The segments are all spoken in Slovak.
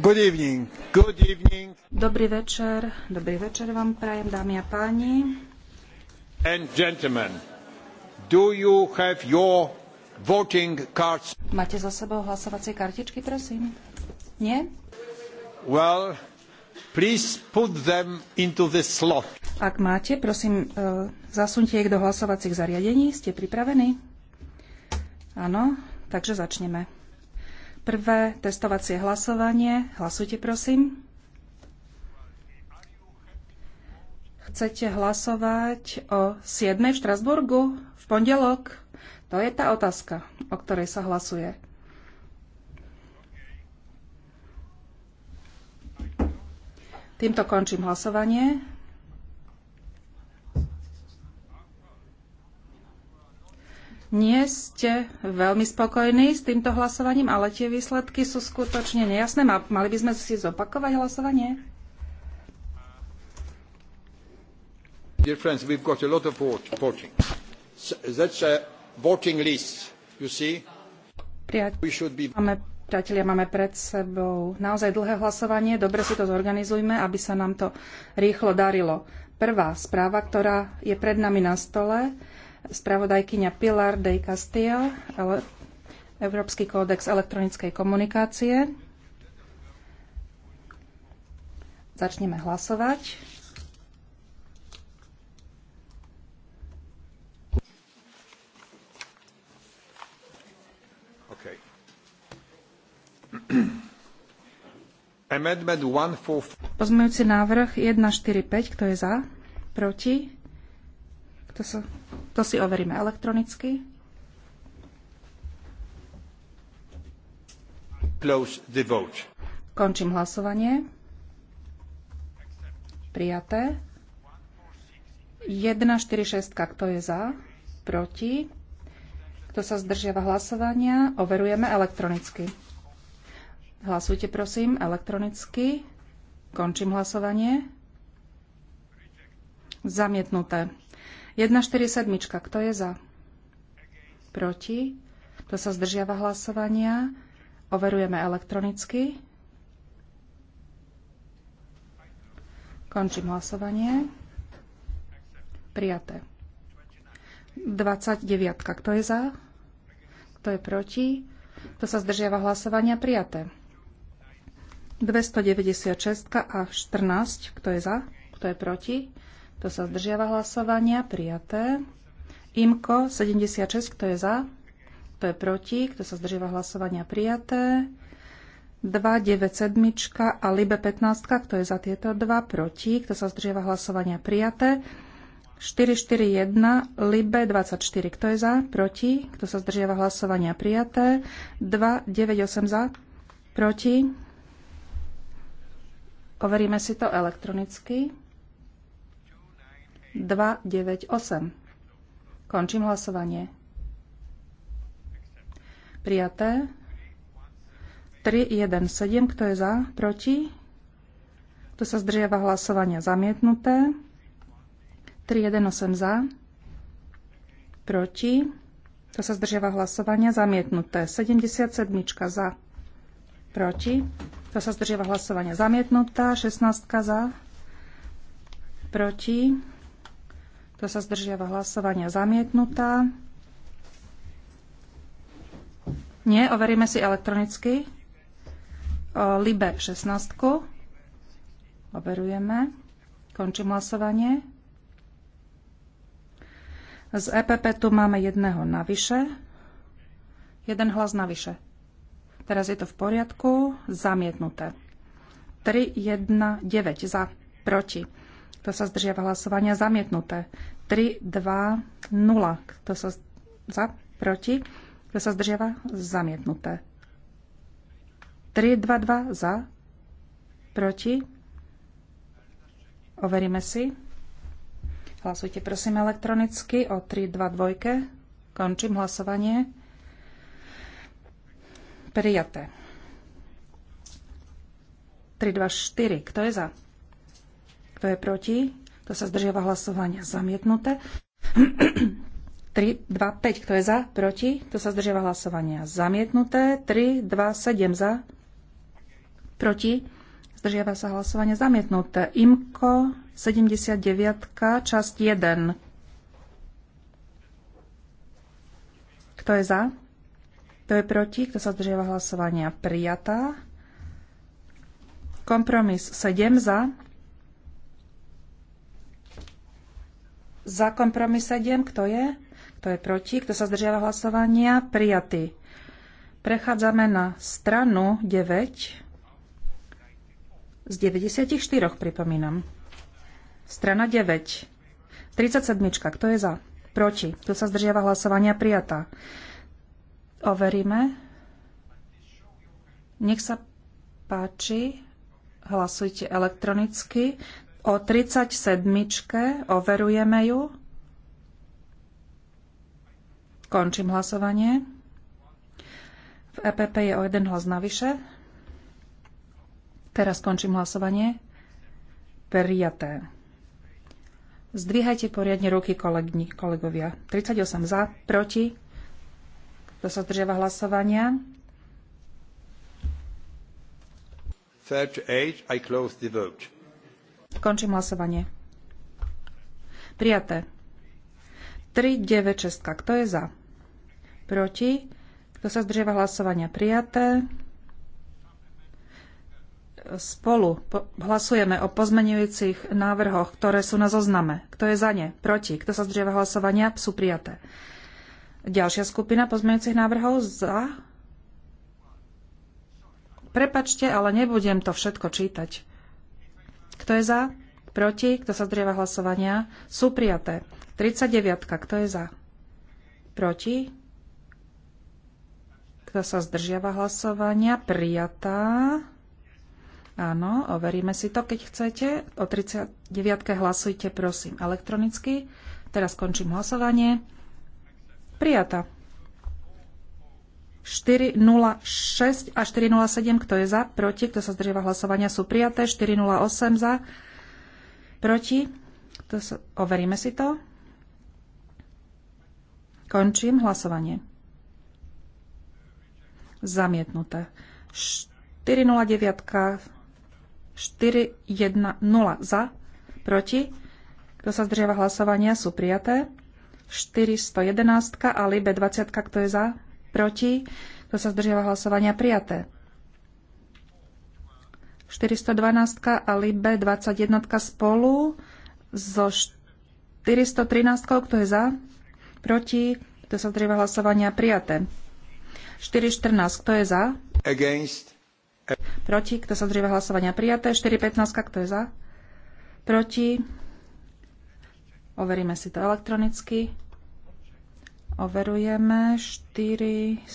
Good evening. Good evening. Dobrý večer. Dobrý večer vám prajem, dámy a páni. And gentlemen, do you have your voting cards? Máte za sebou hlasovacie kartičky, prosím? Nie? Well, please put them into the slot. Ak máte, prosím, e, zasunte ich do hlasovacích zariadení. Ste pripravení? Áno, takže začneme. Prvé testovacie hlasovanie. Hlasujte, prosím. Chcete hlasovať o 7. v Štrasburgu v pondelok? To je tá otázka, o ktorej sa hlasuje. Týmto končím hlasovanie. nie ste veľmi spokojní s týmto hlasovaním, ale tie výsledky sú skutočne nejasné. Mali by sme si zopakovať hlasovanie? Dear friends, we've got a lot of voting. That's a voting list, you see? Priatelia, máme, priatelia, máme pred sebou naozaj dlhé hlasovanie. Dobre si to zorganizujme, aby sa nám to rýchlo darilo. Prvá správa, ktorá je pred nami na stole, spravodajkyňa Pilar de Castillo, ale Európsky kódex elektronickej komunikácie. Začneme hlasovať. Okay. Pozmejúci návrh 145, kto je za? Proti? Kto sa to si overíme elektronicky. Close the vote. Končím hlasovanie. Prijaté. 1, 4, 6, kto je za? Proti? Kto sa zdržiava hlasovania? Overujeme elektronicky. Hlasujte prosím elektronicky. Končím hlasovanie. Zamietnuté. 1,47. Kto je za? Proti? Kto sa zdržiava hlasovania? Overujeme elektronicky. Končím hlasovanie. Prijaté. 29. Kto je za? Kto je proti? Kto sa zdržiava hlasovania? Prijaté. 296 a 14. Kto je za? Kto je proti? Kto sa zdržiava hlasovania? Prijaté. IMKO 76, kto je za? Kto je proti? Kto sa zdržiava hlasovania? Prijaté. 2, 9, 7 a Libe 15, kto je za tieto dva? Proti. Kto sa zdržiava hlasovania? Prijaté. 1, Libe 24, kto je za? Proti. Kto sa zdržiava hlasovania? Prijaté. 2, 9, 8 za? Proti. Overíme si to elektronicky. 298. Končím hlasovanie. Prijaté. 317. Kto je za? Proti? Kto sa zdržiava hlasovania? Zamietnuté. 318 za. Proti. Kto sa zdržiava hlasovania? Zamietnuté. 77 za. Proti. Kto sa zdržiava hlasovania? Zamietnutá. 16 za. Proti. Kto sa zdržiava hlasovania? Zamietnutá. Nie, overíme si elektronicky. O, Libe 16. Overujeme. Končím hlasovanie. Z EPP tu máme jedného navyše. Jeden hlas navyše. Teraz je to v poriadku. Zamietnuté. 3, 1, 9 za, proti. Kto sa zdržiava hlasovania? Zamietnuté. 3, 2, 0. Kto sa za? Proti? Kto sa zdržiava? Zamietnuté. 3, 2, 2. Za? Proti? Overíme si. Hlasujte prosím elektronicky o 3, 2, 2. Končím hlasovanie. Prijaté. 3, 2, 4. Kto je za? Kto je proti? Kto sa zdržiava hlasovania? Zamietnuté. 3, 2, 5. Kto je za? Proti? Kto sa zdržiava hlasovania? Zamietnuté. 3, 2, 7 za. Proti? Zdržiava sa hlasovania. Zamietnuté. IMKO 79, časť 1. Kto je za? Kto je proti? Kto sa zdržiava hlasovania? Prijatá. Kompromis 7 za za kompromis 7. Kto je? Kto je proti? Kto sa zdržiava hlasovania? Prijatý. Prechádzame na stranu 9 z 94, pripomínam. Strana 9. 37. Kto je za? Proti. Kto sa zdržiava hlasovania? Prijatá. Overíme. Nech sa páči. Hlasujte elektronicky o 37. Overujeme ju. Končím hlasovanie. V EPP je o jeden hlas navyše. Teraz končím hlasovanie. Prijaté. Zdvíhajte poriadne ruky, kolegni, kolegovia. 38 za, proti. Kto sa zdržiava hlasovania? 38, I close the vote. Končím hlasovanie. Prijaté. 3, 9, 6. Kto je za? Proti? Kto sa zdržiava hlasovania? Prijaté. Spolu hlasujeme o pozmenujúcich návrhoch, ktoré sú na zozname. Kto je za ne? Proti? Kto sa zdržiava hlasovania? Sú prijaté. Ďalšia skupina pozmenujúcich návrhov za. Prepačte, ale nebudem to všetko čítať. Kto je za? Proti? Kto sa zdrieva hlasovania? Sú prijaté. 39. Kto je za? Proti? Kto sa zdržiava hlasovania? Prijatá. Áno, overíme si to, keď chcete. O 39. hlasujte, prosím, elektronicky. Teraz končím hlasovanie. Prijatá. 406 a 407, kto je za, proti, kto sa zdržiava hlasovania, sú prijaté. 408 za, proti. To sa, overíme si to. Končím hlasovanie. Zamietnuté. 409 410 za, proti. Kto sa zdržiava hlasovania, sú prijaté. 411 a Libe 20, kto je za, Proti? Kto sa zdržiava hlasovania? Prijaté. 412 a Libe 21 spolu so 413, kto je za? Proti? Kto sa zdržiava hlasovania? Prijaté. 414, kto je za? Against. Proti? Kto sa zdržiava hlasovania? Prijaté. 415, kto je za? Proti? Overíme si to elektronicky. Overujeme 415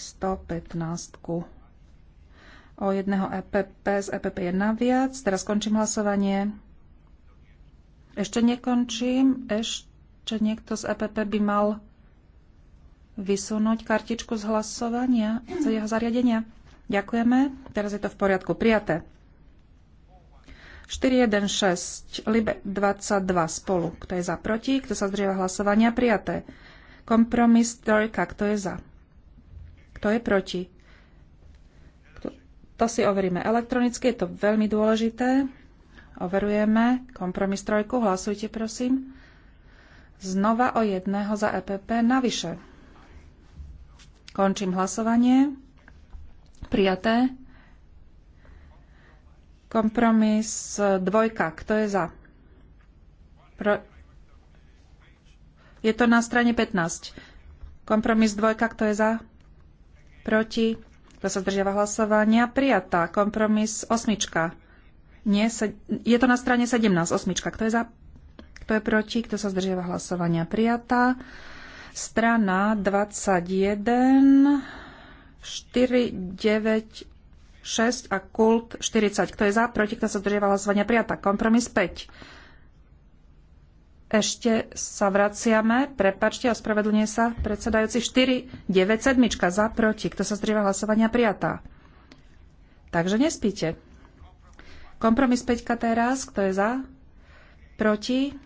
o jedného EPP z EPP je naviac. Teraz končím hlasovanie. Ešte nekončím. Ešte niekto z EPP by mal vysunúť kartičku z hlasovania, z jeho zariadenia. Ďakujeme. Teraz je to v poriadku. Prijaté. 416, Libe 22 spolu. Kto je za proti? Kto sa zdrieva hlasovania? Prijaté. Kompromis trojka. Kto je za? Kto je proti? Kto, to si overíme elektronicky, je to veľmi dôležité. Overujeme. Kompromis trojku. Hlasujte, prosím. Znova o jedného za EPP navyše. Končím hlasovanie. Prijaté. Kompromis dvojka. Kto je za? Pro, je to na strane 15. Kompromis dvojka, kto je za? Proti? Kto sa zdržiava hlasovania? Prijatá. Kompromis osmička. Nie, se, je to na strane 17, osmička. Kto je za? Kto je proti? Kto sa zdržiava hlasovania? Prijatá. Strana 21, 4, 9, 6 a kult 40. Kto je za? Proti? Kto sa zdržiava hlasovania? Prijatá. Kompromis 5. Ešte sa vraciame, prepačte, ospravedlňuje sa predsedajúci 4, 9, 7 za proti. Kto sa zdrieva hlasovania prijatá? Takže nespíte. Kompromis 5 teraz, kto je za? Proti?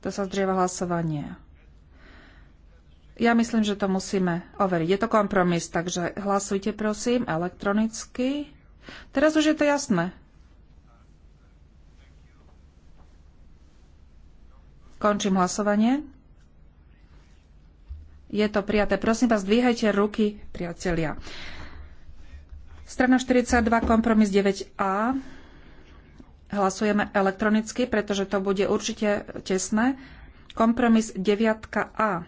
Kto sa zdrieva hlasovanie? Ja myslím, že to musíme overiť. Je to kompromis, takže hlasujte prosím elektronicky. Teraz už je to jasné. Končím hlasovanie. Je to prijaté. Prosím vás, dvíhajte ruky, priatelia. Strana 42, kompromis 9a. Hlasujeme elektronicky, pretože to bude určite tesné. Kompromis 9a.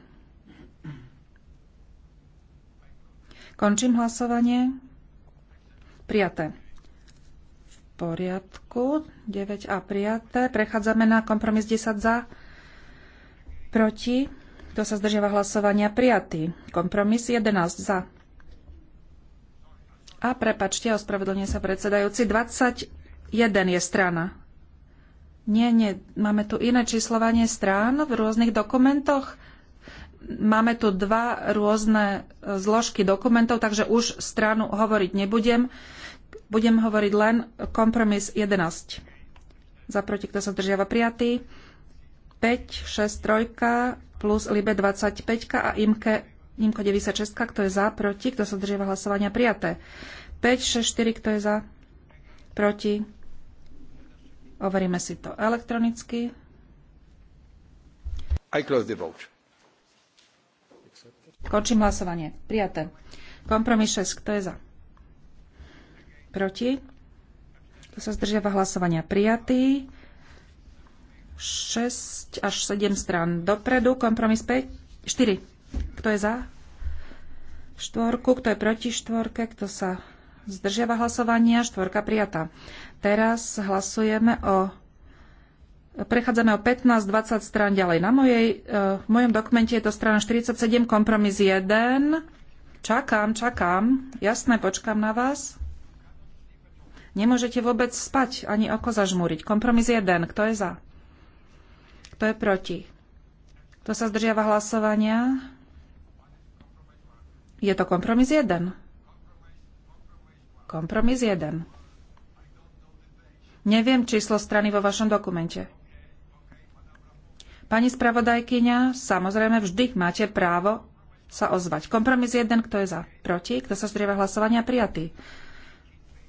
Končím hlasovanie. Prijaté. V poriadku. 9a prijaté. Prechádzame na kompromis 10 za Proti? Kto sa zdržiava hlasovania? Prijatý. Kompromis 11 za. A prepačte, ospravedlňuje sa predsedajúci. 21 je strana. Nie, nie, máme tu iné číslovanie strán v rôznych dokumentoch máme tu dva rôzne e, zložky dokumentov, takže už stranu hovoriť nebudem. Budem hovoriť len kompromis 11. Za proti, kto sa zdržiava prijatý. 5, 6, 3 plus Libe 25 a Imke, Imko 96, kto je za, proti, kto sa zdržiava hlasovania, prijaté. 5, 6, 4, kto je za, proti. Overíme si to elektronicky. I close the vote. Končím hlasovanie. Prijaté. Kompromis 6. Kto je za? Proti? Kto sa zdržiava hlasovania? Prijatý. 6 až 7 strán dopredu. Kompromis 5, 4. Kto je za? Štvorku. Kto je proti štvorke? Kto sa zdržiava hlasovania? Štvorka prijatá. Teraz hlasujeme o prechádzame o 15-20 strán ďalej. Na mojej, e, v mojom dokumente je to strana 47, kompromis 1. Čakám, čakám. Jasné, počkám na vás. Nemôžete vôbec spať ani oko zažmúriť. Kompromis 1. Kto je za? Kto je proti? Kto sa zdržiava hlasovania? Je to kompromis 1. Kompromis 1. Neviem číslo strany vo vašom dokumente. Pani spravodajkyňa, samozrejme vždy máte právo sa ozvať. Kompromis 1, kto je za? Proti? Kto sa zdrieva hlasovania? Prijatý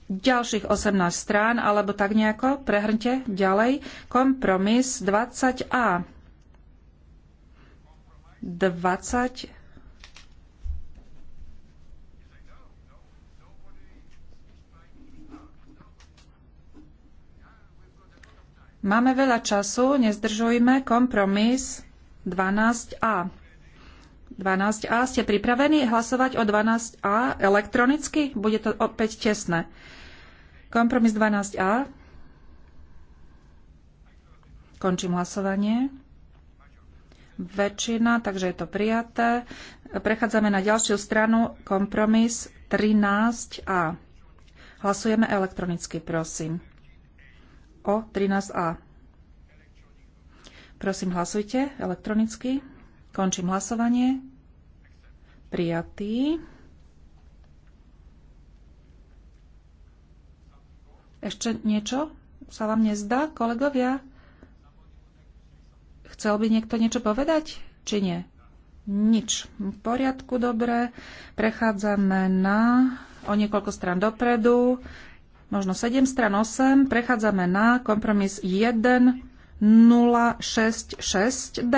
ďalších 18 strán, alebo tak nejako, prehrňte ďalej, kompromis 20a. 20 Máme veľa času, nezdržujme kompromis 12a. 12a, ste pripravení hlasovať o 12a elektronicky? Bude to opäť tesné. Kompromis 12a. Končím hlasovanie. Väčšina, takže je to prijaté. Prechádzame na ďalšiu stranu. Kompromis 13a. Hlasujeme elektronicky, prosím. O 13a. Prosím, hlasujte elektronicky. Končím hlasovanie. Prijatý. Ešte niečo sa vám nezdá, kolegovia? Chcel by niekto niečo povedať, či nie? Nič. V poriadku, dobre. Prechádzame na o niekoľko strán dopredu, možno 7 stran 8. Prechádzame na kompromis 1066D.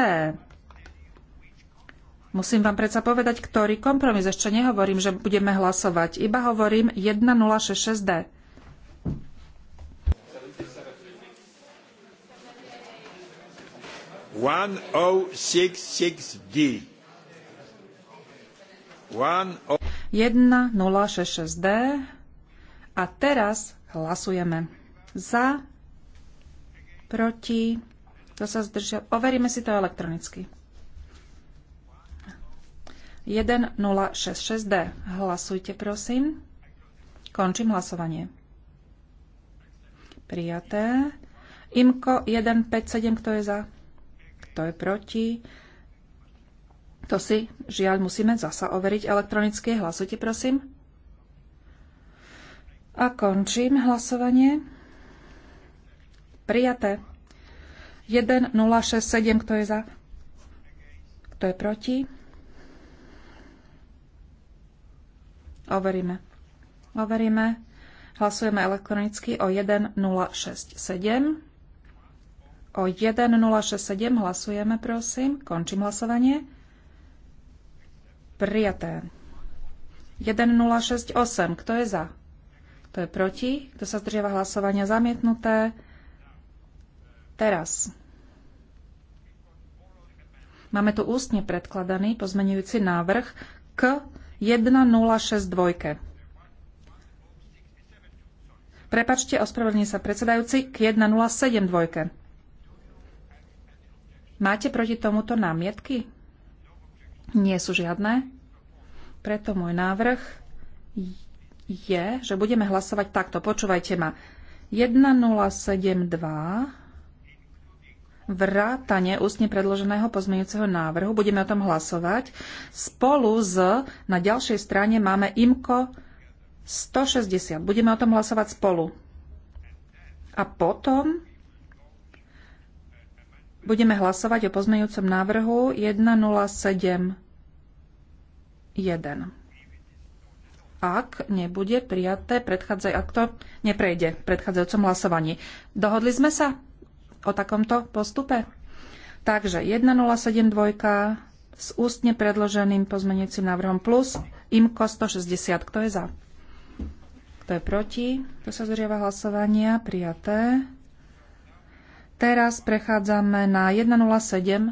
Musím vám predsa povedať, ktorý kompromis. Ešte nehovorím, že budeme hlasovať. Iba hovorím 1066D. 1066D. A teraz hlasujeme za, proti, to sa zdržia. Overíme si to elektronicky. 1066D. Hlasujte, prosím. Končím hlasovanie. Prijaté. IMKO 157, kto je za? kto je proti. To si žiaľ musíme zasa overiť elektronicky. Hlasujte prosím. A končím hlasovanie. Prijaté. 1067, kto je za? Kto je proti? Overíme. Overíme. Hlasujeme elektronicky o 1067. O 1067 hlasujeme, prosím. Končím hlasovanie. Prijaté. 1068. Kto je za? Kto je proti? Kto sa zdržiava hlasovania? Zamietnuté. Teraz. Máme tu ústne predkladaný pozmenujúci návrh k 1062. Prepačte, ospravedlňujem sa predsedajúci k 1072. Máte proti tomuto námietky? Nie sú žiadne. Preto môj návrh je, že budeme hlasovať takto. Počúvajte ma. 1072 vrátane ústne predloženého pozmeňujúceho návrhu. Budeme o tom hlasovať. Spolu s, na ďalšej strane máme IMKO 160. Budeme o tom hlasovať spolu. A potom Budeme hlasovať o pozmeňujúcom návrhu 107.1. Ak nebude prijaté, predchádzaj, ak to neprejde v predchádzajúcom hlasovaní. Dohodli sme sa o takomto postupe? Takže 1072 s ústne predloženým pozmenujúcim návrhom plus IMKO 160. Kto je za? Kto je proti? Kto sa zrieva hlasovania? Prijaté. Teraz prechádzame na 107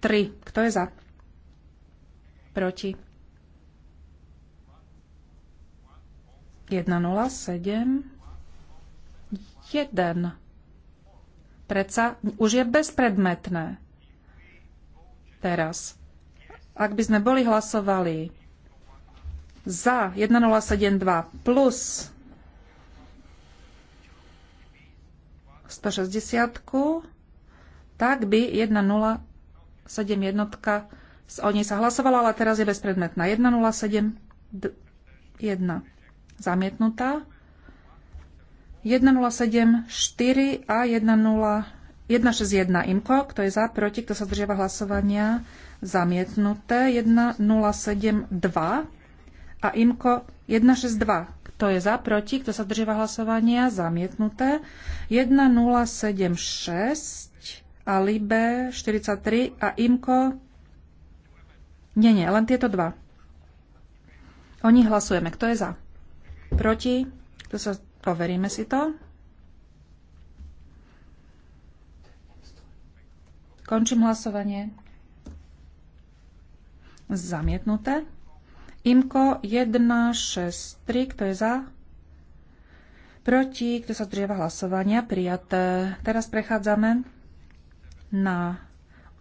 3. Kto je za? Proti. 107 1 Preca už je bezpredmetné. Teraz. Ak by sme boli hlasovali za 107.2 plus 160, tak by 107 1.071 o nej sa hlasovala, ale teraz je bezpredmetná. 1.07.1 zamietnutá. 1.07.4 a 1.0.161 IMKO, kto je za, proti, kto sa zdržiava hlasovania, zamietnuté. 1.07.2 a IMKO 1.6.2 kto je za, proti? Kto sa držíva hlasovania? Zamietnuté. 1076 a Libe 43 a Imko. Nie, nie, len tieto dva. O nich hlasujeme. Kto je za? Proti? Kto sa... Overíme si to. Končím hlasovanie. Zamietnuté. Imko 1, 6, 3, kto je za? Proti, kto sa zdrieva hlasovania, prijaté. Teraz prechádzame na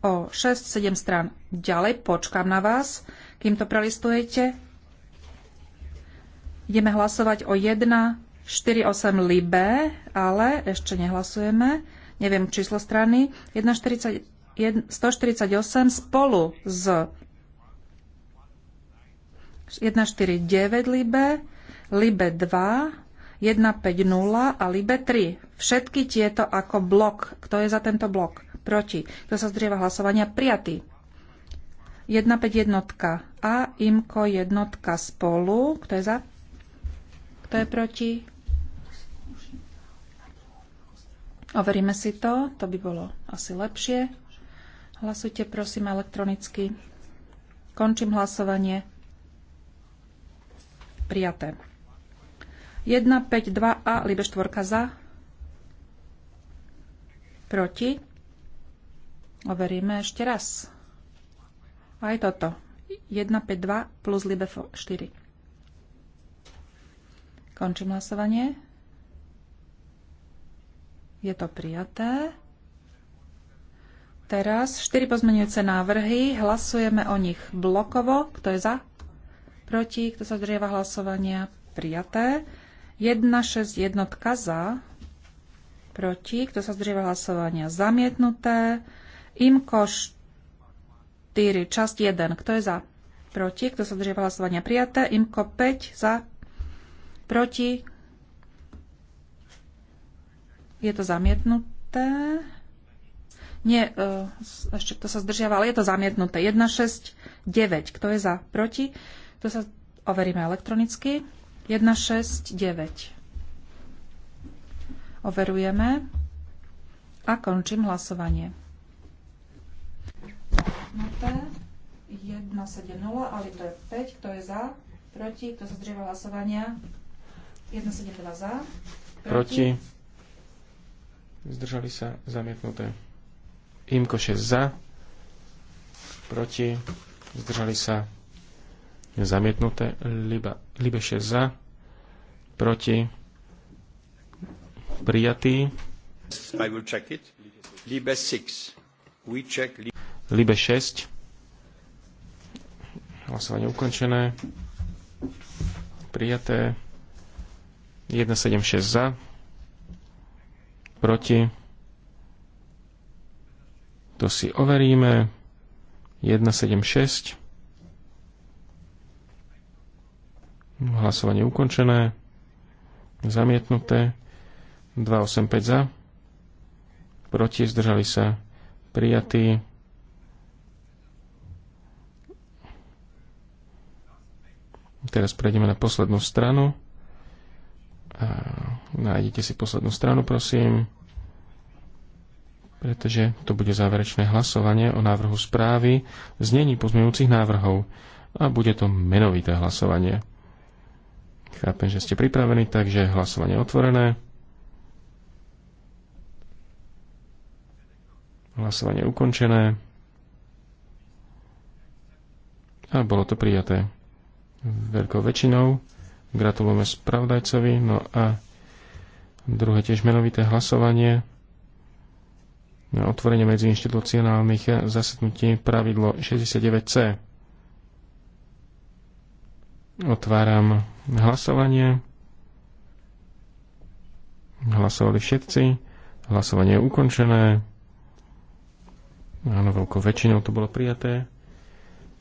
o 6-7 strán. Ďalej počkám na vás, kým to prelistujete. Ideme hlasovať o 1, 4, 8 libe, ale ešte nehlasujeme. Neviem číslo strany. 1, 40, 1, 148 spolu s 149 Libe, Libe 2, 150 a Libe 3. Všetky tieto ako blok. Kto je za tento blok? Proti. Kto sa zdrieva hlasovania? Prijatý. 151 a IMKO jednotka spolu. Kto je za? Kto je proti? Overíme si to. To by bolo asi lepšie. Hlasujte prosím elektronicky. Končím hlasovanie. Prijaté. 1, 5, 2 a Libe 4 za. Proti. Overíme ešte raz. Aj toto. 1, 5, 2 plus Libe 4. Končím hlasovanie. Je to prijaté. Teraz 4 pozmenujúce návrhy. Hlasujeme o nich blokovo. Kto je za? proti, kto sa zdržiava hlasovania, prijaté. 161 za, proti, kto sa zdržiava hlasovania, zamietnuté. IMKO 4, časť 1, kto je za, proti, kto sa zdržiava hlasovania, prijaté. IMKO 5 za, proti, je to zamietnuté. Nie, e, ešte to sa zdržiava, ale je to zamietnuté. 1, 6, 9. Kto je za? Proti? To sa overíme elektronicky. 1, 6, 9. Overujeme a končím hlasovanie. Máte 1, 7, 0, ale to je 5, Kto je za, proti, kto sa zdrieva hlasovania. 1, 7, 2 za, proti. proti. Zdržali sa zamietnuté. Imko 6 za, proti. Zdržali sa je zamietnuté, Liba, Libe 6 za, proti, prijatý. I will check it. Libe 6. We check Libe. Libe 6. Hlasovanie ukončené. Prijaté. 176 za. Proti. To si overíme. 176. Hlasovanie ukončené. Zamietnuté. 285 za. Proti zdržali sa prijatí. Teraz prejdeme na poslednú stranu. A nájdete si poslednú stranu, prosím, pretože to bude záverečné hlasovanie o návrhu správy znení pozmeňujúcich návrhov a bude to menovité hlasovanie. Chápem, že ste pripravení, takže hlasovanie otvorené. Hlasovanie ukončené. A bolo to prijaté veľkou väčšinou. Gratulujeme spravdajcovi. No a druhé tiež menovité hlasovanie na otvorenie medzi inštitucionálnych zasadnutí pravidlo 69C. Otváram hlasovanie. Hlasovali všetci. Hlasovanie je ukončené. Áno, veľkou väčšinou to bolo prijaté.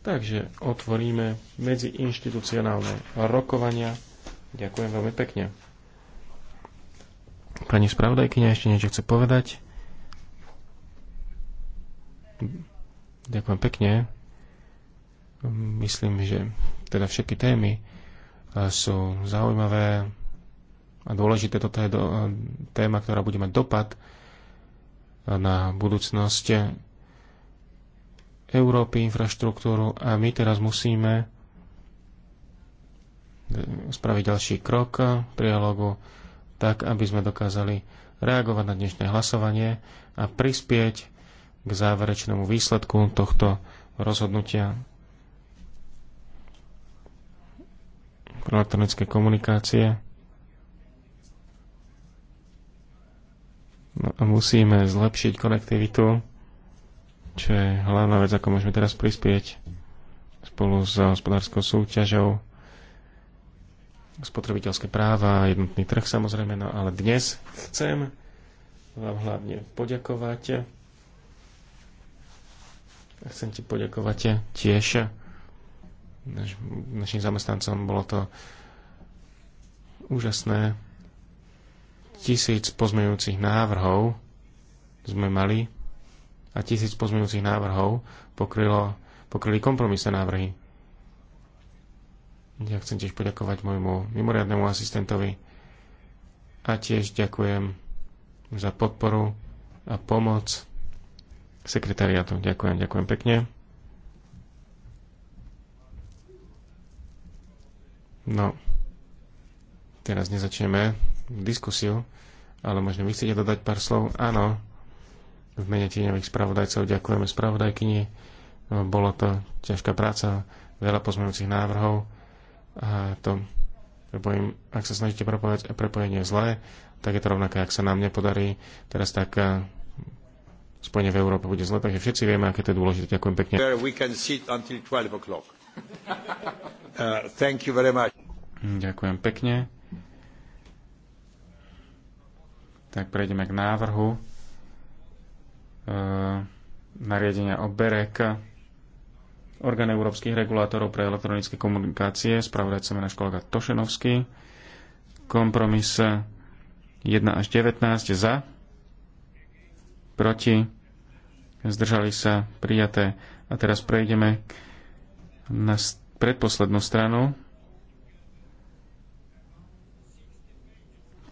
Takže otvoríme medziinstitucionálne rokovania. Ďakujem veľmi pekne. Pani spravodajkyňa ešte niečo chce povedať. Ďakujem pekne. Myslím, že teda všetky témy e, sú zaujímavé a dôležité. Toto je do, e, téma, ktorá bude mať dopad na budúcnosť Európy, infraštruktúru a my teraz musíme spraviť ďalší krok v dialogu tak, aby sme dokázali reagovať na dnešné hlasovanie a prispieť k záverečnému výsledku tohto rozhodnutia elektronické komunikácie. No a musíme zlepšiť konektivitu, čo je hlavná vec, ako môžeme teraz prispieť spolu s hospodárskou súťažou spotrebiteľské práva, jednotný trh samozrejme, no ale dnes chcem vám hlavne poďakovať. Chcem ti poďakovať tiež naš, našim zamestnancom. Bolo to úžasné. Tisíc pozmeňujúcich návrhov sme mali a tisíc pozmeňujúcich návrhov pokrylo, pokryli kompromisné návrhy. Ja chcem tiež poďakovať môjmu mimoriadnemu asistentovi a tiež ďakujem za podporu a pomoc sekretariátu. Ďakujem, ďakujem pekne. No, teraz nezačneme diskusiu, ale možno vy chcete dodať pár slov. Áno, v mene tieňových spravodajcov ďakujeme spravodajkyni. Bolo to ťažká práca, veľa pozmeňujúcich návrhov a to bojím, ak sa snažíte prepojať a prepojenie je zlé, tak je to rovnaké, ak sa nám nepodarí teraz tak eh, spojenie v Európe bude zle, takže všetci vieme, aké to je dôležité. Ďakujem pekne. Uh, thank you very much. Ďakujem pekne. Tak prejdeme k návrhu uh, nariadenia o BEREK, orgán európskych regulátorov pre elektronické komunikácie, spravodajcom náš kolega Tošenovský. Kompromis 1 až 19 za, proti, zdržali sa prijaté. A teraz prejdeme k na predposlednú stranu.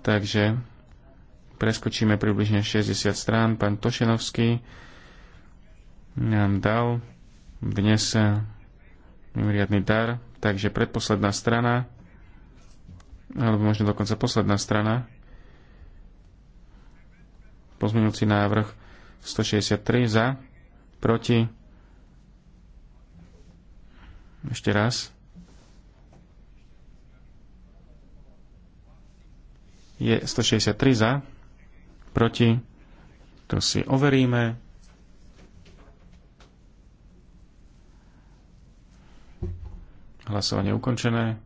Takže preskočíme približne 60 strán. Pán Tošenovský nám dal dnes eh, mimoriadný dar, takže predposledná strana, alebo možno dokonca posledná strana, pozmenujúci návrh 163 za, proti ešte raz. Je 163 za, proti. To si overíme. Hlasovanie ukončené.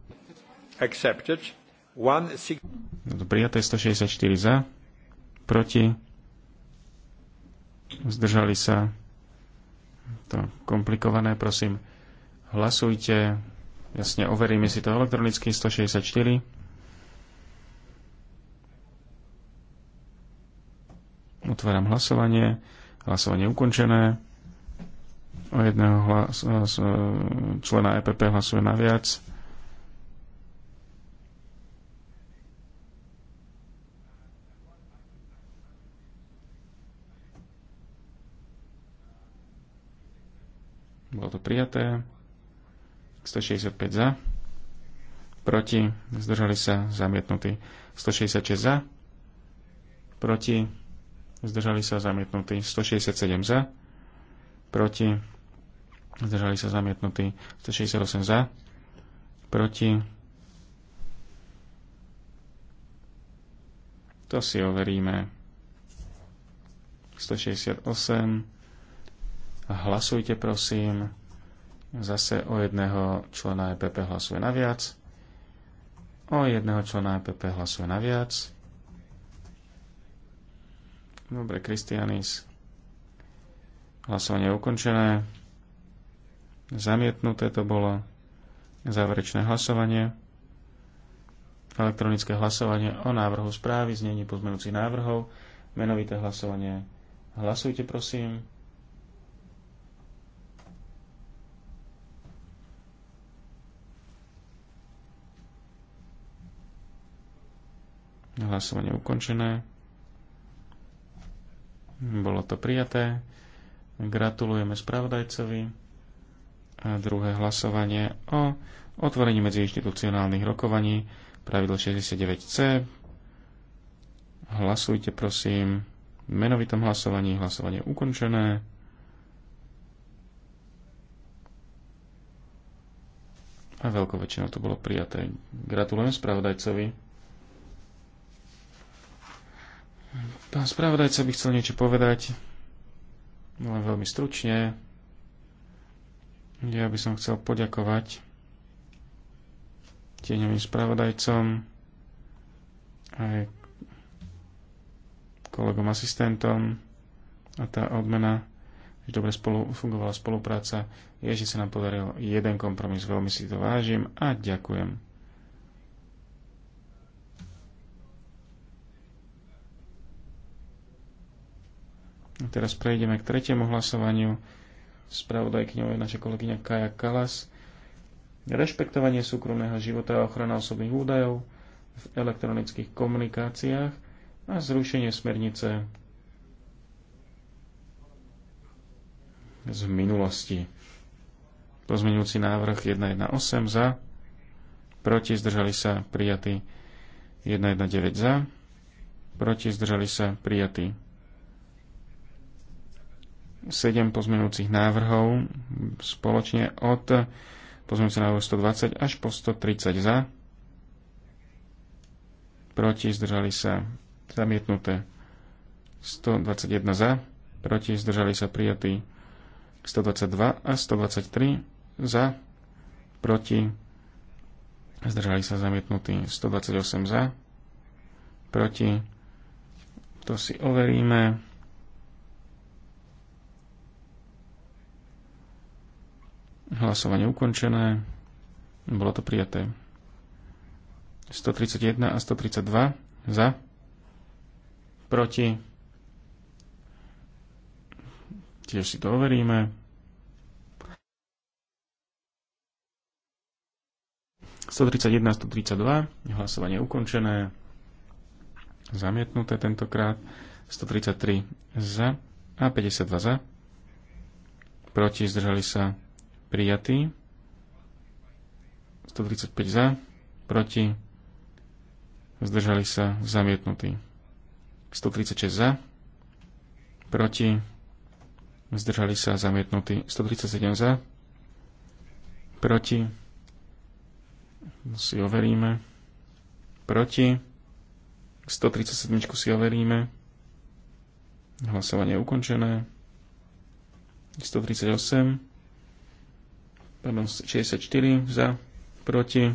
Accepted. One, six... Prijaté 164 za, proti. Zdržali sa. To komplikované, prosím Hlasujte. Jasne, overíme si to elektronicky. 164. Otváram hlasovanie. Hlasovanie ukončené. O jedného hlas, hlas, člena EPP hlasuje naviac. Bolo to prijaté. 165 za, proti, zdržali sa zamietnutí 166 za, proti, zdržali sa zamietnutí 167 za, proti, zdržali sa zamietnutí 168 za, proti, to si overíme 168, hlasujte prosím, Zase o jedného člena EPP hlasuje naviac. O jedného člena EPP hlasuje naviac. Dobre, Kristianis. Hlasovanie je ukončené. Zamietnuté to bolo. Záverečné hlasovanie. Elektronické hlasovanie o návrhu správy, znení pozmenúcich návrhov. Menovité hlasovanie. Hlasujte, prosím. Hlasovanie ukončené. Bolo to prijaté. Gratulujeme spravodajcovi. A druhé hlasovanie o otvorení medziinstitucionálnych rokovaní, pravidlo 69c. Hlasujte prosím. V menovitom hlasovaní hlasovanie ukončené. A veľkou väčšinou to bolo prijaté. Gratulujem spravodajcovi. Pán spravodajca by chcel niečo povedať, len veľmi stručne. Ja by som chcel poďakovať tieňovým spravodajcom aj kolegom asistentom a tá odmena, že dobre spolu, fungovala spolupráca, je, že sa nám podaril jeden kompromis. Veľmi si to vážim a ďakujem. A teraz prejdeme k tretiemu hlasovaniu. Spravodajkňou je naša kolegyňa Kaja Kalas. Rešpektovanie súkromného života a ochrana osobných údajov v elektronických komunikáciách a zrušenie smernice z minulosti. Pozmeňujúci návrh 118 za, proti zdržali sa prijatí 119 za, proti zdržali sa prijatí 7 pozmenujúcich návrhov spoločne od pozmenujúcich návrhov 120 až po 130 za. Proti zdržali sa zamietnuté 121 za. Proti zdržali sa prijatí 122 a 123 za. Proti zdržali sa zamietnutí 128 za. Proti to si overíme. Hlasovanie ukončené. Bolo to prijaté. 131 a 132 za. Proti. Tiež si to overíme. 131 a 132. Hlasovanie ukončené. Zamietnuté tentokrát. 133 za a 52 za. Proti zdržali sa prijatý. 135 za, proti, zdržali sa, zamietnutý. 136 za, proti, zdržali sa, zamietnutý. 137 za, proti, si overíme, proti, 137 si overíme, hlasovanie je ukončené, 138, pardon, 64 za, proti.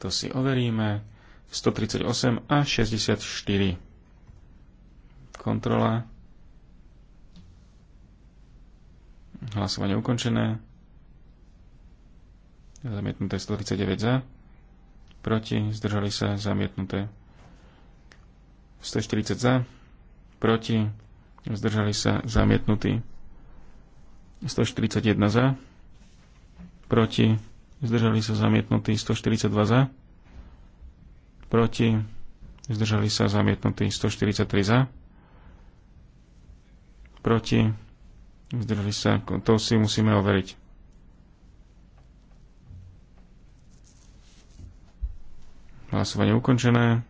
To si overíme. 138 a 64. Kontrola. Hlasovanie ukončené. Zamietnuté 139 za. Proti. Zdržali sa. Zamietnuté. 140 za. Proti zdržali sa zamietnutí. 141 za, proti, zdržali sa zamietnutí 142 za, proti, zdržali sa zamietnutí 143 za, proti, zdržali sa, to si musíme overiť. Hlasovanie ukončené,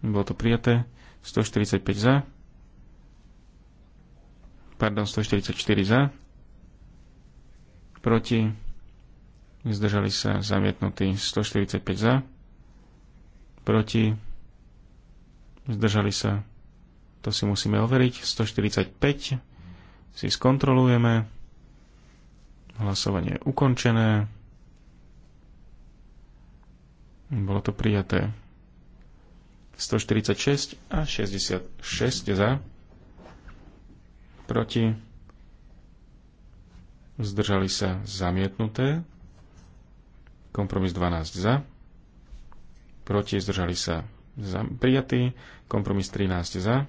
bolo to prijaté, 145 za, pardon, 144 za, proti, zdržali sa zamietnutí 145 za, proti, zdržali sa, to si musíme overiť, 145 si skontrolujeme, hlasovanie je ukončené, bolo to prijaté 146 a 66 za proti, zdržali sa zamietnuté, kompromis 12 za, proti, zdržali sa za, prijatý, kompromis 13 za,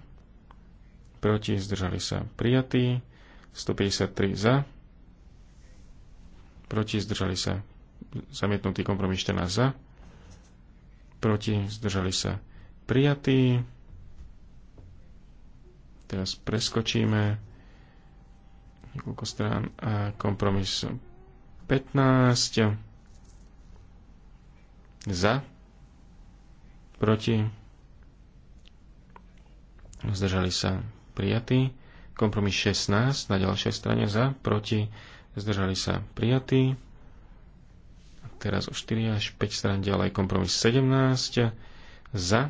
proti, zdržali sa prijatý, 153 za, proti, zdržali sa zamietnutý kompromis 14 za, proti, zdržali sa prijatý, Teraz preskočíme niekoľko strán a kompromis 15 za proti zdržali sa prijatí kompromis 16 na ďalšej strane za proti zdržali sa prijatí teraz o 4 až 5 strán ďalej kompromis 17 za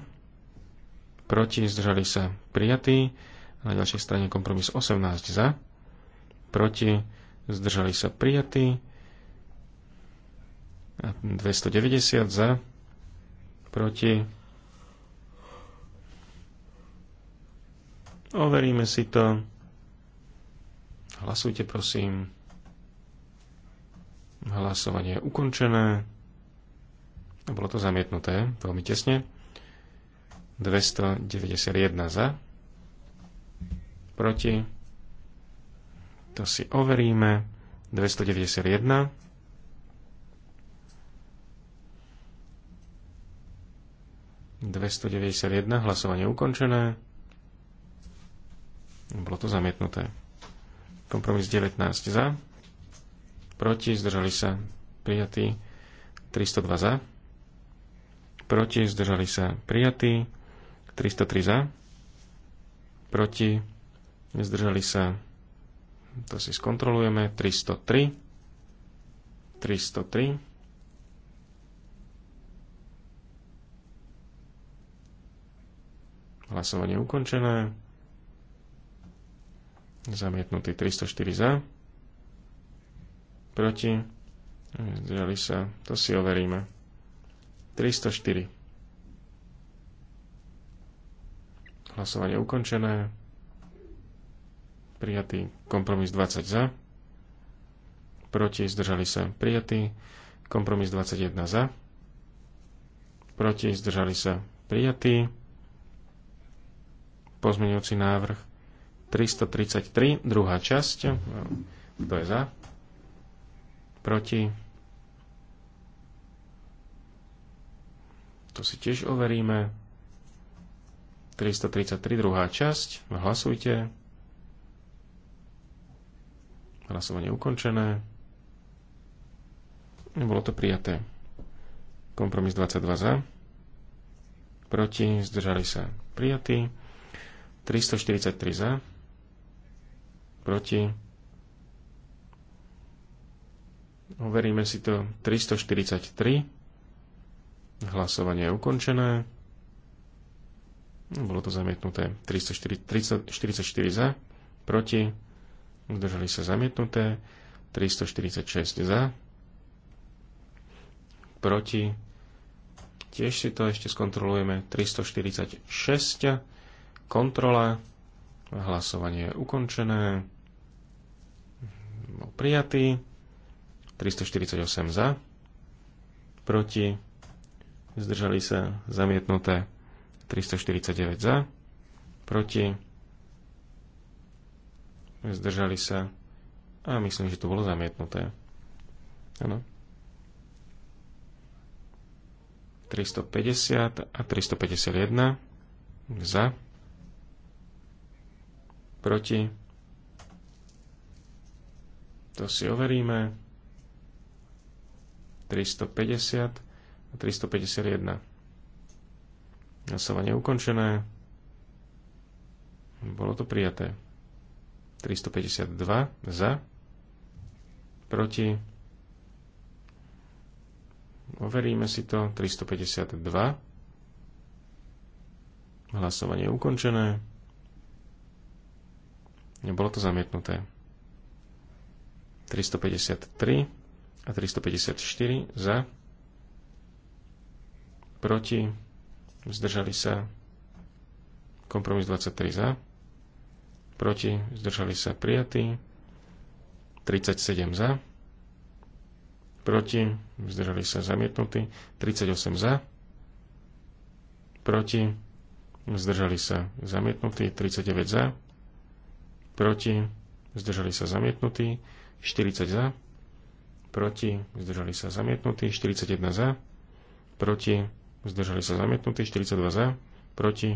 proti zdržali sa prijatí na ďalšej strane kompromis 18 za proti, zdržali sa prijatí. 290 za, proti. Overíme si to. Hlasujte prosím. Hlasovanie je ukončené. Bolo to zamietnuté veľmi tesne. 291 za, proti to si overíme. 291. ...291, hlasovanie ukončené. Bolo to zamietnuté. Kompromis 19 za. Proti, zdržali sa prijatí 302 za. Proti, zdržali sa prijatí 303 za. Proti, zdržali sa to si skontrolujeme, 303, 303, hlasovanie ukončené, zamietnutý 304 za, proti, zdržali sa, to si overíme, 304. Hlasovanie ukončené prijatý kompromis 20 za, proti zdržali sa prijatý kompromis 21 za, proti zdržali sa prijatý pozmeňujúci návrh 333, druhá časť, kto je za, proti, to si tiež overíme, 333, druhá časť, hlasujte, Hlasovanie ukončené. nebolo to prijaté. Kompromis 22 za. Proti. Zdržali sa. Prijatý. 343 za. Proti. Overíme si to. 343. Hlasovanie je ukončené. Bolo to zamietnuté. 344 za. Proti Udržali sa zamietnuté, 346 za, proti, tiež si to ešte skontrolujeme, 346, kontrola, hlasovanie je ukončené, bol prijatý, 348 za, proti, zdržali sa zamietnuté 349 za, proti, zdržali sa a myslím, že to bolo zamietnuté. Áno. 350 a 351 za proti to si overíme 350 a 351 hlasovanie ukončené bolo to prijaté 352 za, proti, overíme si to, 352, hlasovanie je ukončené, nebolo to zamietnuté. 353 a 354 za, proti, zdržali sa, kompromis 23 za, proti, zdržali sa prijatí, 37 za, proti, zdržali sa zamietnutí, 38 za, proti, zdržali sa zamietnutí, 39 za, proti, zdržali sa zamietnutí, 40 za, proti, zdržali sa zamietnutí, 41 za, proti, zdržali sa zamietnutí, 42 za, proti,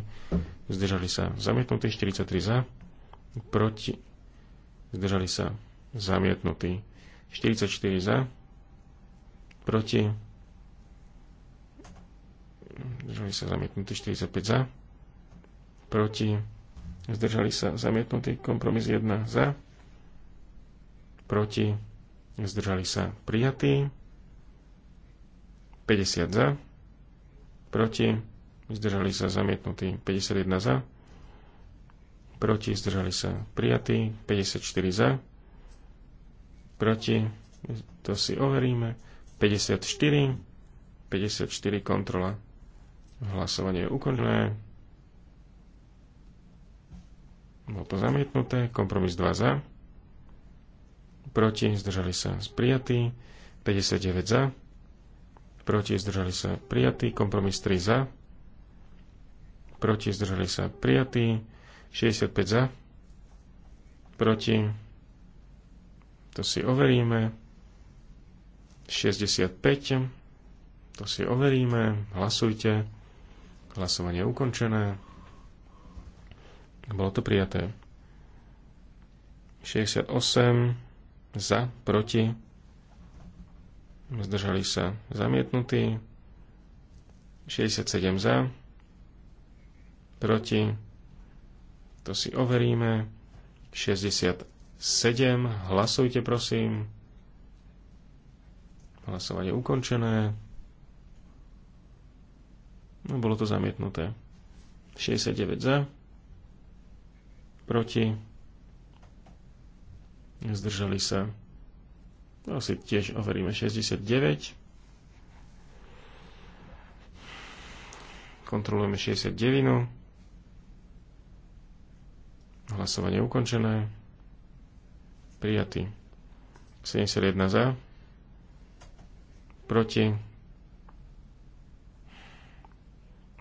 zdržali sa zamietnutí, 43 za, proti, zdržali sa zamietnutí. 44 za, proti, zdržali sa zamietnutí 45 za, proti, zdržali sa zamietnutý kompromis 1 za, proti, zdržali sa prijatí, 50 za, proti, zdržali sa zamietnutí 51 za, proti, zdržali sa prijatí, 54 za, proti, to si overíme, 54, 54 kontrola. Hlasovanie je ukončené. Bolo to zamietnuté, kompromis 2 za, proti, zdržali sa prijatí, 59 za, proti, zdržali sa prijatí, kompromis 3 za, proti, zdržali sa prijatí, 65 za, proti, to si overíme, 65, to si overíme, hlasujte, hlasovanie je ukončené, bolo to prijaté. 68 za, proti, zdržali sa zamietnutí, 67 za, proti, to si overíme. 67. Hlasujte, prosím. Hlasovanie ukončené. No, bolo to zamietnuté. 69 za. Proti. Zdržali sa. To si tiež overíme. 69. Kontrolujeme 69. Hlasovanie ukončené. Prijatý. 71 za. Proti.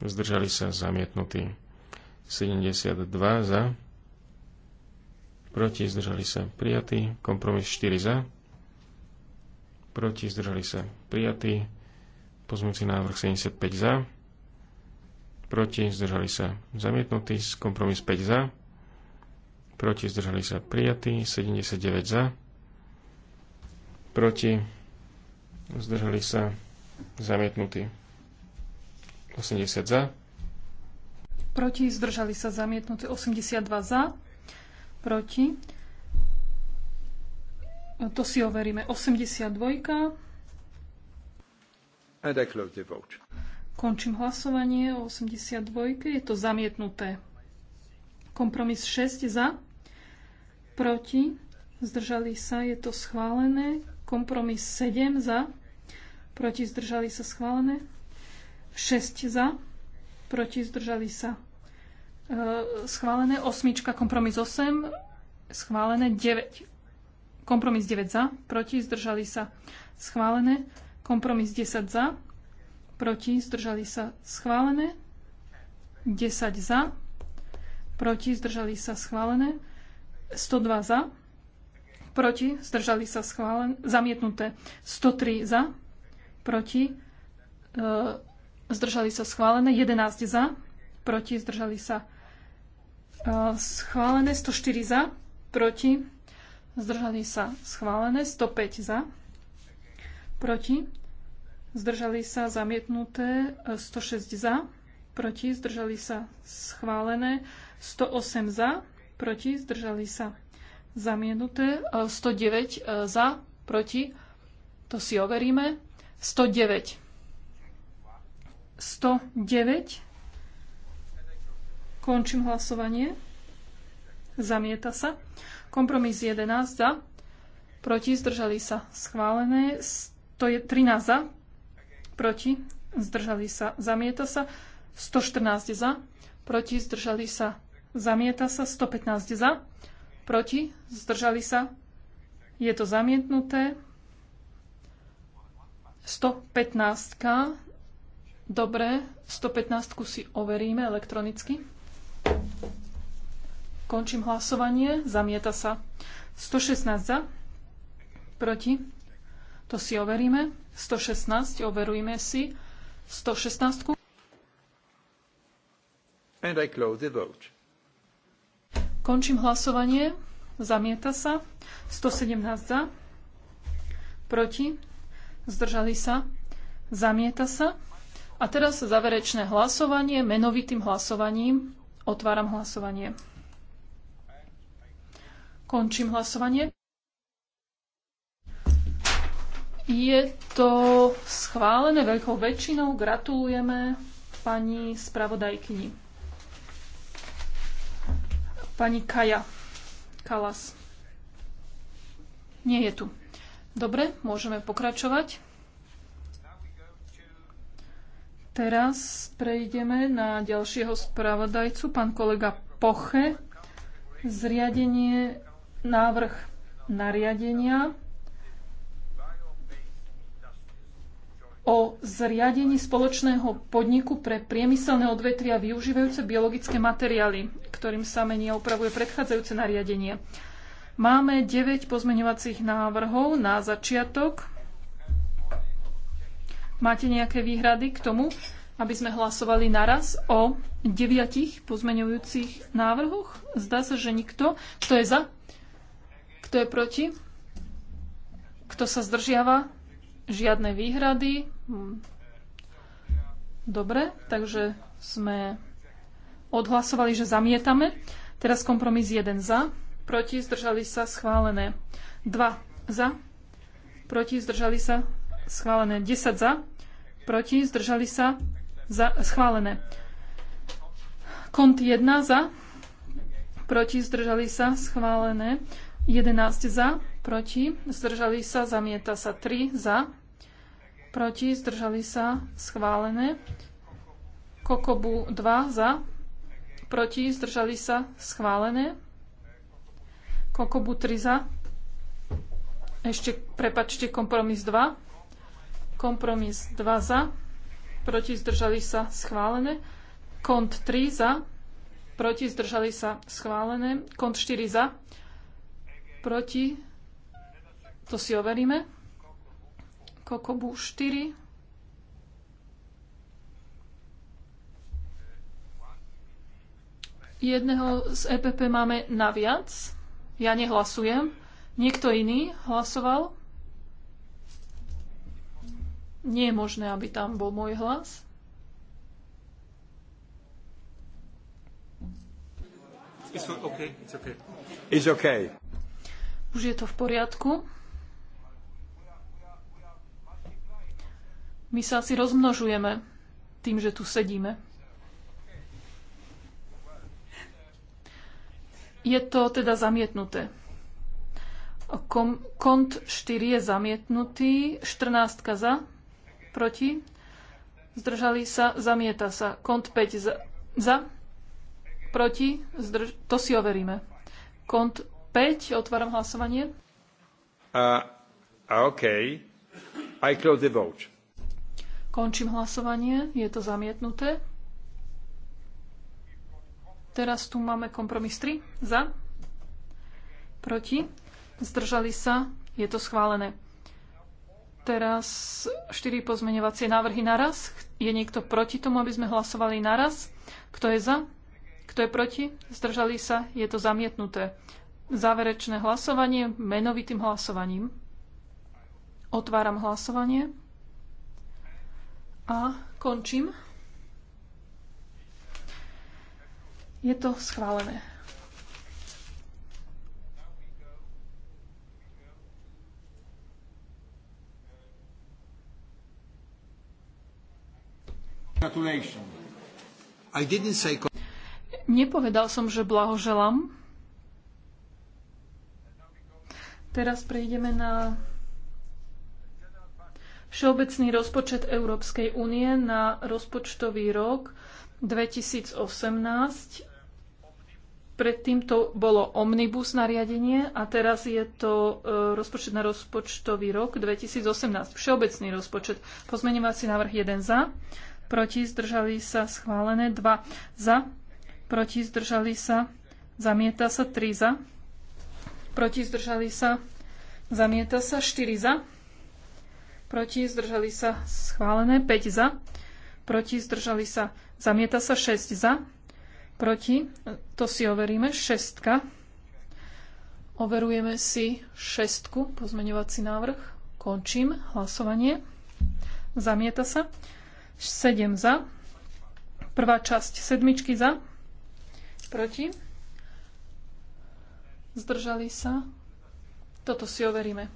Zdržali sa zamietnutí. 72 za. Proti zdržali sa prijatí. Kompromis 4 za. Proti zdržali sa prijatí. Pozmúci návrh 75 za. Proti zdržali sa zamietnutí. Kompromis 5 za proti zdržali sa prijatí, 79 za, proti zdržali sa zamietnutí, 80 za, proti zdržali sa zamietnutí, 82 za, proti, to si overíme, 82. And I close the vote. Končím hlasovanie o 82. Je to zamietnuté. Kompromis 6 za proti, zdržali sa, je to schválené. Kompromis 7 za, proti, zdržali sa, schválené. 6 za, proti, zdržali sa, e, schválené. Osmička, kompromis 8, schválené. 9, kompromis 9 za, proti, zdržali sa, schválené. Kompromis 10 za, proti, zdržali sa, schválené. 10 za, proti, zdržali sa, schválené. 102 za, proti, zdržali sa schválen, zamietnuté 103 za, proti, e, zdržali sa schválené 11 za, proti, zdržali sa e, schválené 104 za, proti, zdržali sa schválené 105 za, proti, zdržali sa zamietnuté 106 e, za, proti, zdržali sa schválené 108 za, proti, zdržali sa zamienuté. 109 e, e, za, proti, to si overíme, 109. 109. Končím hlasovanie. Zamieta sa. Kompromis 11 za, proti, zdržali sa schválené, 13 za, proti, zdržali sa, zamieta sa, 114 za, proti, zdržali sa Zamieta sa 115 za. Proti? Zdržali sa? Je to zamietnuté. 115. Dobre, 115 si overíme elektronicky. Končím hlasovanie. Zamieta sa. 116 za. Proti. To si overíme. 116. Overujme si. 116. And I close the vote. Končím hlasovanie. Zamieta sa. 117 za. Proti. Zdržali sa. Zamieta sa. A teraz záverečné hlasovanie menovitým hlasovaním. Otváram hlasovanie. Končím hlasovanie. Je to schválené veľkou väčšinou. Gratulujeme pani spravodajkyni. Pani Kaja Kalas. Nie je tu. Dobre, môžeme pokračovať. Teraz prejdeme na ďalšieho spravodajcu, pán kolega Poche. Zriadenie návrh nariadenia o zriadení spoločného podniku pre priemyselné odvetvia využívajúce biologické materiály, ktorým sa mení a upravuje predchádzajúce nariadenie. Máme 9 pozmeňovacích návrhov na začiatok. Máte nejaké výhrady k tomu, aby sme hlasovali naraz o 9 pozmeňujúcich návrhoch? Zdá sa, že nikto. Kto je za? Kto je proti? Kto sa zdržiava? Žiadne výhrady. Dobre, takže sme odhlasovali, že zamietame. Teraz kompromis 1 za, proti zdržali sa schválené 2 za, proti zdržali sa schválené 10 za, proti zdržali sa za, schválené. Kont 1 za, proti zdržali sa schválené 11 za, proti, zdržali sa, zamieta sa 3 za, proti, zdržali sa, schválené. Kokobu 2 za, proti, zdržali sa, schválené. Kokobu 3 za, ešte, prepačte, kompromis 2. Kompromis 2 za, proti, zdržali sa, schválené. Kont 3 za, proti, zdržali sa, schválené. Kont 4 za, proti, to si overíme. Kokobu 4. Jedného z EPP máme naviac. Ja nehlasujem. Niekto iný hlasoval. Nie je možné, aby tam bol môj hlas. It's okay. It's okay. It's okay. Už je to v poriadku. My sa asi rozmnožujeme tým, že tu sedíme. Je to teda zamietnuté. Kom, kont 4 je zamietnutý, 14 za, proti, zdržali sa, zamieta sa. Kont 5 za, za proti, zdrž, to si overíme. Kont 5, otváram hlasovanie. Uh, OK. I close the vote. Končím hlasovanie. Je to zamietnuté. Teraz tu máme kompromis 3. Za. Proti. Zdržali sa. Je to schválené. Teraz 4 pozmeňovacie návrhy naraz. Je niekto proti tomu, aby sme hlasovali naraz? Kto je za? Kto je proti? Zdržali sa? Je to zamietnuté. Záverečné hlasovanie menovitým hlasovaním. Otváram hlasovanie. A končím. Je to schválené. Say... Nepovedal som, že blahoželám. Teraz prejdeme na Všeobecný rozpočet Európskej únie na rozpočtový rok 2018. Predtým to bolo omnibus nariadenie a teraz je to e, rozpočet na rozpočtový rok 2018. Všeobecný rozpočet. Pozmenovací návrh 1 za, proti zdržali sa schválené 2 za, proti zdržali sa, zamieta sa 3 za, proti zdržali sa, zamieta sa 4 za proti, zdržali sa schválené, 5 za, proti, zdržali sa, zamieta sa 6 za, proti, to si overíme, 6. Overujeme si 6, pozmeňovací návrh, končím hlasovanie, zamieta sa, 7 za, prvá časť sedmičky za, proti, zdržali sa, toto si overíme.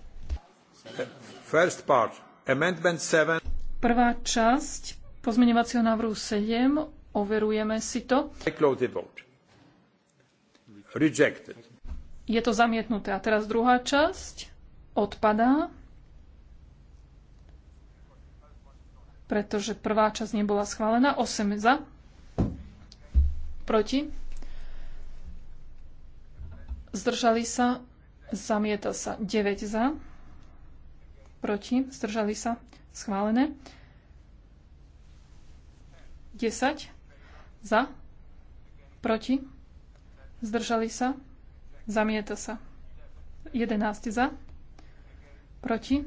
Prvá časť pozmeňovacieho návrhu 7. Overujeme si to. Je to zamietnuté. A teraz druhá časť odpadá, pretože prvá časť nebola schválená. 8 za. Proti. Zdržali sa. Zamieta sa. 9 za proti, zdržali sa, schválené. 10 za, proti, zdržali sa, zamieta sa. 11 za, proti,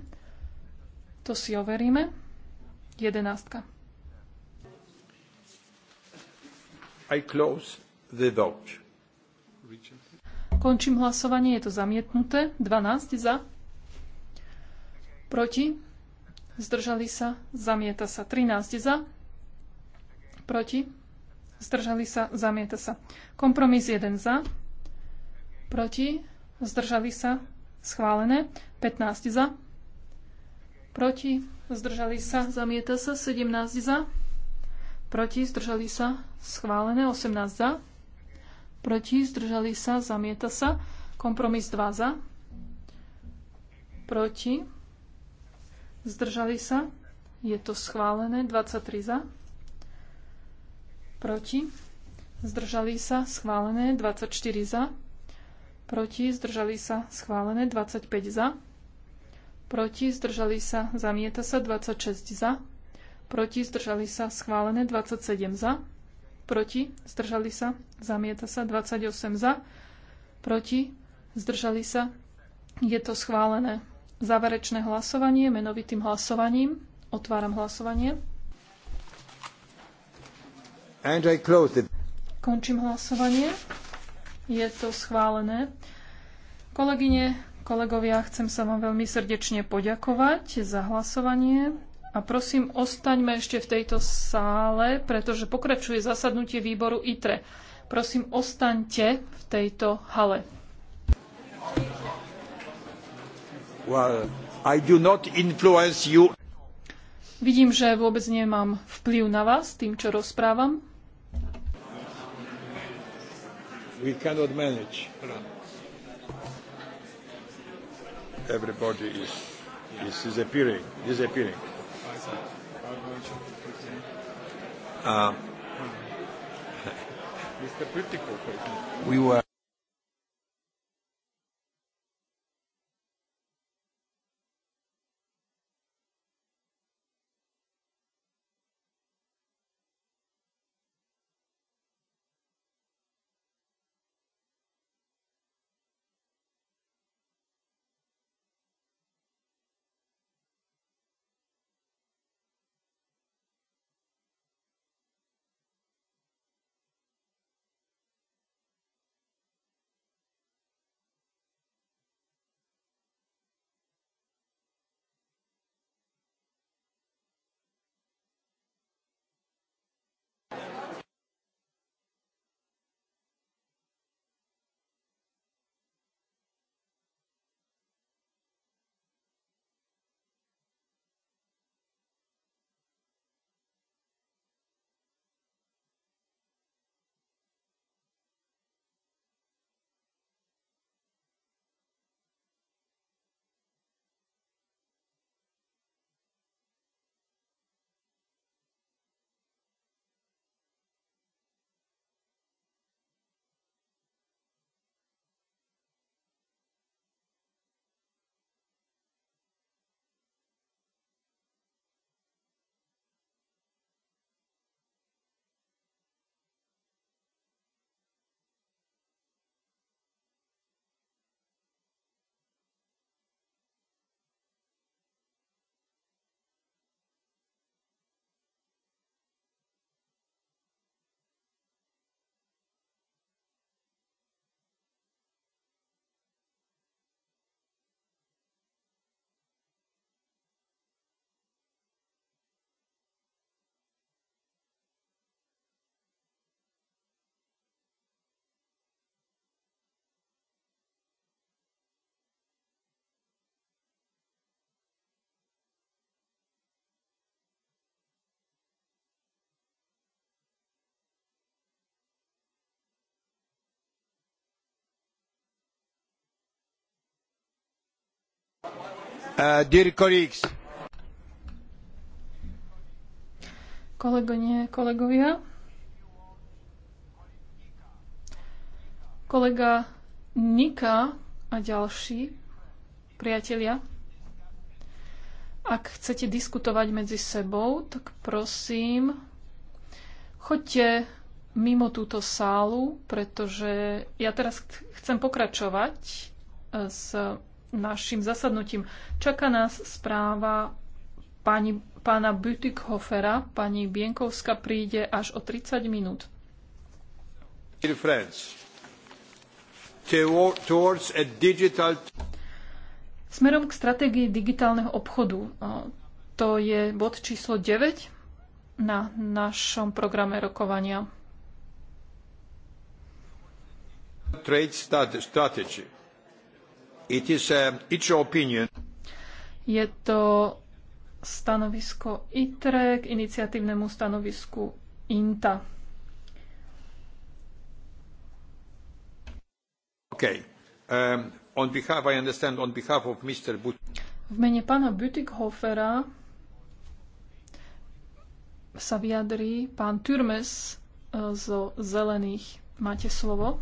to si overíme. 11. I close the vote. Končím hlasovanie, je to zamietnuté. 12 za, proti, zdržali sa, zamieta sa. 13 za, proti, zdržali sa, zamieta sa. Kompromis 1 za, proti, zdržali sa, schválené. 15 za, proti, zdržali sa, zamieta sa. 17 za, proti, zdržali sa, schválené. 18 za, proti, zdržali sa, zamieta sa. Kompromis 2 za, proti, Zdržali sa? Je to schválené. 23 za. Proti? Zdržali sa? Schválené. 24 za. Proti? Zdržali sa? Schválené. 25 za. Proti? Zdržali sa? Zamieta sa. 26 za. Proti? Zdržali sa? Schválené. 27 za. Proti? Zdržali sa? Zamieta sa. 28 za. Proti? Zdržali sa? Je to schválené. Záverečné hlasovanie menovitým hlasovaním. Otváram hlasovanie. And I close it. Končím hlasovanie. Je to schválené. Kolegyne, kolegovia, chcem sa vám veľmi srdečne poďakovať za hlasovanie. A prosím, ostaňme ešte v tejto sále, pretože pokračuje zasadnutie výboru ITRE. Prosím, ostaňte v tejto hale. Vidím, že vôbec nemám vplyv na vás tým, čo rozprávam. We cannot manage. Everybody is, is disappearing. disappearing. Uh, we were Uh, kolegovia. Kolega Nika a ďalší priatelia. Ak chcete diskutovať medzi sebou, tak prosím, choďte mimo túto sálu, pretože ja teraz chcem pokračovať eh, s našim zasadnutím. Čaká nás správa pani, pána Bütikhofera. Pani Bienkovska príde až o 30 minút. Smerom k stratégii digitálneho obchodu. To je bod číslo 9 na našom programe rokovania. Trade strategy Uh, Je to stanovisko ITRE k iniciatívnemu stanovisku INTA. Okay. Um, on behalf, I understand, on behalf of Mr. But- v mene pána Bütikhofera sa vyjadrí pán Turmes uh, zo Zelených. Máte slovo.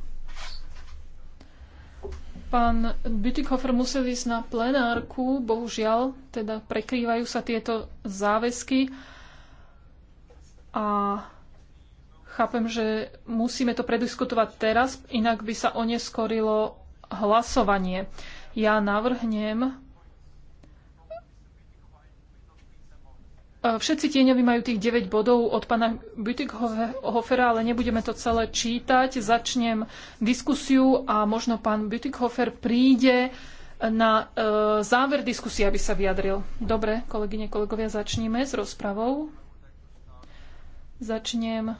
Pán Bütikofer musel ísť na plenárku, bohužiaľ, teda prekrývajú sa tieto záväzky a chápem, že musíme to prediskutovať teraz, inak by sa oneskorilo hlasovanie. Ja navrhnem, Eh, všetci tieňovi majú tých 9 bodov od pána Bütikhofera, ale nebudeme to celé čítať. Začnem diskusiu a možno pán Bütikhofer príde na e, záver diskusie, aby sa vyjadril. Dobre, kolegyne, kolegovia, začníme s rozpravou. Začnem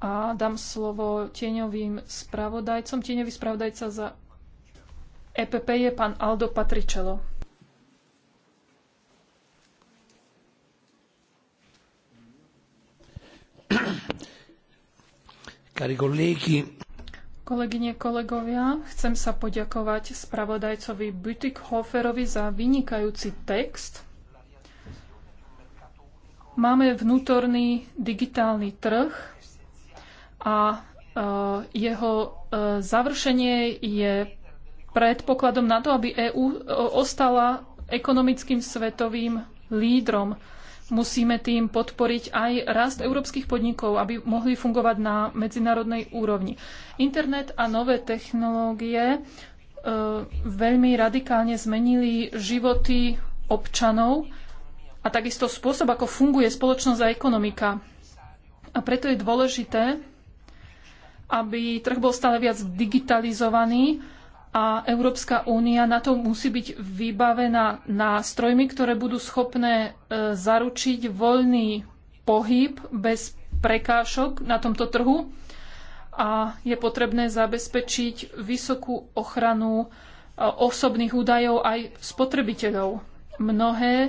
a dám slovo tieňovým spravodajcom. Tieňový spravodajca za EPP je pán Aldo Patričelo. Cari colleghi, Kolegyne, kolegovia, chcem sa poďakovať spravodajcovi Bütikhoferovi za vynikajúci text. Máme vnútorný digitálny trh a e, jeho e, završenie je predpokladom na to, aby EÚ e, ostala ekonomickým svetovým lídrom. Musíme tým podporiť aj rast európskych podnikov, aby mohli fungovať na medzinárodnej úrovni. Internet a nové technológie e, veľmi radikálne zmenili životy občanov a takisto spôsob, ako funguje spoločnosť a ekonomika. A preto je dôležité, aby trh bol stále viac digitalizovaný a Európska únia na to musí byť vybavená nástrojmi, ktoré budú schopné e, zaručiť voľný pohyb bez prekážok na tomto trhu a je potrebné zabezpečiť vysokú ochranu e, osobných údajov aj spotrebiteľov. Mnohé e,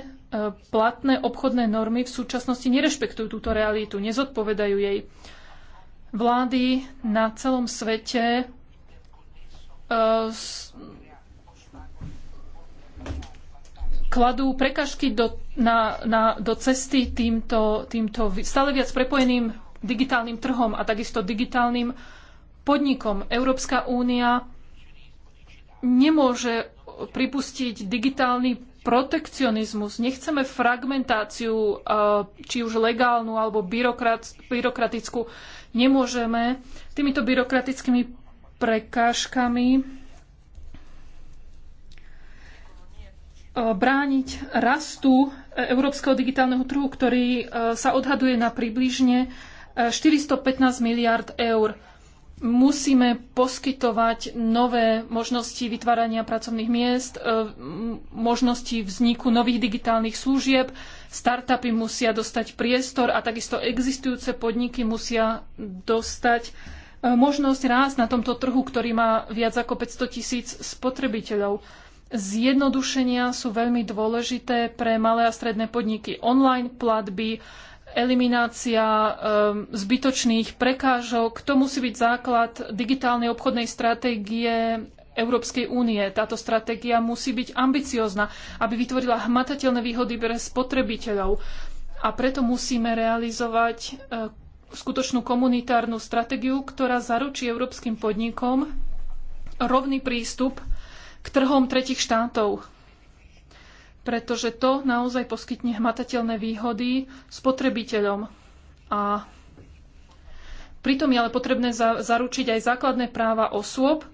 platné obchodné normy v súčasnosti nerešpektujú túto realitu, nezodpovedajú jej. Vlády na celom svete Uh, kladú prekažky do, na, na, do cesty týmto, týmto stále viac prepojeným digitálnym trhom a takisto digitálnym podnikom. Európska únia nemôže pripustiť digitálny protekcionizmus. Nechceme fragmentáciu, uh, či už legálnu alebo byrokrat, byrokratickú. Nemôžeme týmito byrokratickými prekážkami e, brániť rastu e, európskeho digitálneho trhu, ktorý e, sa odhaduje na približne 415 miliard eur. Musíme poskytovať nové možnosti vytvárania pracovných miest, možnosti vzniku nových digitálnych služieb, startupy musia dostať priestor a takisto existujúce podniky musia dostať E, možnosť rásť na tomto trhu, ktorý má viac ako 500 tisíc spotrebiteľov. Zjednodušenia sú veľmi dôležité pre malé a stredné podniky. Online platby, eliminácia um, zbytočných prekážok, to musí byť základ digitálnej obchodnej stratégie Európskej únie. Táto stratégia musí byť ambiciozna, aby vytvorila hmatateľné výhody pre spotrebiteľov. A preto musíme realizovať uh, skutočnú komunitárnu stratégiu, ktorá zaručí európskym podnikom rovný prístup k trhom tretich štátov. Pretože to naozaj poskytne hmatateľné výhody spotrebiteľom. A pritom je ale potrebné za, zaručiť aj základné práva osôb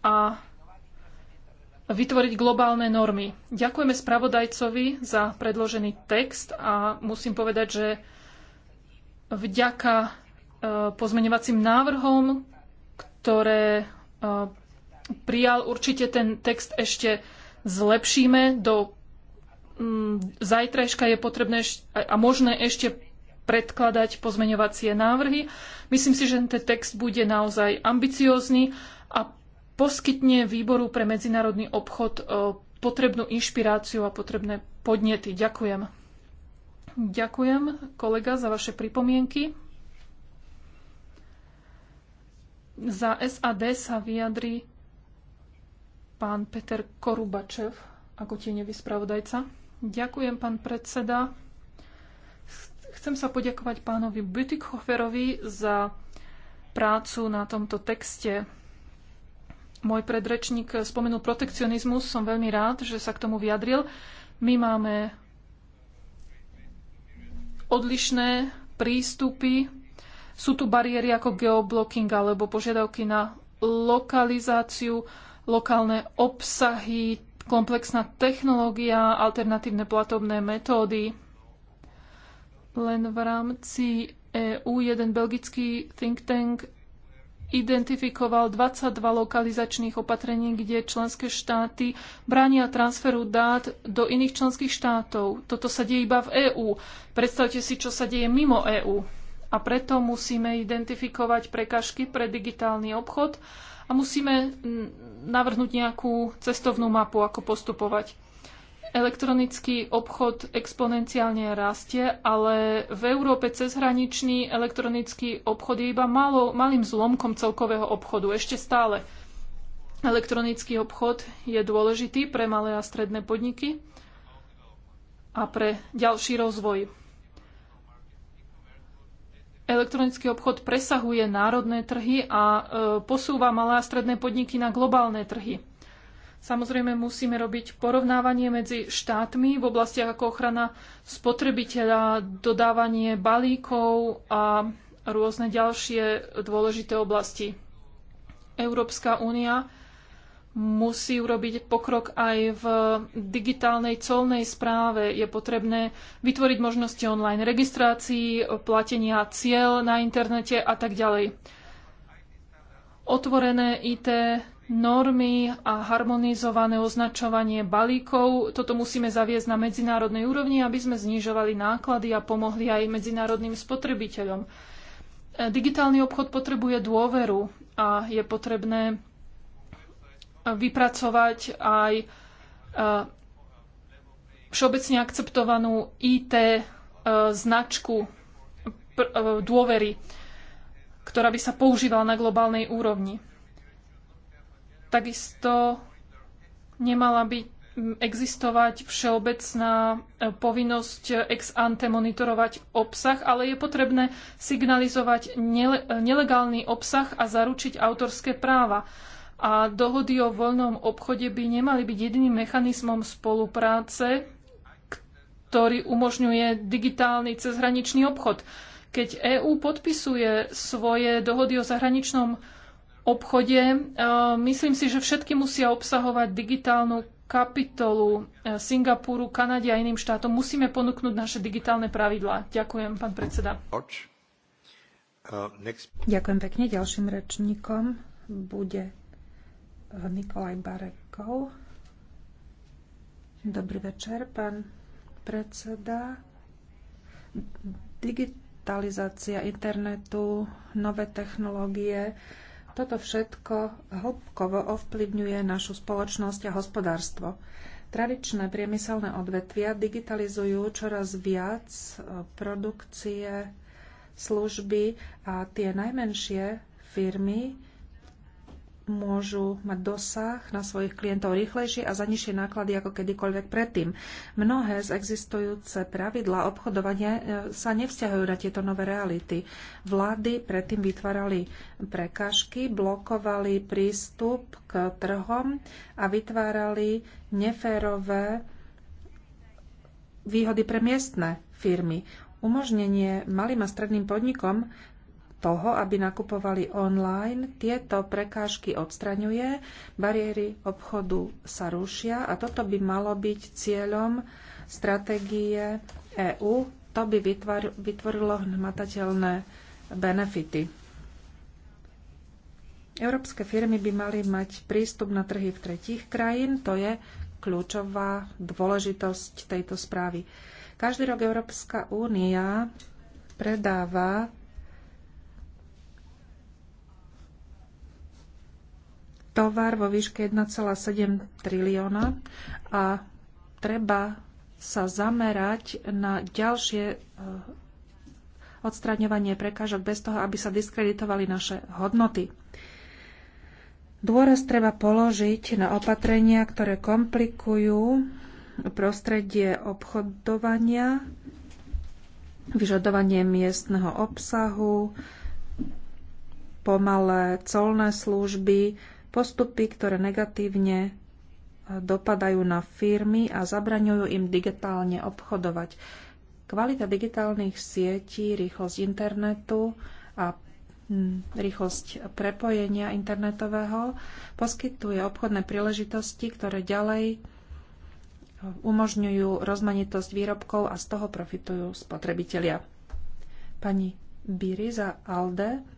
a vytvoriť globálne normy. Ďakujeme spravodajcovi za predložený text a musím povedať, že vďaka e, pozmeňovacím návrhom, ktoré e, prijal. Určite ten text ešte zlepšíme. Do mm, zajtrajška je potrebné a možné ešte predkladať pozmeňovacie návrhy. Myslím si, že ten text bude naozaj ambiciózny a poskytne výboru pre medzinárodný obchod e, potrebnú inšpiráciu a potrebné podnety. Ďakujem. Ďakujem, kolega, za vaše pripomienky. Za SAD sa vyjadri pán Peter Korubačev ako tieňový spravodajca. Ďakujem, pán predseda. Chcem sa poďakovať pánovi Butikhoferovi za prácu na tomto texte. Môj predrečník spomenul protekcionizmus, som veľmi rád, že sa k tomu vyjadril. My máme odlišné prístupy. Sú tu bariéry ako geoblocking alebo požiadavky na lokalizáciu, lokálne obsahy, komplexná technológia, alternatívne platobné metódy. Len v rámci EU jeden belgický think tank identifikoval 22 lokalizačných opatrení, kde členské štáty bránia transferu dát do iných členských štátov. Toto sa deje iba v EÚ. Predstavte si, čo sa deje mimo EÚ. A preto musíme identifikovať prekažky pre digitálny obchod a musíme navrhnúť nejakú cestovnú mapu, ako postupovať. Elektronický obchod exponenciálne rastie, ale v Európe cezhraničný elektronický obchod je iba malo, malým zlomkom celkového obchodu. Ešte stále elektronický obchod je dôležitý pre malé a stredné podniky a pre ďalší rozvoj. Elektronický obchod presahuje národné trhy a e, posúva malé a stredné podniky na globálne trhy. Samozrejme musíme robiť porovnávanie medzi štátmi v oblastiach ako ochrana spotrebiteľa, dodávanie balíkov a rôzne ďalšie dôležité oblasti. Európska únia musí urobiť pokrok aj v digitálnej colnej správe. Je potrebné vytvoriť možnosti online registrácií, platenia cieľ na internete a tak ďalej. Otvorené IT normy a harmonizované označovanie balíkov. Toto musíme zaviesť na medzinárodnej úrovni, aby sme znižovali náklady a pomohli aj medzinárodným spotrebiteľom. Digitálny obchod potrebuje dôveru a je potrebné vypracovať aj e, všeobecne akceptovanú IT e, značku e, dôvery, ktorá by sa používala na globálnej úrovni. Takisto nemala by existovať všeobecná e, povinnosť e, ex ante monitorovať obsah, ale je potrebné signalizovať e, nelegálny obsah a zaručiť autorské práva. A dohody o voľnom obchode by nemali byť jediným mechanizmom spolupráce, ktorý umožňuje digitálny cezhraničný obchod. Keď EÚ podpisuje svoje dohody o zahraničnom obchode, obchode. E, myslím si, že všetky musia obsahovať digitálnu kapitolu e, Singapuru, Kanade a iným štátom. Musíme ponúknuť naše digitálne pravidlá. Ďakujem, pán predseda. Ďakujem pekne. Ďalším rečníkom bude e, Nikolaj Barekov. Dobrý večer, pán predseda. Digitalizácia internetu, nové technológie, toto všetko hĺbkovo ovplyvňuje našu spoločnosť a hospodárstvo. Tradičné priemyselné odvetvia digitalizujú čoraz viac e, produkcie, služby a tie najmenšie firmy môžu mať dosah na svojich klientov rýchlejšie a za nižšie náklady ako kedykoľvek predtým. Mnohé z existujúce pravidla obchodovania e, sa nevzťahujú na tieto nové reality. Vlády predtým vytvárali prekažky, blokovali prístup k trhom a vytvárali neférové výhody pre miestne firmy. Umožnenie malým a stredným podnikom toho, aby nakupovali online. Tieto prekážky odstraňuje, bariéry obchodu sa rušia a toto by malo byť cieľom stratégie EÚ. To by vytvorilo hmatateľné benefity. Európske firmy by mali mať prístup na trhy v tretích krajín. To je kľúčová dôležitosť tejto správy. Každý rok Európska únia predáva tovar vo výške 1,7 trilióna a treba sa zamerať na ďalšie e, odstraňovanie prekážok bez toho, aby sa diskreditovali naše hodnoty. Dôraz treba položiť na opatrenia, ktoré komplikujú prostredie obchodovania, vyžadovanie miestneho obsahu, pomalé colné služby, postupy, ktoré negatívne e, dopadajú na firmy a zabraňujú im digitálne obchodovať. Kvalita digitálnych sietí, rýchlosť internetu a hm, rýchlosť prepojenia internetového poskytuje obchodné príležitosti, ktoré ďalej e, umožňujú rozmanitosť výrobkov a z toho profitujú spotrebitelia. Pani Biriza ALDE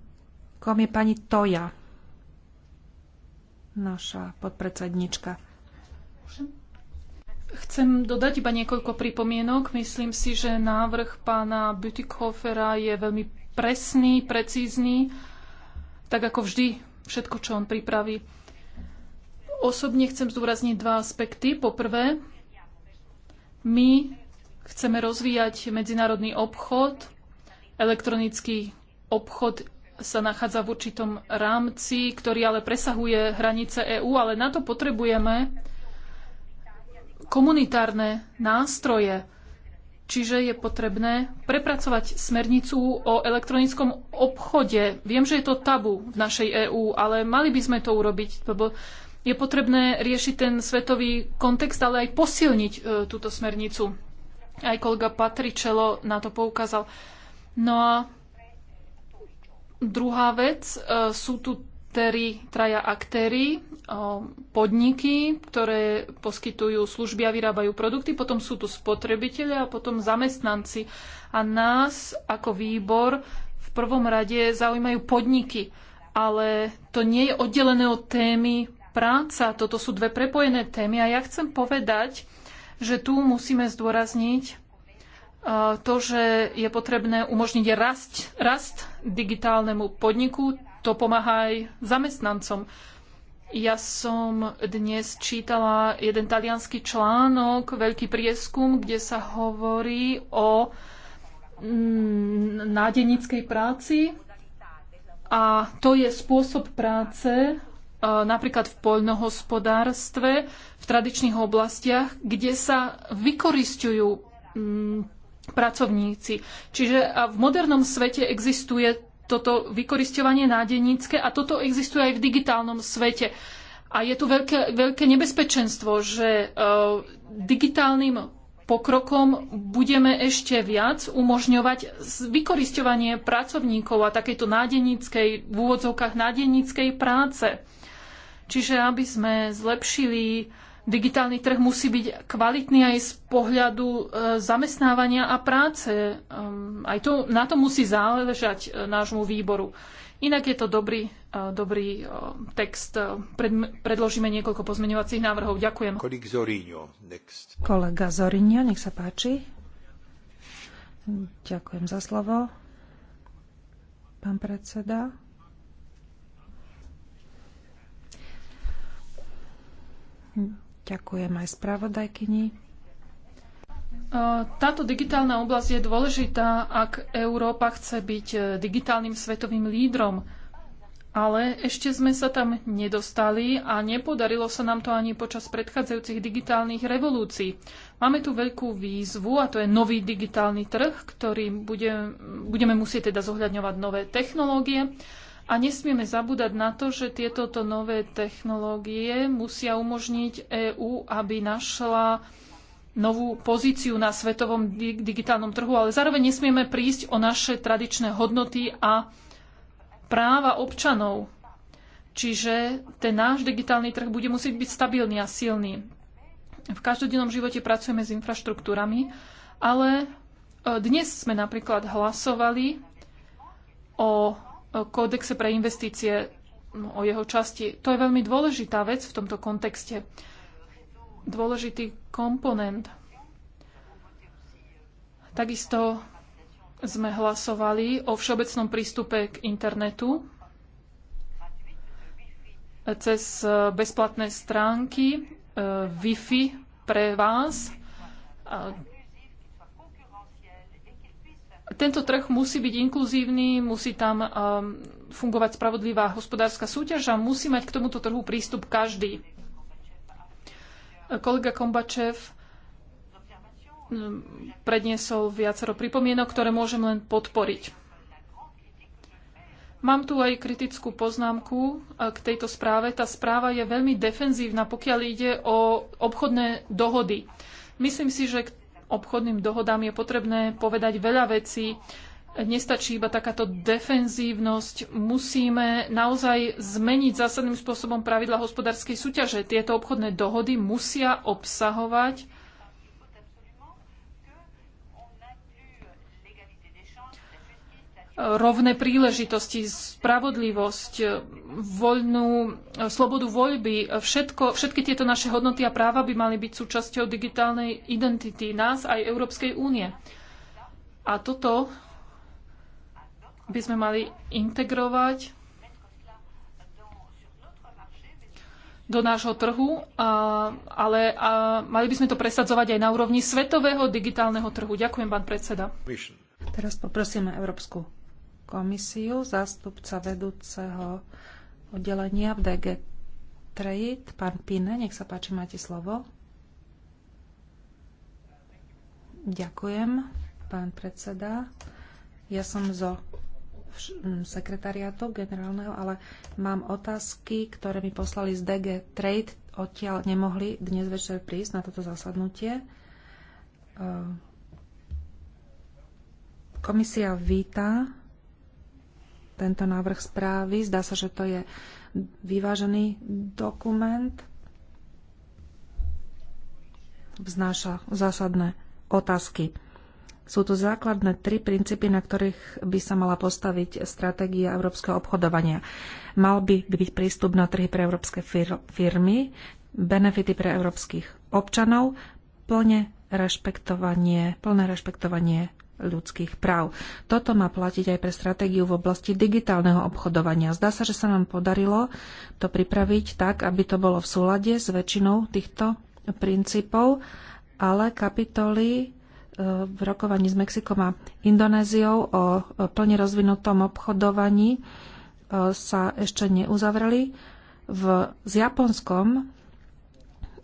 Kom je pani Toja, naša podpredsednička. Chcem dodať iba niekoľko pripomienok. Myslím si, že návrh pána Bütikhofera je veľmi presný, precízny, tak ako vždy všetko, čo on pripraví. Osobne chcem zdôrazniť dva aspekty. Poprvé, my chceme rozvíjať medzinárodný obchod, elektronický obchod sa nachádza v určitom rámci, ktorý ale presahuje hranice EÚ, ale na to potrebujeme komunitárne nástroje. Čiže je potrebné prepracovať smernicu o elektronickom obchode. Viem, že je to tabu v našej EÚ, ale mali by sme to urobiť, lebo je potrebné riešiť ten svetový kontext, ale aj posilniť e, túto smernicu. Aj kolega Patričelo na to poukázal. No a Druhá vec, e, sú tu teri, traja aktéry, e, podniky, ktoré poskytujú služby a vyrábajú produkty, potom sú tu spotrebitelia a potom zamestnanci. A nás ako výbor v prvom rade zaujímajú podniky, ale to nie je oddelené od témy práca. Toto sú dve prepojené témy a ja chcem povedať, že tu musíme zdôrazniť E, to, že je potrebné umožniť rast, rast digitálnemu podniku, to pomáha aj zamestnancom. Ja som dnes čítala jeden talianský článok, veľký prieskum, kde sa hovorí o mm, nádeníckej práci a to je spôsob práce e, napríklad v poľnohospodárstve, v tradičných oblastiach, kde sa vykoristujú mm, pracovníci. Čiže v modernom svete existuje toto vykoristovanie nádenícke a toto existuje aj v digitálnom svete. A je tu veľké, veľké nebezpečenstvo, že uh, digitálnym pokrokom budeme ešte viac umožňovať vykorisťovanie pracovníkov a takejto nádenickej, v úvodzovkách nádenickej práce. Čiže aby sme zlepšili Digitálny trh musí byť kvalitný aj z pohľadu e, zamestnávania a práce. Ehm, aj to, na to musí záležať e, nášmu výboru. Inak je to dobrý, e, dobrý text. Predložíme niekoľko pozmeňovacích návrhov. Ďakujem. Kolega Zorinio, nech sa páči. Ďakujem za slovo, pán predseda. Hm. Ďakujem aj spravodajkyni. Táto digitálna oblasť je dôležitá, ak Európa chce byť e, digitálnym svetovým lídrom. Ale ešte sme sa tam nedostali a nepodarilo sa nám to ani počas predchádzajúcich digitálnych revolúcií. Máme tu veľkú výzvu a to je nový digitálny trh, ktorý bude, budeme musieť teda zohľadňovať nové technológie, a nesmieme zabúdať na to, že tieto nové technológie musia umožniť EÚ, aby našla novú pozíciu na svetovom digitálnom trhu, ale zároveň nesmieme prísť o naše tradičné hodnoty a práva občanov. Čiže ten náš digitálny trh bude musieť byť stabilný a silný. V každodennom živote pracujeme s infraštruktúrami, ale e, dnes sme napríklad hlasovali o kódexe pre investície no, o jeho časti. To je veľmi dôležitá vec v tomto kontexte. Dôležitý komponent. Takisto sme hlasovali o všeobecnom prístupe k internetu cez e, bezplatné stránky e, Wi-Fi pre vás, tento trh musí byť inkluzívny, musí tam um, fungovať spravodlivá hospodárska súťaž a musí mať k tomuto trhu prístup každý. Kolega Kombačev um, predniesol viacero pripomienok, ktoré môžem len podporiť. Mám tu aj kritickú poznámku uh, k tejto správe. Tá správa je veľmi defenzívna, pokiaľ ide o obchodné dohody. Myslím si, že obchodným dohodám je potrebné povedať veľa vecí. Nestačí iba takáto defenzívnosť. Musíme naozaj zmeniť zásadným spôsobom pravidla hospodárskej súťaže. Tieto obchodné dohody musia obsahovať rovné príležitosti, spravodlivosť, voľnú, e, slobodu voľby. Všetko, všetky tieto naše hodnoty a práva by mali byť súčasťou digitálnej identity nás aj Európskej únie. A toto by sme mali integrovať do nášho trhu, ale mali by sme to presadzovať aj na úrovni svetového digitálneho trhu. Ďakujem, pán predseda. Teraz poprosíme Európsku komisiu, zástupca vedúceho oddelenia v DG Trade, pán Pine, nech sa páči, máte slovo. Ďakujem, pán predseda. Ja som zo sekretariátu generálneho, ale mám otázky, ktoré mi poslali z DG Trade. Odtiaľ nemohli dnes večer prísť na toto zasadnutie. E, Komisia víta tento návrh správy. Zdá sa, že to je vyvážený dokument. Vznáša zásadné otázky. Sú tu základné tri princípy, na ktorých by sa mala postaviť stratégia európskeho obchodovania. Mal by byť prístup na trhy pre európske fir- firmy, benefity pre európskych občanov, plne rešpektovanie, plné rešpektovanie ľudských práv. Toto má platiť aj pre stratégiu v oblasti digitálneho obchodovania. Zdá sa, že sa nám podarilo to pripraviť tak, aby to bolo v súlade s väčšinou týchto princípov, ale kapitoly e, v rokovaní s Mexikom a Indonéziou o e, plne rozvinutom obchodovaní e, sa ešte neuzavreli. V, s Japonskom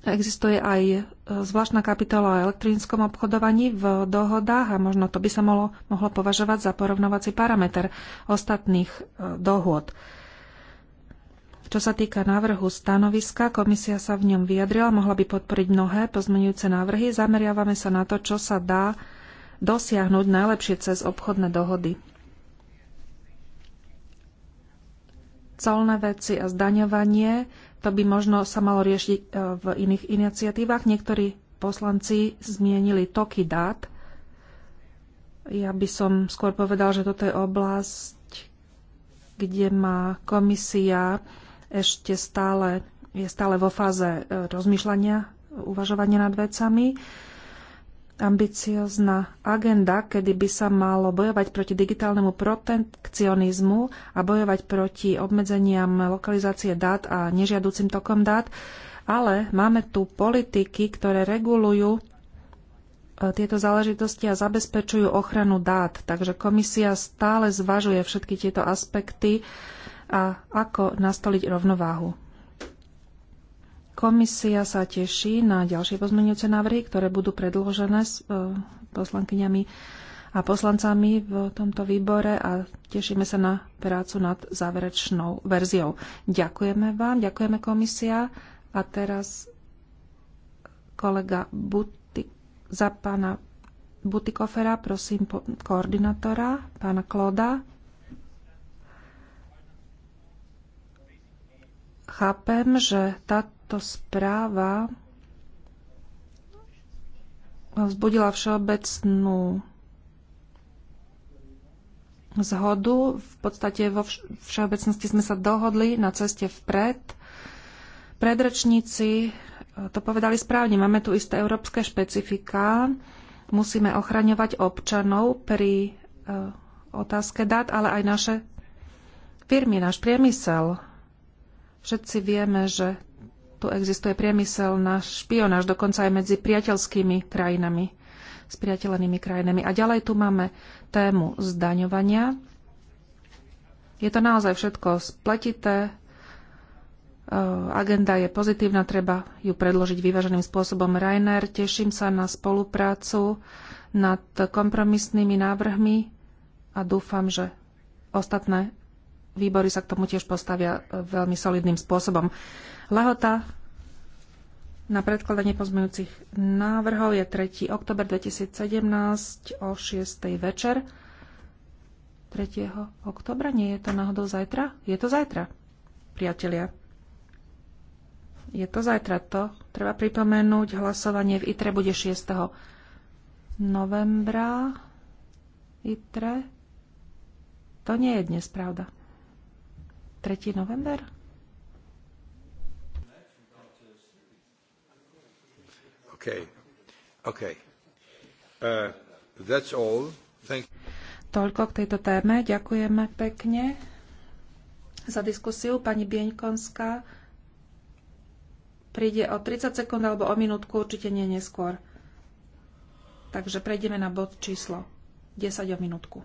Existuje aj e, zvláštna kapitola o elektrinskom obchodovaní v dohodách a možno to by sa mohlo, mohlo považovať za porovnovací parameter ostatných e, dohôd. Čo sa týka návrhu stanoviska, komisia sa v ňom vyjadrila, mohla by podporiť mnohé pozmenujúce návrhy. Zameriavame sa na to, čo sa dá dosiahnuť najlepšie cez obchodné dohody. Colné veci a zdaňovanie to by možno sa malo riešiť e, v iných iniciatívach. Niektorí poslanci zmienili toky dát. Ja by som skôr povedal, že toto je oblasť, kde má komisia ešte stále, je stále vo fáze e, rozmýšľania, uvažovania nad vecami ambiciozná agenda, kedy by sa malo bojovať proti digitálnemu protekcionizmu a bojovať proti obmedzeniam lokalizácie dát a nežiaducim tokom dát, ale máme tu politiky, ktoré regulujú e, tieto záležitosti a zabezpečujú ochranu dát. Takže komisia stále zvažuje všetky tieto aspekty a ako nastoliť rovnováhu. Komisia sa teší na ďalšie pozmeňujúce návrhy, ktoré budú predložené s e, poslankyňami a poslancami v tomto výbore a tešíme sa na prácu nad záverečnou verziou. Ďakujeme vám, ďakujeme komisia a teraz kolega Butik, za pána Butikofera, prosím po, koordinátora, pána Kloda. Chápem, že táto táto správa vzbudila všeobecnú zhodu. V podstate vo všeobecnosti sme sa dohodli na ceste vpred. Predrečníci e, to povedali správne. Máme tu isté európske špecifika. Musíme ochraňovať občanov pri e, otázke dát, ale aj naše firmy, náš priemysel. Všetci vieme, že tu existuje priemysel na špionáž, dokonca aj medzi priateľskými krajinami, s priateľenými krajinami. A ďalej tu máme tému zdaňovania. Je to naozaj všetko spletité. E, agenda je pozitívna, treba ju predložiť vyváženým spôsobom. Rainer, teším sa na spoluprácu nad kompromisnými návrhmi a dúfam, že ostatné výbory sa k tomu tiež postavia e, veľmi solidným spôsobom. Lahota na predkladanie pozmejúcich návrhov je 3. oktober 2017 o 6. večer. 3. oktobra? Nie je to náhodou zajtra? Je to zajtra, priatelia. Je to zajtra to. Treba pripomenúť, hlasovanie v ITRE bude 6. novembra. ITRE. To nie je dnes, pravda. 3. november? Okay. Okay. Uh, that's all. Thank Toľko k tejto téme. Ďakujeme pekne za diskusiu. Pani Bieňkonská príde o 30 sekúnd alebo o minútku, určite nie neskôr. Takže prejdeme na bod číslo 10 o minútku.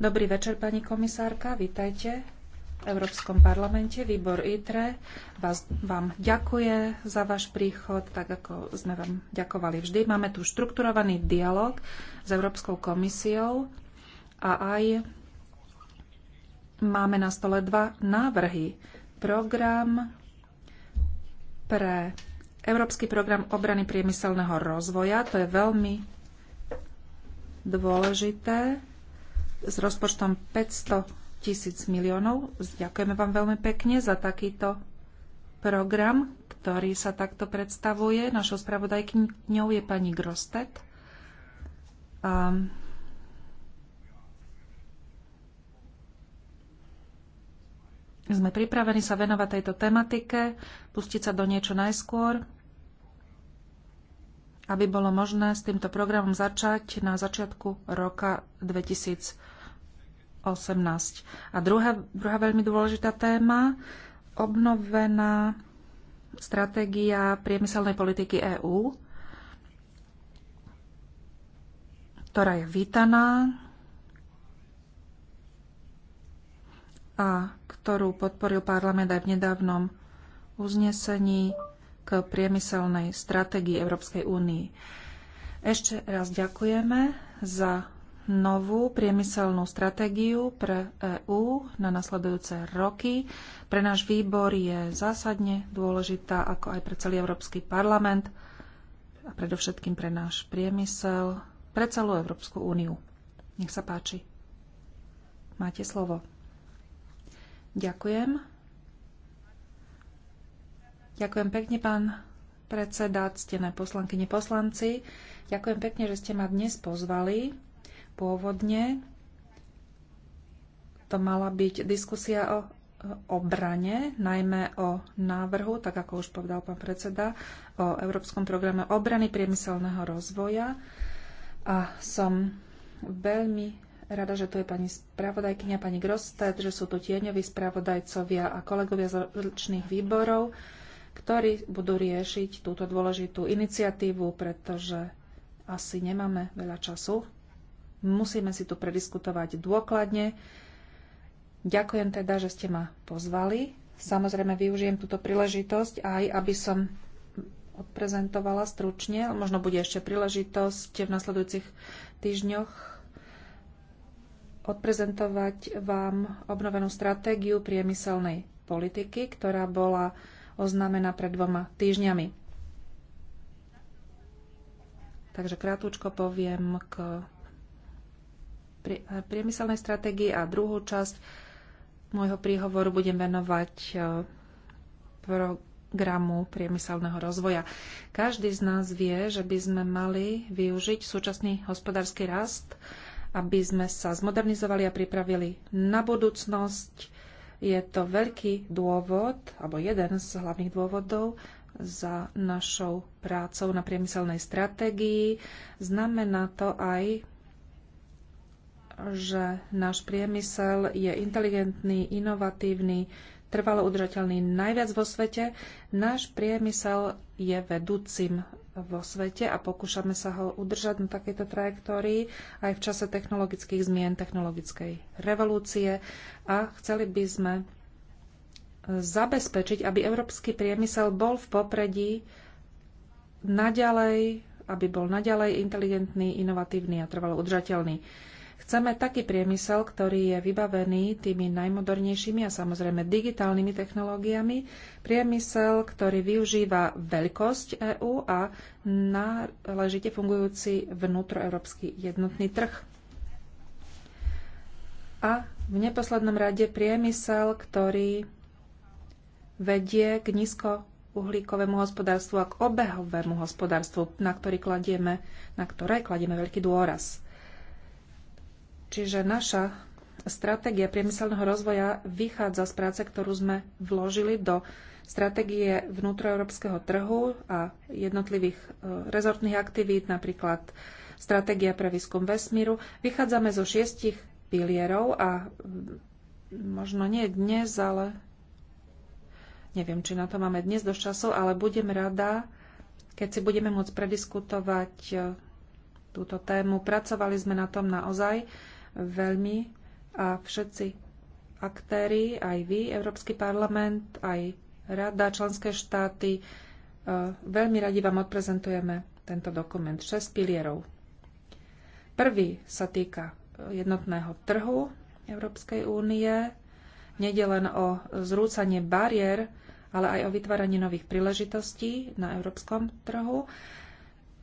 Dobrý večer, pani komisárka, vitajte v Európskom parlamente. Výbor ITRE vás, vám ďakuje za váš príchod, tak ako sme vám ďakovali vždy. Máme tu štrukturovaný dialog s Európskou komisiou a aj máme na stole dva návrhy. Program pre Európsky program obrany priemyselného rozvoja, to je veľmi dôležité, s rozpočtom 500 tisíc miliónov. Ďakujeme vám veľmi pekne za takýto program, ktorý sa takto predstavuje. Našou spravodajkňou je pani Grostet. Um, sme pripravení sa venovať tejto tematike, pustiť sa do niečo najskôr aby bolo možné s týmto programom začať na začiatku roka 2018. A druhá, druhá veľmi dôležitá téma, obnovená stratégia priemyselnej politiky EÚ, ktorá je vítaná a ktorú podporil parlament aj v nedávnom uznesení k priemyselnej stratégii Európskej únii. Ešte raz ďakujeme za novú priemyselnú stratégiu pre EÚ na nasledujúce roky. Pre náš výbor je zásadne dôležitá, ako aj pre celý Európsky parlament a predovšetkým pre náš priemysel, pre celú Európsku úniu. Nech sa páči. Máte slovo. Ďakujem. Ďakujem pekne, pán predseda, ctené poslankyne, poslanci. Ďakujem pekne, že ste ma dnes pozvali. Pôvodne to mala byť diskusia o obrane, najmä o návrhu, tak ako už povedal pán predseda, o Európskom programe obrany priemyselného rozvoja. A som veľmi rada, že tu je pani spravodajkynia, pani Grosted, že sú tu tieňoví spravodajcovia a kolegovia z rozličných výborov ktorí budú riešiť túto dôležitú iniciatívu, pretože asi nemáme veľa času. Musíme si tu prediskutovať dôkladne. Ďakujem teda, že ste ma pozvali. Samozrejme, využijem túto príležitosť aj, aby som odprezentovala stručne, možno bude ešte príležitosť v nasledujúcich týždňoch odprezentovať vám obnovenú stratégiu priemyselnej politiky, ktorá bola oznámená pred dvoma týždňami. Takže krátko poviem k eh, priemyselnej stratégii a druhú časť môjho príhovoru budem venovať eh, programu priemyselného rozvoja. Každý z nás vie, že by sme mali využiť súčasný hospodársky rast, aby sme sa zmodernizovali a pripravili na budúcnosť, je to veľký dôvod, alebo jeden z hlavných dôvodov za našou prácou na priemyselnej stratégii. Znamená to aj, že náš priemysel je inteligentný, inovatívny, trvalo udržateľný najviac vo svete. Náš priemysel je vedúcim vo svete a pokúšame sa ho udržať na takejto trajektórii aj v čase technologických zmien, technologickej revolúcie a chceli by sme zabezpečiť, aby európsky priemysel bol v popredí naďalej, aby bol naďalej inteligentný, inovatívny a trvalo udržateľný. Chceme taký priemysel, ktorý je vybavený tými najmodernejšími a samozrejme digitálnymi technológiami. Priemysel, ktorý využíva veľkosť EÚ a náležite fungujúci vnútroeurópsky jednotný trh. A v neposlednom rade priemysel, ktorý vedie k nízko uhlíkovému hospodárstvu a k obehovému hospodárstvu, na, ktorý kladieme, na ktoré kladieme veľký dôraz. Čiže naša stratégia priemyselného rozvoja vychádza z práce, ktorú sme vložili do stratégie vnútroeurópskeho trhu a jednotlivých e, rezortných aktivít, napríklad stratégia pre výskum vesmíru. Vychádzame zo šiestich pilierov a možno nie dnes, ale neviem, či na to máme dnes dosť času, ale budem rada, keď si budeme môcť prediskutovať e, túto tému. Pracovali sme na tom naozaj veľmi a všetci aktéry, aj vy, Európsky parlament, aj rada, členské štáty, e, veľmi radi vám odprezentujeme tento dokument. Šesť pilierov. Prvý sa týka jednotného trhu Európskej únie. Nede len o zrúcanie bariér, ale aj o vytváranie nových príležitostí na európskom trhu.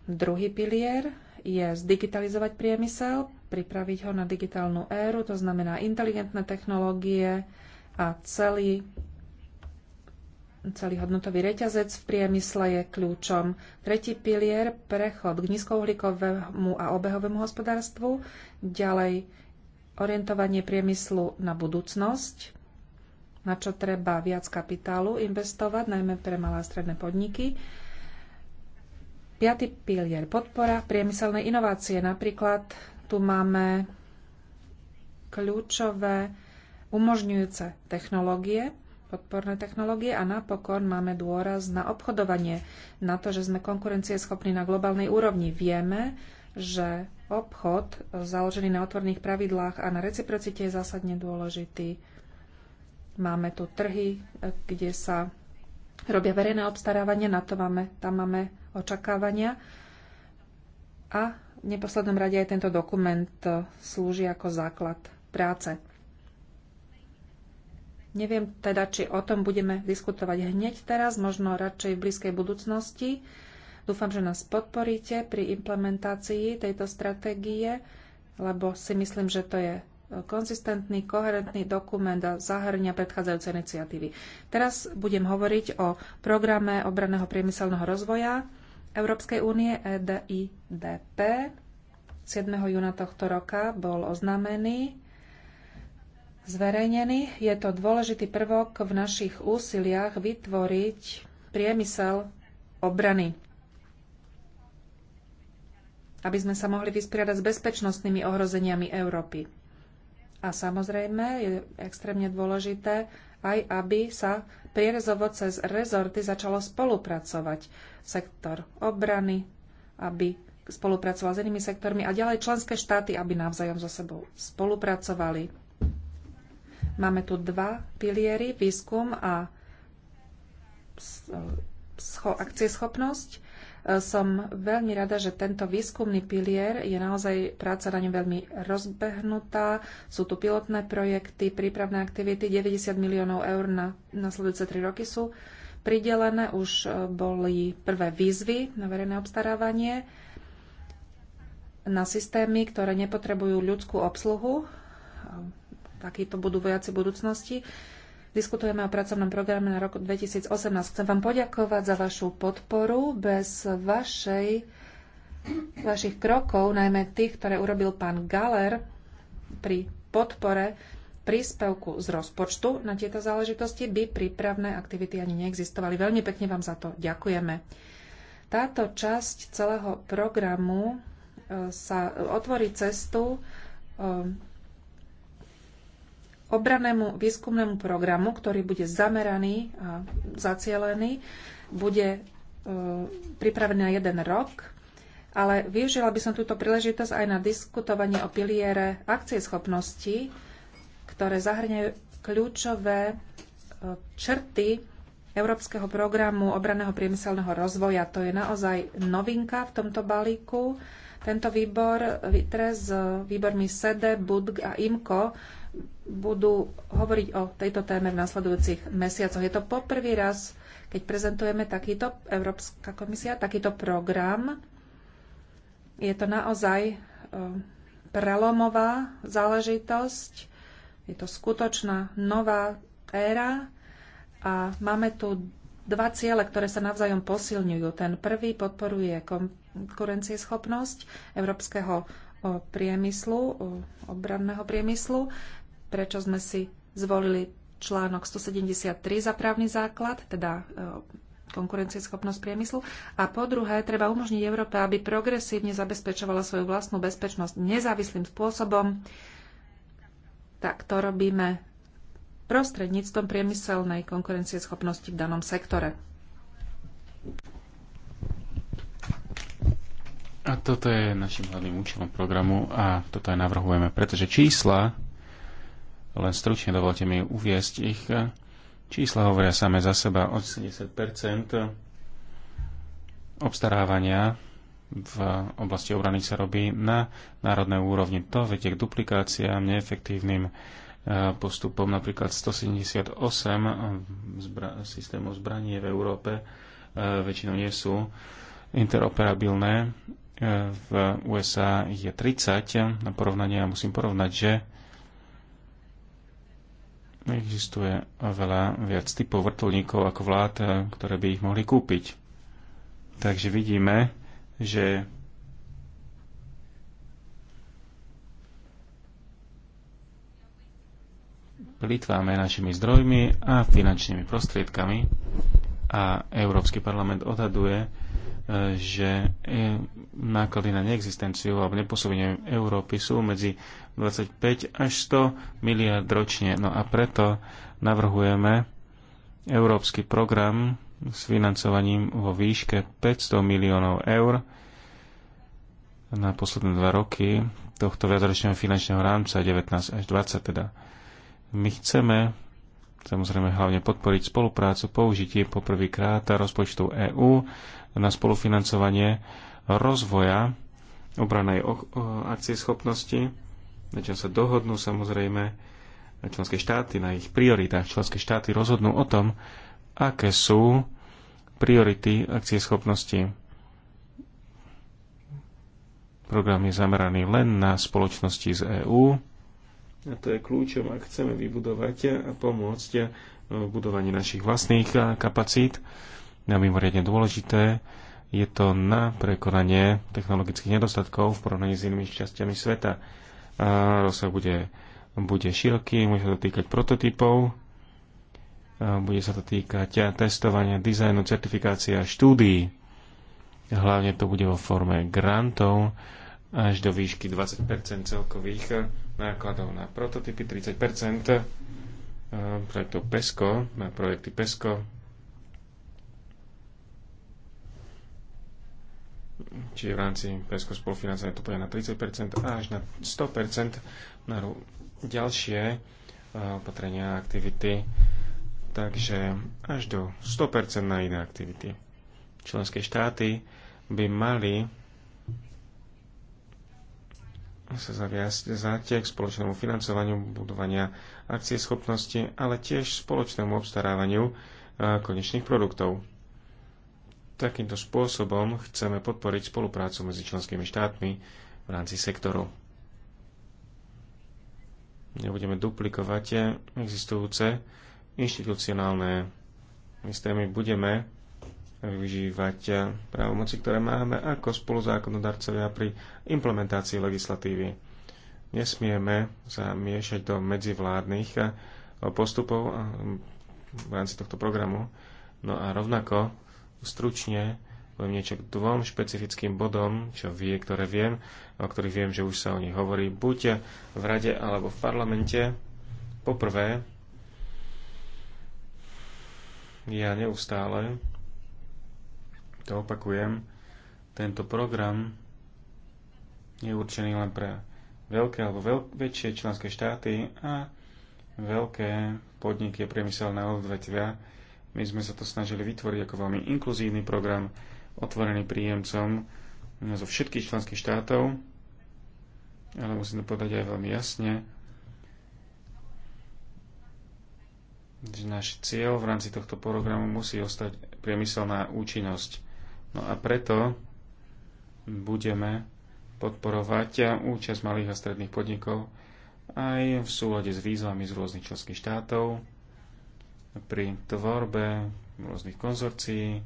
Druhý pilier je zdigitalizovať priemysel pripraviť ho na digitálnu éru, to znamená inteligentné technológie a celý, celý hodnotový reťazec v priemysle je kľúčom. Tretí pilier, prechod k nízkouhlíkovému a obehovému hospodárstvu, ďalej orientovanie priemyslu na budúcnosť, na čo treba viac kapitálu investovať, najmä pre malé a stredné podniky. Piatý pilier podpora priemyselnej inovácie, napríklad tu máme kľúčové umožňujúce technológie, podporné technológie a napokon máme dôraz na obchodovanie, na to, že sme konkurencieschopní na globálnej úrovni. Vieme, že obchod založený na otvorných pravidlách a na reciprocite je zásadne dôležitý. Máme tu trhy, kde sa robia verejné obstarávanie, na to máme, tam máme očakávania. A neposlednom rade aj tento dokument e, slúži ako základ práce. Neviem teda, či o tom budeme diskutovať hneď teraz, možno radšej v blízkej budúcnosti. Dúfam, že nás podporíte pri implementácii tejto stratégie, lebo si myslím, že to je e, konzistentný, koherentný dokument a zahrňa predchádzajúce iniciatívy. Teraz budem hovoriť o programe obraného priemyselného rozvoja Európskej únie e EDIDP 7. júna tohto roka bol oznámený, zverejnený. Je to dôležitý prvok v našich úsiliach vytvoriť priemysel obrany, aby sme sa mohli vysporiadať s bezpečnostnými ohrozeniami Európy. A samozrejme je extrémne dôležité aj, aby sa prierezovo cez rezorty začalo spolupracovať sektor obrany, aby spolupracoval s inými sektormi a ďalej členské štáty, aby navzájom so sebou spolupracovali. Máme tu dva piliery, výskum a akcieschopnosť. Som veľmi rada, že tento výskumný pilier je naozaj práca na ňom veľmi rozbehnutá. Sú tu pilotné projekty, prípravné aktivity, 90 miliónov eur na nasledujúce 3 roky sú pridelené. Už e, boli prvé výzvy na verejné obstarávanie na systémy, ktoré nepotrebujú ľudskú obsluhu. Takíto budú vojaci budúcnosti. Diskutujeme o pracovnom programe na rok 2018. Chcem vám poďakovať za vašu podporu. Bez vašej, vašich krokov, najmä tých, ktoré urobil pán Galer pri podpore príspevku z rozpočtu na tieto záležitosti, by prípravné aktivity ani neexistovali. Veľmi pekne vám za to ďakujeme. Táto časť celého programu e, sa otvorí cestu e, obranému výskumnému programu, ktorý bude zameraný a zacielený, bude e, pripravený na jeden rok, ale využila by som túto príležitosť aj na diskutovanie o piliere akcieschopnosti, ktoré zahrňajú kľúčové e, črty Európskeho programu obraného priemyselného rozvoja. To je naozaj novinka v tomto balíku. Tento výbor, VITRE s výbormi SEDE, BUDG a IMCO budú hovoriť o tejto téme v nasledujúcich mesiacoch. Je to poprvý raz, keď prezentujeme takýto Európska komisia, takýto program. Je to naozaj e, prelomová záležitosť. Je to skutočná nová éra a máme tu dva ciele, ktoré sa navzájom posilňujú. Ten prvý podporuje konkurencieschopnosť európskeho priemyslu, obranného priemyslu prečo sme si zvolili článok 173 za právny základ, teda e, konkurencieschopnosť priemyslu. A po druhé, treba umožniť Európe, aby progresívne zabezpečovala svoju vlastnú bezpečnosť nezávislým spôsobom. Tak to robíme prostredníctvom priemyselnej konkurencieschopnosti v danom sektore. A toto je našim hlavným účelom programu a toto aj navrhujeme, pretože čísla len stručne dovolte mi uviesť ich. Čísla hovoria same za seba. 80 obstarávania v oblasti obrany sa robí na národnej úrovni. To vedie k duplikáciám, neefektívnym eh, postupom. Napríklad 178 zbra- systémov zbraní v Európe eh, väčšinou nie sú interoperabilné. Eh, v USA je 30 na porovnanie ja musím porovnať, že Existuje veľa viac typov vrtulníkov ako vlád, eh, ktoré by ich mohli kúpiť. Takže vidíme, že plýtváme našimi zdrojmi a finančnými prostriedkami a Európsky parlament odhaduje, že e, náklady na neexistenciu alebo nepôsobenie Európy sú medzi 25 až 100 miliard ročne. No a preto navrhujeme európsky program s financovaním vo výške 500 miliónov eur na posledné dva roky tohto viacročného finančného rámca 19 až 20 teda. My chceme samozrejme hlavne podporiť spoluprácu, použitie poprvýkrát rozpočtu EÚ na spolufinancovanie rozvoja obranej akcie schopnosti, na čom sa dohodnú samozrejme členské štáty, na ich prioritách. Členské štáty rozhodnú o tom, aké sú priority akcie schopnosti. Program je zameraný len na spoločnosti z EÚ. A to je kľúčom, ak chceme vybudovať a pomôcť v budovaní našich vlastných kapacít mimoriadne dôležité. Je to na prekonanie technologických nedostatkov v porovnaní s inými šťastiami sveta. A rozsah bude, bude široký, môže sa to týkať prototypov, bude sa to týkať testovania, dizajnu, certifikácie a štúdií. Hlavne to bude vo forme grantov až do výšky 20 celkových nákladov na prototypy, 30 projektov PESCO, na projekty PESCO, čiže v rámci PESCO spolufinancovania to bude na 30% a až na 100% na ďalšie e, opatrenia a aktivity, takže až do 100% na iné aktivity. Členské štáty by mali sa zaviazať k spoločnému financovaniu budovania akcie schopnosti, ale tiež spoločnému obstarávaniu e, konečných produktov. Takýmto spôsobom chceme podporiť spoluprácu medzi členskými štátmi v rámci sektoru. Nebudeme duplikovať existujúce inštitucionálne systémy, budeme využívať právomoci, ktoré máme ako spoluzákonodarcovia pri implementácii legislatívy. Nesmieme sa miešať do medzivládnych postupov v rámci tohto programu. No a rovnako stručne poviem niečo k dvom špecifickým bodom, čo vie, ktoré viem, o ktorých viem, že už sa o nich hovorí buď v rade alebo v parlamente. Poprvé, ja neustále to opakujem, tento program je určený len pre veľké alebo veľ- väčšie členské štáty a veľké podniky a priemyselné odvetvia, my sme sa to snažili vytvoriť ako veľmi inkluzívny program, otvorený príjemcom zo všetkých členských štátov, ale musím to povedať aj veľmi jasne, že náš cieľ v rámci tohto programu musí ostať priemyselná účinnosť. No a preto budeme podporovať účasť malých a stredných podnikov aj v súlade s výzvami z rôznych členských štátov, pri tvorbe rôznych konzorcií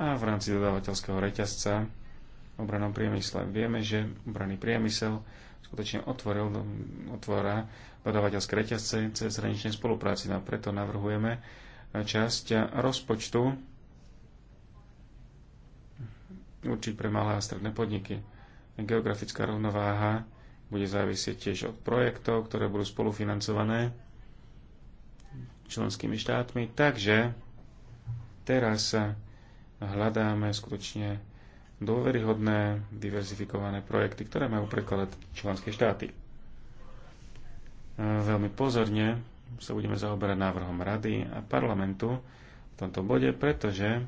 a v rámci dodávateľského reťazca v obranom priemysle. Vieme, že obranný priemysel skutočne otvoril, otvára dodávateľské reťazce cez hraničnej spolupráci. No a preto navrhujeme časť rozpočtu určiť pre malé a stredné podniky. Geografická rovnováha bude závisieť tiež od projektov, ktoré budú spolufinancované členskými štátmi. Takže teraz hľadáme skutočne dôveryhodné, diverzifikované projekty, ktoré majú prekladať členské štáty. E, veľmi pozorne sa budeme zaoberať návrhom Rady a parlamentu v tomto bode, pretože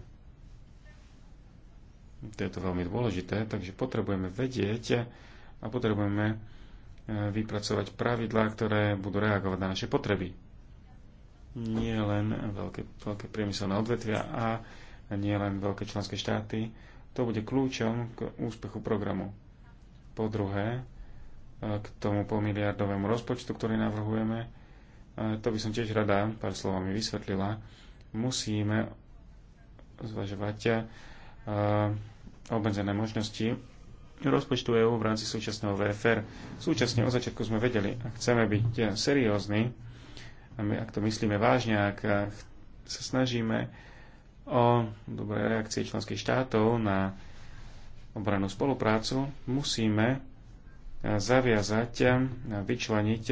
to je to veľmi dôležité, takže potrebujeme vedieť a potrebujeme e, vypracovať pravidlá, ktoré budú reagovať na naše potreby nie len veľké, veľké priemyselné odvetvia a nie len veľké členské štáty. To bude kľúčom k úspechu programu. Po druhé, e, k tomu polmiliardovému rozpočtu, ktorý navrhujeme, e, to by som tiež rada pár slovami vysvetlila, musíme zvažovať e, obmedzené možnosti rozpočtu EÚ v rámci súčasného VFR. Súčasne od začiatku sme vedeli, ak chceme byť seriózni, ak to myslíme vážne, ak sa snažíme o dobré reakcie členských štátov na obranú spoluprácu, musíme zaviazať a vyčleniť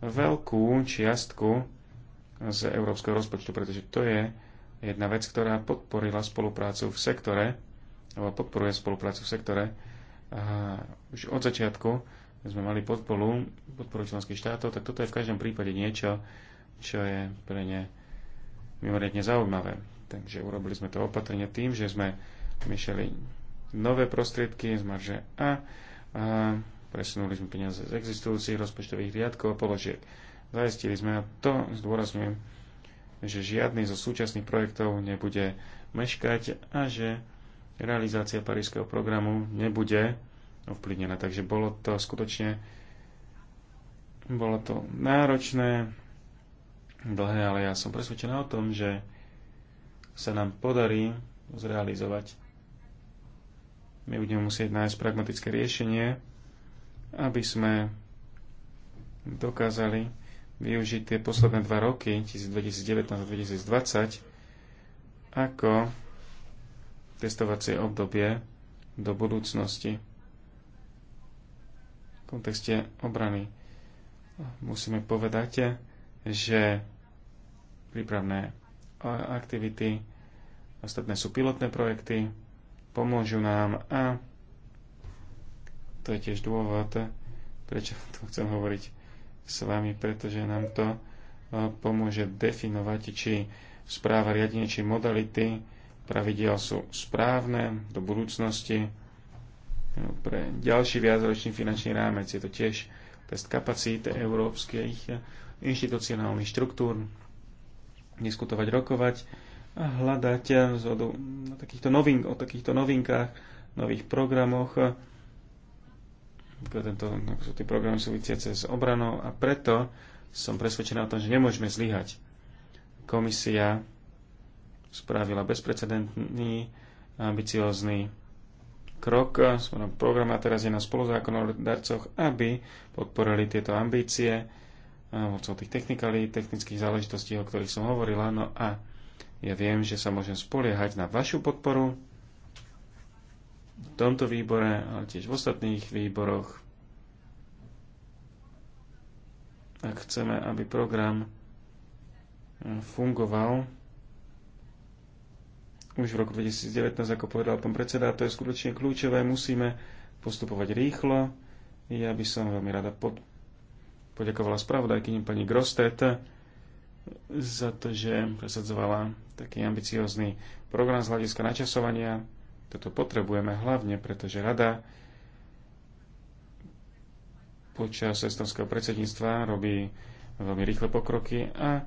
veľkú čiastku z európskeho rozpočtu, pretože to je jedna vec, ktorá podporila spoluprácu v sektore, alebo podporuje spoluprácu v sektore už od začiatku sme mali podporu, podporu členských štátov, tak toto je v každom prípade niečo, čo je pre ne mimoriadne zaujímavé. Takže urobili sme to opatrenie tým, že sme myšeli nové prostriedky z marže A a presunuli sme peniaze z existujúcich rozpočtových riadkov a položiek. Zajistili sme, a to zdôrazňujem, že žiadny zo súčasných projektov nebude meškať a že realizácia parískeho programu nebude ovplyvnené. Takže bolo to skutočne bolo to náročné, dlhé, ale ja som presvedčená o tom, že sa nám podarí zrealizovať. My budeme musieť nájsť pragmatické riešenie, aby sme dokázali využiť tie posledné dva roky, 2019 a 2020, ako testovacie obdobie do budúcnosti v kontexte obrany. Musíme povedať, že prípravné aktivity, ostatné sú pilotné projekty, pomôžu nám a to je tiež dôvod, prečo to chcem hovoriť s vami, pretože nám to e, pomôže definovať, či správa riadenie či modality pravidel sú správne do budúcnosti pre ďalší viacročný finančný rámec. Je to tiež test kapacít európskych inštitucionálnych štruktúr, diskutovať, rokovať a hľadať vzhodu na takýchto novink, o takýchto novinkách, nových programoch, tento, ako sú tie programy súvisiace s obranou a preto som presvedčená o tom, že nemôžeme zlyhať. Komisia spravila bezprecedentný ambiciózny krok smerom program a teraz je na spoluzákonodarcoch, aby podporili tieto ambície vodcov eh, tých technikalí, technických záležitostí, o ktorých som hovorila. No a ja viem, že sa môžem spoliehať na vašu podporu v tomto výbore, ale tiež v ostatných výboroch. Ak chceme, aby program eh, fungoval už v roku 2019, ako povedal pán predseda, to je skutočne kľúčové, musíme postupovať rýchlo. Ja by som veľmi rada pod... poďakovala spravodajkyni pani Grostet za to, že presadzovala taký ambiciózny program z hľadiska načasovania. Toto potrebujeme hlavne, pretože rada počas estonského predsedníctva robí veľmi rýchle pokroky a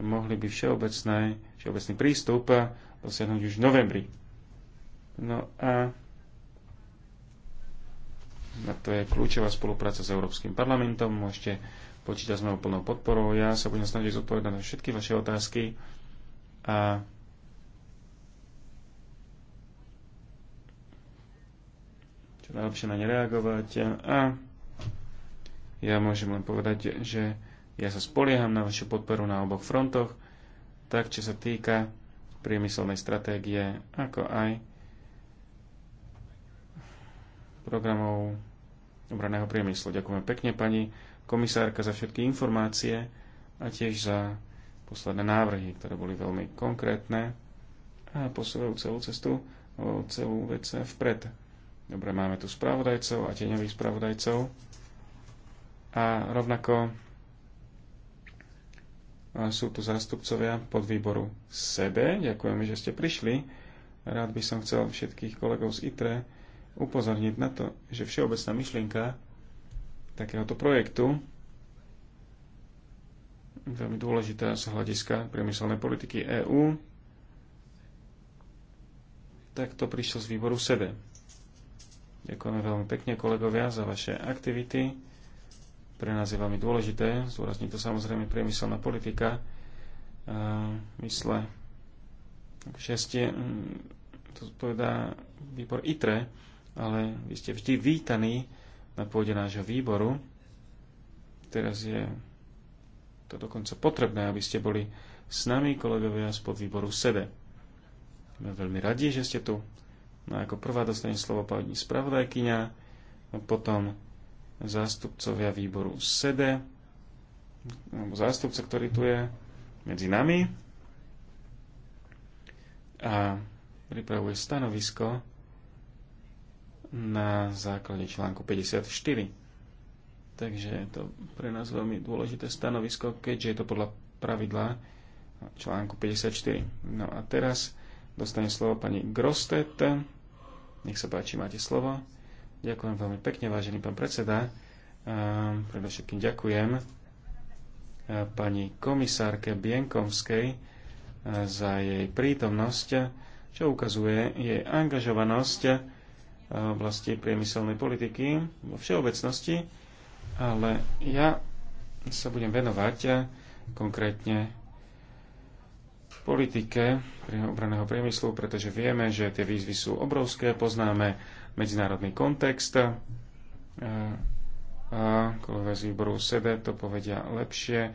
mohli by všeobecné, všeobecný prístup dosiahnuť už v novembri. No a na to je kľúčová spolupráca s Európskym parlamentom. Môžete počítať s mojou plnou podporou. Ja sa budem snažiť zodpovedať na všetky vaše otázky a čo najlepšie na ne reagovať. A ja môžem len povedať, že ja sa spolieham na vašu podporu na oboch frontoch, tak čo sa týka priemyselnej stratégie, ako aj programov obraného priemyslu. Ďakujeme pekne pani komisárka za všetky informácie a tiež za posledné návrhy, ktoré boli veľmi konkrétne a posúvajú celú cestu, celú vec vpred. Dobre, máme tu spravodajcov a tieňových spravodajcov a rovnako sú tu zástupcovia pod výboru SEBE. Ďakujeme, že ste prišli. Rád by som chcel všetkých kolegov z ITRE upozorniť na to, že všeobecná myšlienka takéhoto projektu veľmi dôležitá z hľadiska priemyselnej politiky EÚ, tak to prišlo z výboru sebe. Ďakujeme veľmi pekne kolegovia za vaše aktivity pre nás je veľmi dôležité. zúrazní to samozrejme priemyselná politika. Mysle šestie, mm, to povedá výbor ITRE, ale vy ste vždy vítaní na pôde nášho výboru. Teraz je to dokonca potrebné, aby ste boli s nami, kolegovia z podvýboru SEDE. Sme veľmi radi, že ste tu. No ako prvá dostane slovo pani spravodajkyňa, potom zástupcovia výboru SEDE, alebo zástupca, ktorý tu je medzi nami a pripravuje stanovisko na základe článku 54. Takže je to pre nás veľmi dôležité stanovisko, keďže je to podľa pravidla článku 54. No a teraz dostane slovo pani Grostet. Nech sa páči, máte slovo. Ďakujem veľmi pekne, vážený pán predseda. Predovšetkým ďakujem pani komisárke Bienkovskej za jej prítomnosť, čo ukazuje jej angažovanosť v oblasti priemyselnej politiky vo všeobecnosti, ale ja sa budem venovať konkrétne politike obraného priemyslu, pretože vieme, že tie výzvy sú obrovské, poznáme medzinárodný kontext. E, kolegovia z výboru sebe to povedia lepšie. E,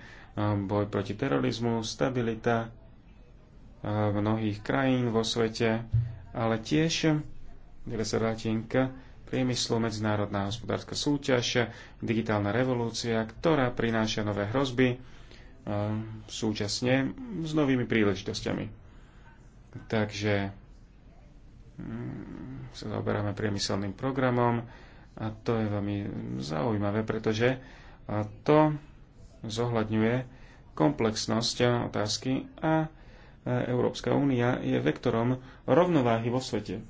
boj proti terorizmu, stabilita e, mnohých krajín vo svete, ale tiež, kde sa vrátim k priemyslu, medzinárodná hospodárska súťaž, digitálna revolúcia, ktorá prináša nové hrozby súčasne s novými príležitosťami. Takže sa zaoberáme priemyselným programom a to je veľmi zaujímavé, pretože to zohľadňuje komplexnosť otázky a e, Európska únia je vektorom rovnováhy vo svete.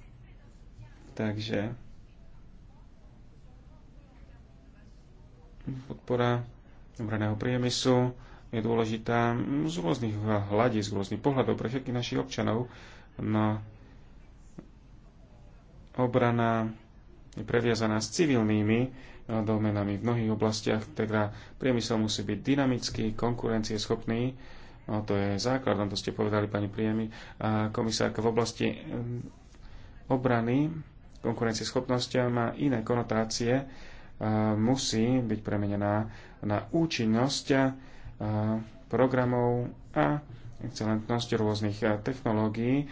Takže podpora obraného priemyslu je dôležitá z rôznych hľadí, z rôznych pohľadov pre všetkých našich občanov. No obrana je previazaná s civilnými e, domenami v mnohých oblastiach, teda priemysel musí byť dynamický, konkurencieschopný, no to je základ, to ste povedali pani Priemy, komisárka v oblasti obrany, konkurencieschopnosti má iné konotácie, e, musí byť premenená na účinnosť e, programov a excelentnosť rôznych technológií,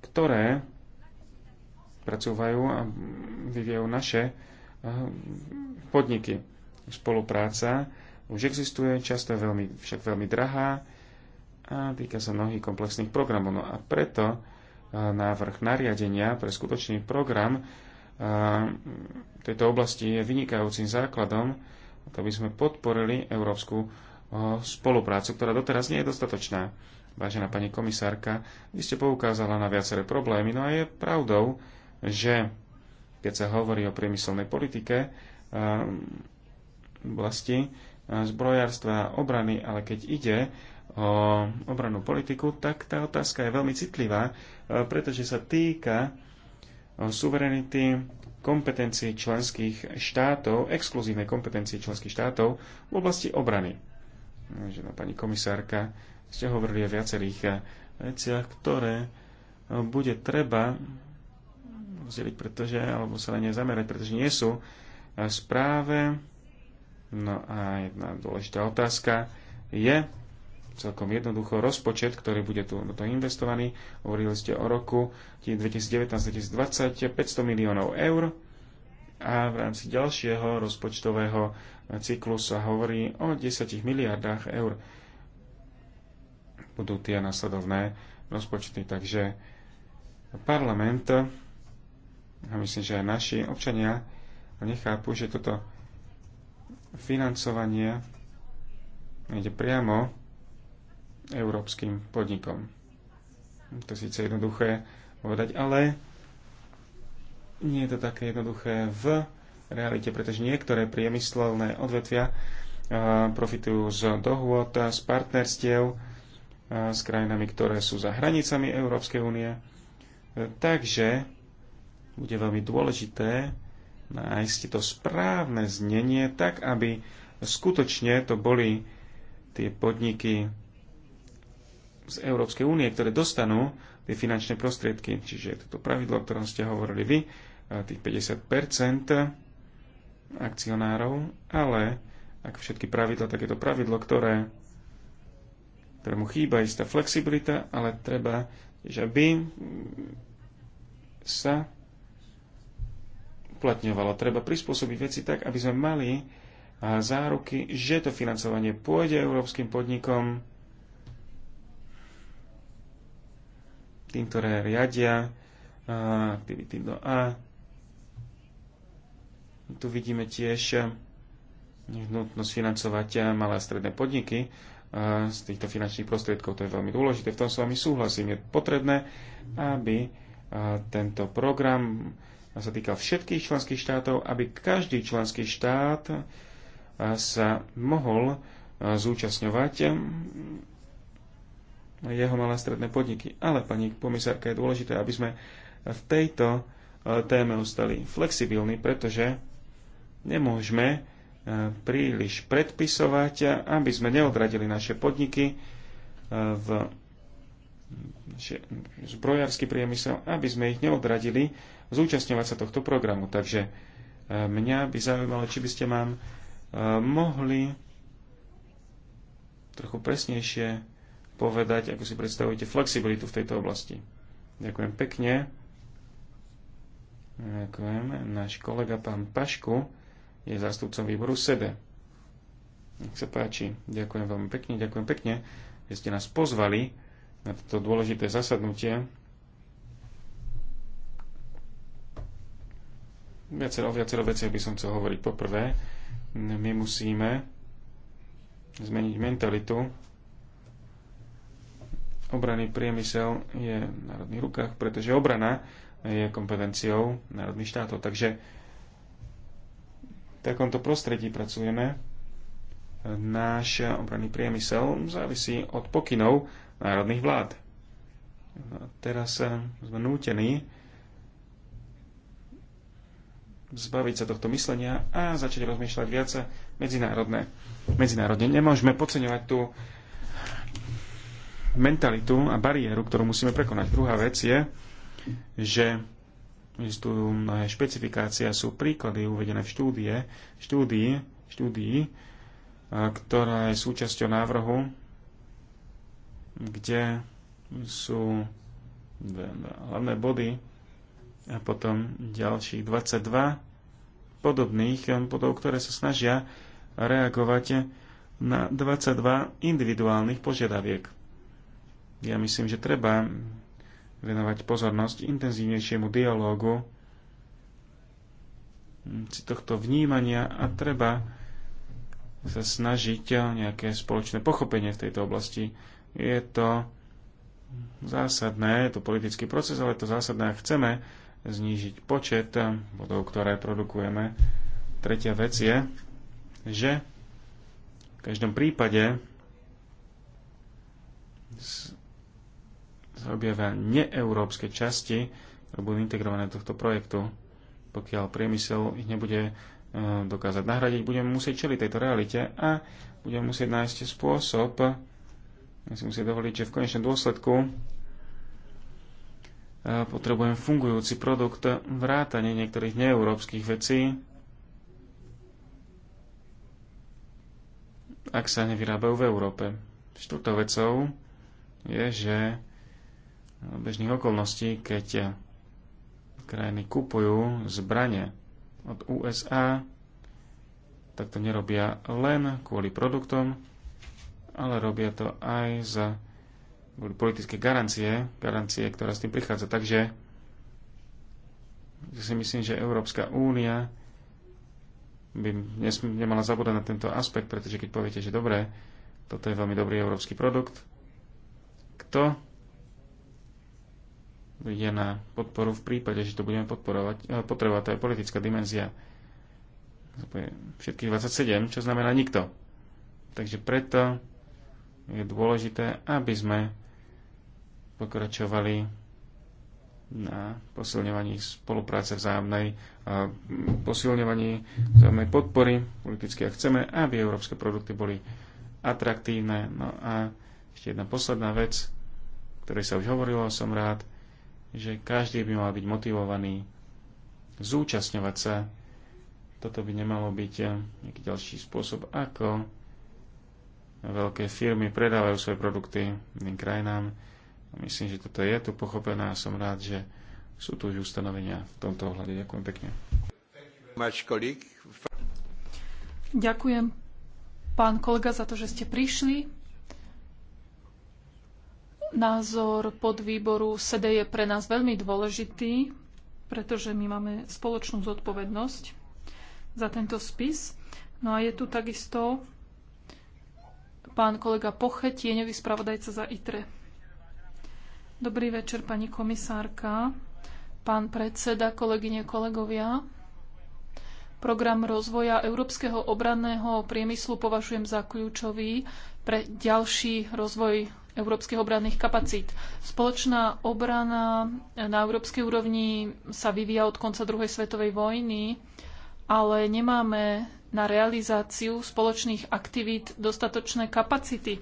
ktoré pracujú a vyvíjajú naše eh, podniky. Spolupráca už existuje, často je veľmi, však veľmi drahá a týka sa mnohých komplexných programov. No a preto eh, návrh nariadenia pre skutočný program eh, tejto oblasti je vynikajúcim základom, aby sme podporili európsku spoluprácu, ktorá doteraz nie je dostatočná. Vážená pani komisárka, vy ste poukázala na viaceré problémy, no a je pravdou, že keď sa hovorí o priemyselnej politike ehm, vlasti eh, zbrojárstva obrany, ale keď ide o obranú politiku, tak tá otázka je veľmi citlivá, eh, pretože sa týka eh, suverenity kompetencií členských štátov, exkluzívnej kompetencie členských štátov v oblasti obrany. Vážená pani komisárka, ste hovorili o viacerých veciach, ktoré bude treba rozdeliť, pretože, alebo sa na ne zamerať, pretože nie sú v správe. No a jedna dôležitá otázka je celkom jednoducho rozpočet, ktorý bude tu do toho investovaný. Hovorili ste o roku 2019-2020 500 miliónov eur a v rámci ďalšieho rozpočtového cyklu sa hovorí o 10 miliardách eur. Budú tie následovné rozpočty, takže parlament a myslím, že aj naši občania nechápu, že toto financovanie ide priamo európskym podnikom. To je síce jednoduché povedať, ale nie je to také jednoduché v realite, pretože niektoré priemyselné odvetvia profitujú z dohôd, z partnerstiev s krajinami, ktoré sú za hranicami Európskej únie. Takže bude veľmi dôležité nájsť to správne znenie, tak aby skutočne to boli tie podniky z Európskej únie, ktoré dostanú tie finančné prostriedky. Čiže je toto pravidlo, o ktorom ste hovorili vy, tých 50 akcionárov, ale ak všetky pravidla, tak je to pravidlo, ktoré, ktorému chýba istá flexibilita, ale treba, že aby sa uplatňovalo. Treba prispôsobiť veci tak, aby sme mali záruky, že to financovanie pôjde európskym podnikom, tým, ktoré riadia aktivity do A. Tu vidíme tiež nutnosť financovať malé a stredné podniky z týchto finančných prostriedkov. To je veľmi dôležité. V tom s vami súhlasím. Je potrebné, aby tento program a sa týka všetkých členských štátov, aby každý členský štát eh, sa mohol eh, zúčastňovať eh, jeho malé stredné podniky. Ale, pani komisárka, je dôležité, aby sme v tejto téme ostali flexibilní, pretože nemôžeme príliš predpisovať, aby sme neodradili naše podniky v zbrojársky priemysel, aby sme ich neodradili zúčastňovať sa tohto programu. Takže e, mňa by zaujímalo, či by ste mám e, mohli trochu presnejšie povedať, ako si predstavujete flexibilitu v tejto oblasti. Ďakujem pekne. Ďakujem. Náš kolega pán Pašku je zástupcom výboru SEDE. Nech sa páči. Ďakujem veľmi pekne, ďakujem pekne, že ste nás pozvali na toto dôležité zasadnutie. viacero, viacero veciach by som chcel hovoriť. Poprvé, my musíme zmeniť mentalitu. Obranný priemysel je v národných rukách, pretože obrana je kompetenciou národných štátov. Takže v takomto prostredí pracujeme. Náš obranný priemysel závisí od pokynov národných vlád. A teraz sme nútení zbaviť sa tohto myslenia a začať rozmýšľať viac medzinárodné. Medzinárodne nemôžeme podceňovať tú mentalitu a bariéru, ktorú musíme prekonať. Druhá vec je, že existujú mnohé špecifikácie a sú príklady uvedené v štúdie, štúdii, štúdii, ktorá je súčasťou návrhu, kde sú hlavné body a potom ďalších 22 podobných bodov, ktoré sa snažia reagovať na 22 individuálnych požiadaviek. Ja myslím, že treba venovať pozornosť intenzívnejšiemu dialógu tohto vnímania a treba sa snažiť o nejaké spoločné pochopenie v tejto oblasti. Je to zásadné, je to politický proces, ale je to zásadné, ak chceme znížiť počet bodov, ktoré produkujeme. Tretia vec je, že v každom prípade sa objavia neeurópske časti, ktoré budú integrované do tohto projektu. Pokiaľ priemysel ich nebude e, dokázať nahradiť, budeme musieť čeliť tejto realite a budeme musieť nájsť spôsob, si musieť dovoliť, že v konečnom dôsledku potrebujem fungujúci produkt, vrátanie niektorých neeurópskych vecí, ak sa nevyrábajú v Európe. Štvrtou vecou je, že v bežných okolností, keď krajiny kupujú zbranie od USA, tak to nerobia len kvôli produktom, ale robia to aj za boli politické garancie, garancie, ktorá s tým prichádza. Takže si myslím, že Európska únia by nemala zabúdať na tento aspekt, pretože keď poviete, že dobre, toto je veľmi dobrý európsky produkt, kto je na podporu v prípade, že to budeme podporovať, eh, potrebovať, to je politická dimenzia všetkých 27, čo znamená nikto. Takže preto je dôležité, aby sme pokračovali na posilňovaní spolupráce vzájomnej, posilňovaní vzájomnej podpory politicky, ak chceme, aby európske produkty boli atraktívne. No a ešte jedna posledná vec, ktorej sa už hovorilo, som rád, že každý by mal byť motivovaný zúčastňovať sa. Toto by nemalo byť e, nejaký ďalší spôsob, ako veľké firmy predávajú svoje produkty iným krajinám Myslím, že toto je tu pochopené a som rád, že sú tu už ustanovenia v tomto ohľade. Ďakujem pekne. Ďakujem, pán kolega, za to, že ste prišli. Názor podvýboru SEDE je pre nás veľmi dôležitý, pretože my máme spoločnú zodpovednosť za tento spis. No a je tu takisto pán kolega Poche, tieňový spravodajca za ITRE. Dobrý večer, pani komisárka, pán predseda, kolegyne, kolegovia. Program rozvoja európskeho obranného priemyslu považujem za kľúčový pre ďalší rozvoj európskych obranných kapacít. Spoločná obrana na európskej úrovni sa vyvíja od konca druhej svetovej vojny, ale nemáme na realizáciu spoločných aktivít dostatočné kapacity.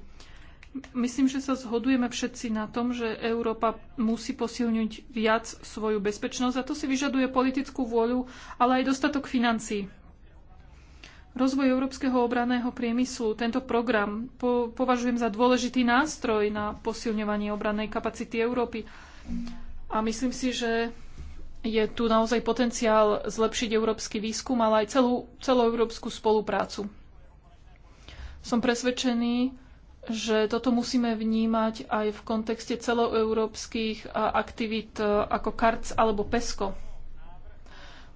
Myslím, že sa zhodujeme všetci na tom, že Európa musí posilniť viac svoju bezpečnosť a to si vyžaduje politickú vôľu, ale aj dostatok financií. Rozvoj európskeho obraného priemyslu, tento program po, považujem za dôležitý nástroj na posilňovanie obrannej kapacity Európy. A myslím si, že je tu naozaj potenciál zlepšiť európsky výskum, ale aj celú, celú európsku spoluprácu. Som presvedčený, že toto musíme vnímať aj v kontexte celoeurópskych aktivít e, ako karc alebo pesko.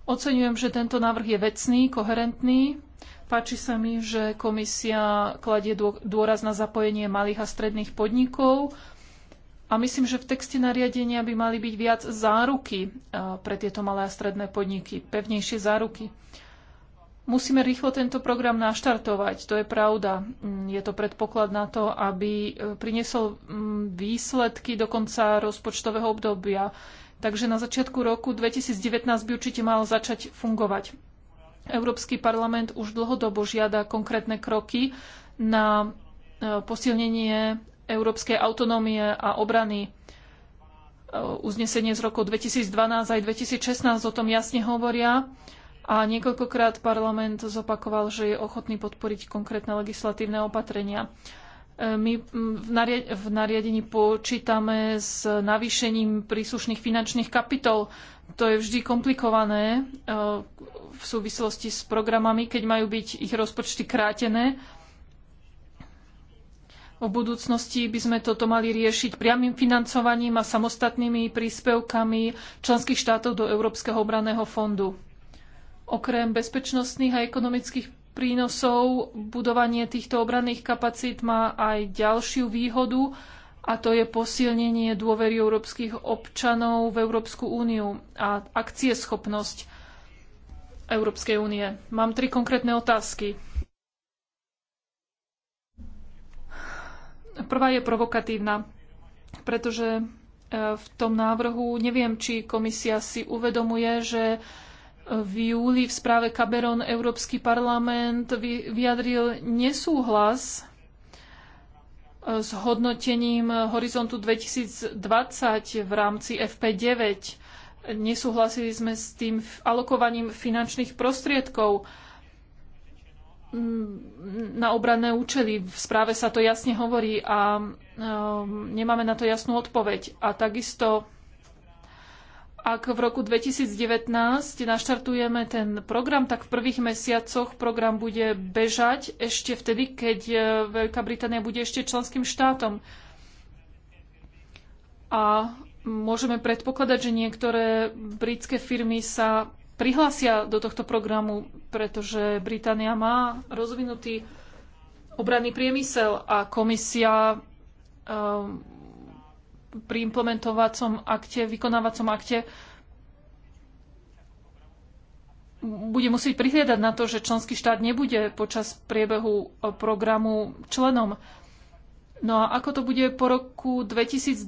Oceňujem, že tento návrh je vecný, koherentný. Páči sa mi, že komisia kladie dôraz na zapojenie malých a stredných podnikov a myslím, že v texte nariadenia by mali byť viac záruky e, pre tieto malé a stredné podniky, pevnejšie záruky. Musíme rýchlo tento program naštartovať, to je pravda. Mm, je to predpoklad na to, aby e, priniesol mm, výsledky do konca rozpočtového obdobia. Takže na začiatku roku 2019 by určite mal začať fungovať. Európsky parlament už dlhodobo žiada konkrétne kroky na e, posilnenie európskej autonómie a obrany e, uznesenie z roku 2012 aj 2016 o tom jasne hovoria a niekoľkokrát parlament zopakoval, že je ochotný podporiť konkrétne legislatívne opatrenia. E, my v nariadení počítame s navýšením príslušných finančných kapitol. To je vždy komplikované e, v súvislosti s programami, keď majú byť ich rozpočty krátené. V budúcnosti by sme toto mali riešiť priamym financovaním a samostatnými príspevkami členských štátov do Európskeho obranného fondu. Okrem bezpečnostných a ekonomických prínosov budovanie týchto obranných kapacít má aj ďalšiu výhodu, a to je posilnenie dôvery európskych občanov v Európsku úniu a akcieschopnosť Európskej únie. Mám tri konkrétne otázky. Prvá je provokatívna, pretože e, v tom návrhu neviem, či komisia si uvedomuje, že v júli v správe Caberon Európsky parlament vyjadril nesúhlas e, s hodnotením Horizontu 2020 v rámci FP9. Nesúhlasili sme s tým alokovaním finančných prostriedkov mm, na obranné účely. V správe sa to jasne hovorí a e, nemáme na to jasnú odpoveď. A takisto ak v roku 2019 naštartujeme ten program, tak v prvých mesiacoch program bude bežať ešte vtedy, keď e, Veľká Británia bude ešte členským štátom. A môžeme predpokladať, že niektoré britské firmy sa prihlásia do tohto programu, pretože Británia má rozvinutý obranný priemysel a komisia um, pri implementovacom akte, vykonávacom akte bude musieť prihliadať na to, že členský štát nebude počas priebehu e, programu členom. No a ako to bude po roku 2020?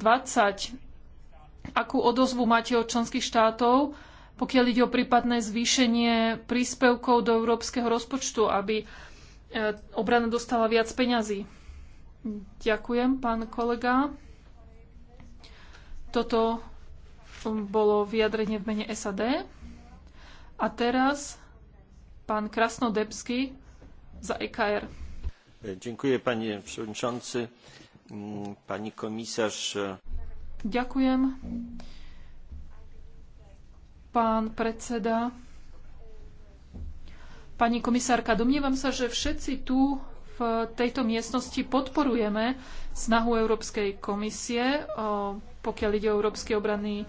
Akú odozvu máte od členských štátov, pokiaľ ide o prípadné zvýšenie príspevkov do európskeho rozpočtu, aby e, obrana dostala viac peňazí? Ďakujem, pán kolega. Toto um, bolo vyjadrenie v mene SAD. A teraz pán Krasnodebsky za EKR. Ďakujem, panie przewodniczący, pani komisarz. Ďakujem. Pán predseda, pani komisárka, domnievam sa, že všetci tu v tejto miestnosti podporujeme snahu Európskej komisie o pokiaľ ide o európsky obranný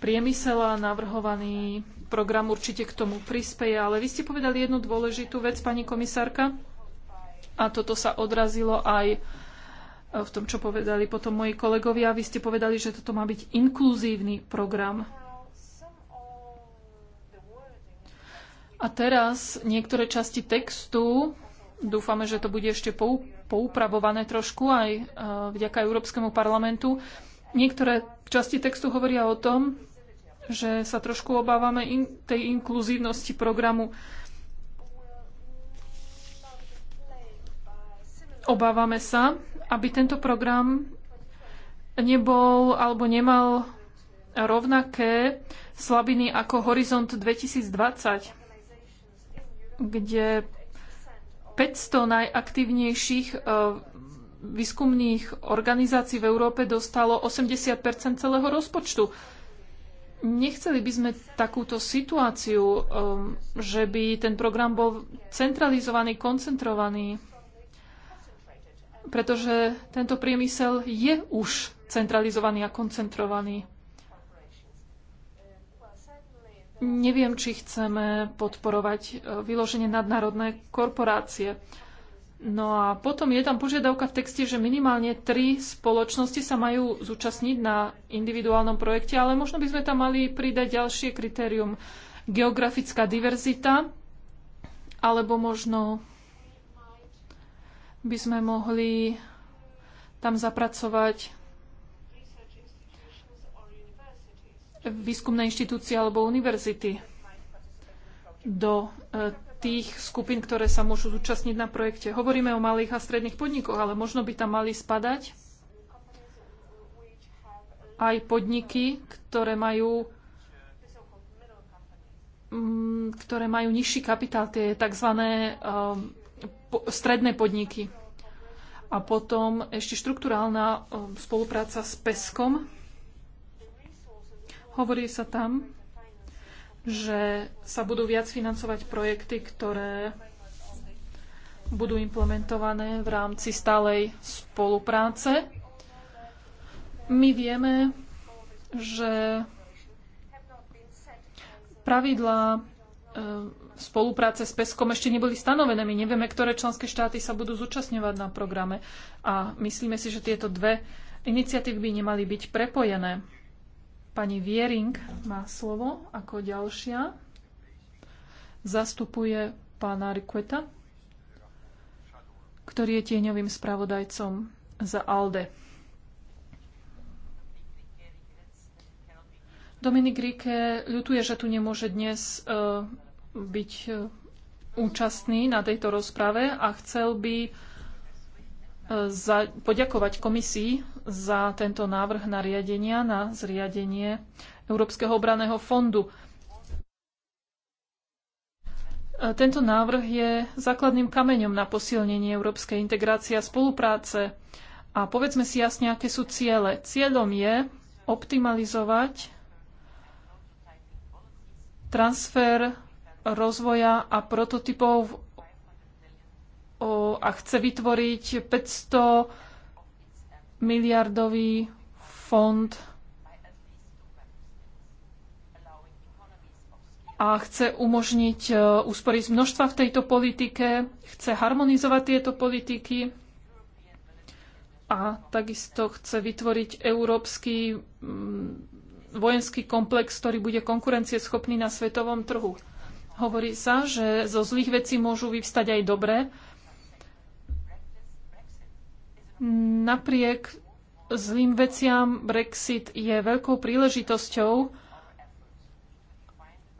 priemysel a navrhovaný program určite k tomu prispeje. Ale vy ste povedali jednu dôležitú vec, pani komisárka, a toto sa odrazilo aj e, v tom, čo povedali potom moji kolegovia. Vy ste povedali, že toto má byť inkluzívny program. A teraz niektoré časti textu, dúfame, že to bude ešte poupravované trošku aj e, vďaka Európskemu parlamentu, Niektoré časti textu hovoria o tom, že sa trošku obávame in, tej inkluzívnosti programu. Obávame sa, aby tento program nebol alebo nemal rovnaké slabiny ako Horizont 2020, kde 500 najaktívnejších eh, výskumných organizácií v Európe dostalo 80 celého rozpočtu. Nechceli by sme takúto situáciu, um, že by ten program bol centralizovaný, koncentrovaný, pretože tento priemysel je už centralizovaný a koncentrovaný. Neviem, či chceme podporovať uh, vyloženie nadnárodné korporácie. No a potom je tam požiadavka v texte, že minimálne tri spoločnosti sa majú zúčastniť na individuálnom projekte, ale možno by sme tam mali pridať ďalšie kritérium. Geografická diverzita, alebo možno by sme mohli tam zapracovať výskumné inštitúcie alebo univerzity do e, tých skupín, ktoré sa môžu zúčastniť na projekte. Hovoríme o malých a stredných podnikoch, ale možno by tam mali spadať aj podniky, ktoré majú mm, ktoré majú nižší kapitál, tie tzv. Um, stredné podniky. A potom ešte štruktúrálna um, spolupráca s PESKom. Hovorí sa tam že sa budú viac financovať projekty, ktoré budú implementované v rámci stálej spolupráce. My vieme, že pravidlá e, spolupráce s PESKom ešte neboli stanovené. My nevieme, ktoré členské štáty sa budú zúčastňovať na programe. A myslíme si, že tieto dve iniciatívy by nemali byť prepojené. Pani Viering má slovo ako ďalšia. Zastupuje pána Rikueta, ktorý je tieňovým spravodajcom za ALDE. Dominik Rike ľutuje, že tu nemôže dnes e, byť e, účastný na tejto rozprave a chcel by za, poďakovať komisii za tento návrh nariadenia na zriadenie Európskeho obraného fondu. E, tento návrh je základným kameňom na posilnenie európskej integrácie a spolupráce. A povedzme si jasne, aké sú ciele. Cieľom je optimalizovať transfer rozvoja a prototypov o, a chce vytvoriť 500 miliardový fond a chce umožniť úspory e, z množstva v tejto politike, chce harmonizovať tieto politiky a takisto chce vytvoriť európsky mm, vojenský komplex, ktorý bude konkurencieschopný na svetovom trhu. Hovorí sa, že zo zlých vecí môžu vyvstať aj dobré Napriek zlým veciam Brexit je veľkou príležitosťou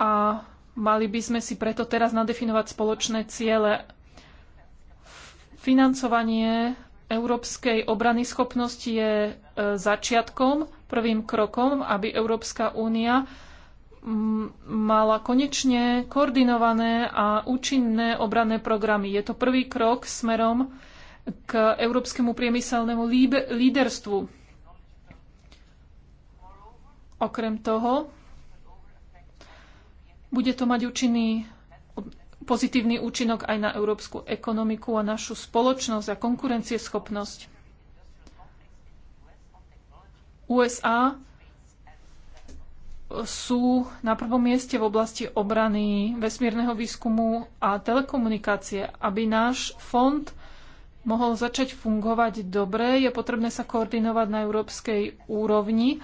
a mali by sme si preto teraz nadefinovať spoločné ciele. Financovanie európskej obrany schopnosti je e, začiatkom, prvým krokom, aby Európska únia mala konečne koordinované a účinné obranné programy. Je to prvý krok smerom k európskemu priemyselnému líderstvu. Okrem toho, bude to mať účinný, pozitívny účinok aj na európsku ekonomiku a našu spoločnosť a konkurencieschopnosť. USA sú na prvom mieste v oblasti obrany, vesmírneho výskumu a telekomunikácie, aby náš fond mohol začať fungovať dobre, je potrebné sa koordinovať na európskej úrovni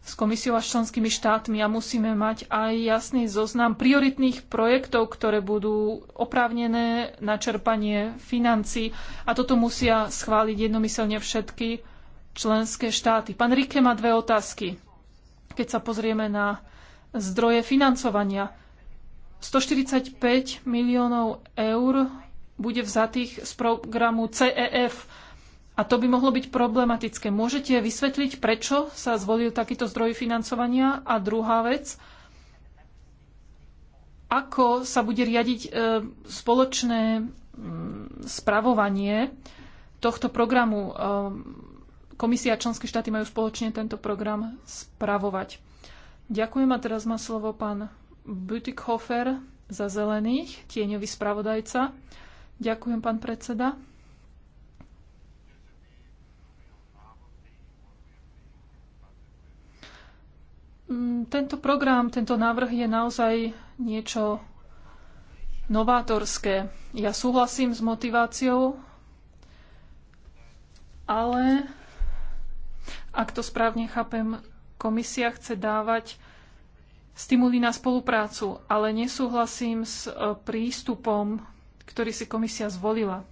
s komisiou a členskými štátmi a musíme mať aj jasný zoznam prioritných projektov, ktoré budú oprávnené na čerpanie financí a toto musia schváliť jednomyselne všetky členské štáty. Pán Rike má dve otázky. Keď sa pozrieme na zdroje financovania, 145 miliónov eur bude vzatých z programu CEF. A to by mohlo byť problematické. Môžete vysvetliť, prečo sa zvolil takýto zdroj financovania? A druhá vec, ako sa bude riadiť e, spoločné mm, spravovanie tohto programu. E, Komisia a členské štáty majú spoločne tento program spravovať. Ďakujem a teraz má slovo pán Butikhofer za zelených, tieňový spravodajca. Ďakujem, pán predseda. Mm, tento program, tento návrh je naozaj niečo novátorské. Ja súhlasím s motiváciou, ale ak to správne chápem, komisia chce dávať stimuly na spoluprácu, ale nesúhlasím s e, prístupom ktorý si komisia zvolila.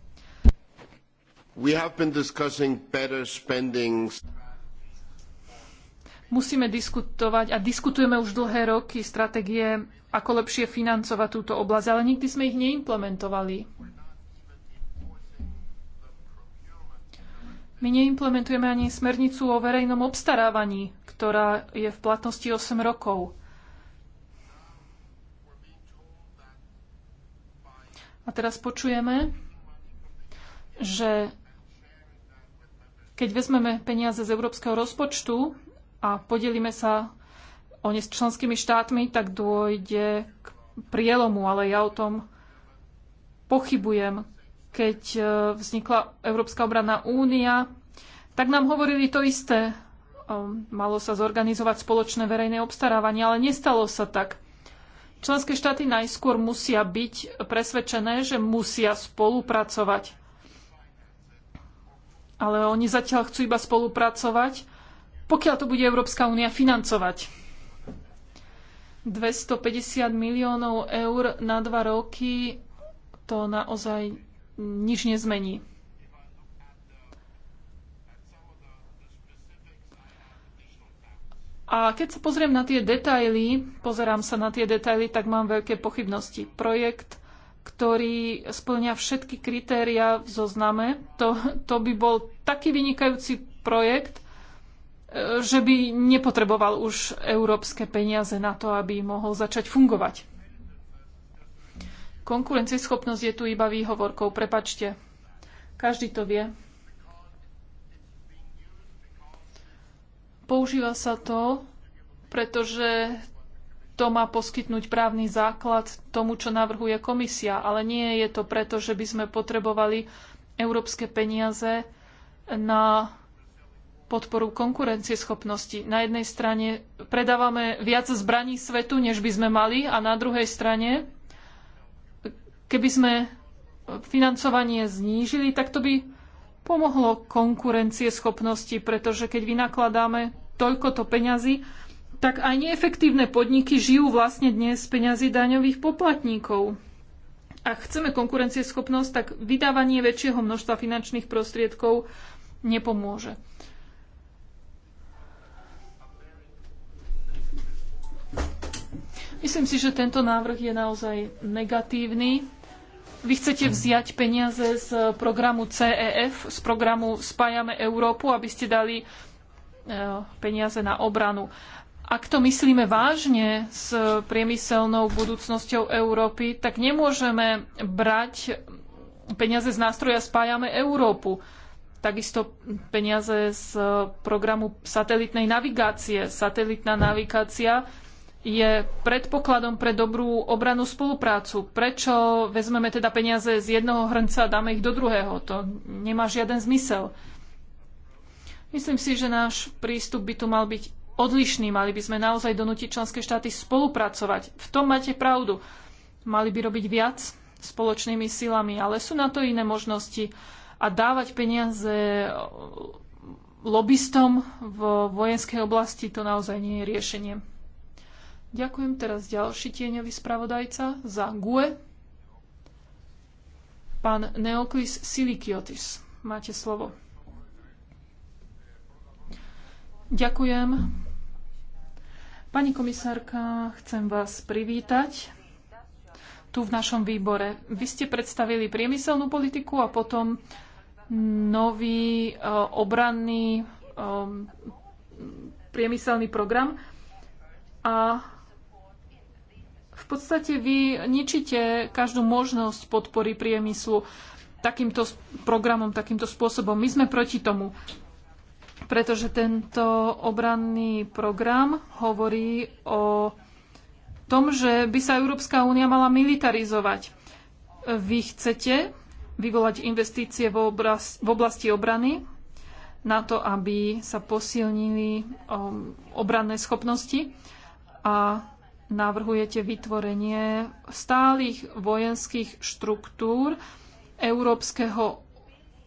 Musíme diskutovať a diskutujeme už dlhé roky stratégie, ako lepšie financovať túto oblasť, ale nikdy sme ich neimplementovali. My neimplementujeme ani smernicu o verejnom obstarávaní, ktorá je v platnosti 8 rokov. A teraz počujeme, že keď vezmeme peniaze z európskeho rozpočtu a podelíme sa o ne s členskými štátmi, tak dôjde k prielomu, ale ja o tom pochybujem. Keď e, vznikla Európska obranná únia, tak nám hovorili to isté. Ehm, malo sa zorganizovať spoločné verejné obstarávanie, ale nestalo sa tak. Členské štáty najskôr musia byť presvedčené, že musia spolupracovať. Ale oni zatiaľ chcú iba spolupracovať, pokiaľ to bude Európska únia financovať. 250 miliónov eur na dva roky to naozaj nič nezmení. A keď sa pozriem na tie detaily, pozerám sa na tie detaily, tak mám veľké pochybnosti. Projekt, ktorý splňa všetky kritéria v zozname, to, to by bol taký vynikajúci projekt, e, že by nepotreboval už európske peniaze na to, aby mohol začať fungovať. Konkurencieschopnosť je tu iba výhovorkou, prepačte. Každý to vie. Používa sa to, pretože to má poskytnúť právny základ tomu, čo navrhuje komisia, ale nie je to preto, že by sme potrebovali európske peniaze na podporu konkurencieschopnosti. Na jednej strane predávame viac zbraní svetu, než by sme mali, a na druhej strane, keby sme financovanie znížili, tak to by pomohlo konkurencie schopnosti, pretože keď vynakladáme toľkoto peňazí, tak aj neefektívne podniky žijú vlastne dnes z peňazí daňových poplatníkov. Ak chceme konkurencieschopnosť, tak vydávanie väčšieho množstva finančných prostriedkov nepomôže. Myslím si, že tento návrh je naozaj negatívny vy chcete vziať peniaze z programu CEF, z programu Spájame Európu, aby ste dali e, peniaze na obranu. Ak to myslíme vážne s priemyselnou budúcnosťou Európy, tak nemôžeme brať peniaze z nástroja Spájame Európu. Takisto peniaze z programu satelitnej navigácie. Satelitná navigácia je predpokladom pre dobrú obranú spoluprácu. Prečo vezmeme teda peniaze z jedného hrnca a dáme ich do druhého? To nemá žiaden zmysel. Myslím si, že náš prístup by tu mal byť odlišný. Mali by sme naozaj donútiť členské štáty spolupracovať. V tom máte pravdu. Mali by robiť viac spoločnými silami, ale sú na to iné možnosti. A dávať peniaze lobbystom v vojenskej oblasti to naozaj nie je riešenie. Ďakujem teraz ďalší tieňový spravodajca za GUE. Pán Neoklis Silikiotis. Máte slovo. Ďakujem. Pani komisárka, chcem vás privítať tu v našom výbore. Vy ste predstavili priemyselnú politiku a potom nový uh, obranný um, priemyselný program. A podstate vy ničíte každú možnosť podpory priemyslu takýmto programom, takýmto spôsobom. My sme proti tomu, pretože tento obranný program hovorí o tom, že by sa Európska únia mala militarizovať. Vy chcete vyvolať investície v, oblasti, v oblasti obrany na to, aby sa posilnili um, obranné schopnosti a navrhujete vytvorenie stálych vojenských štruktúr Európskeho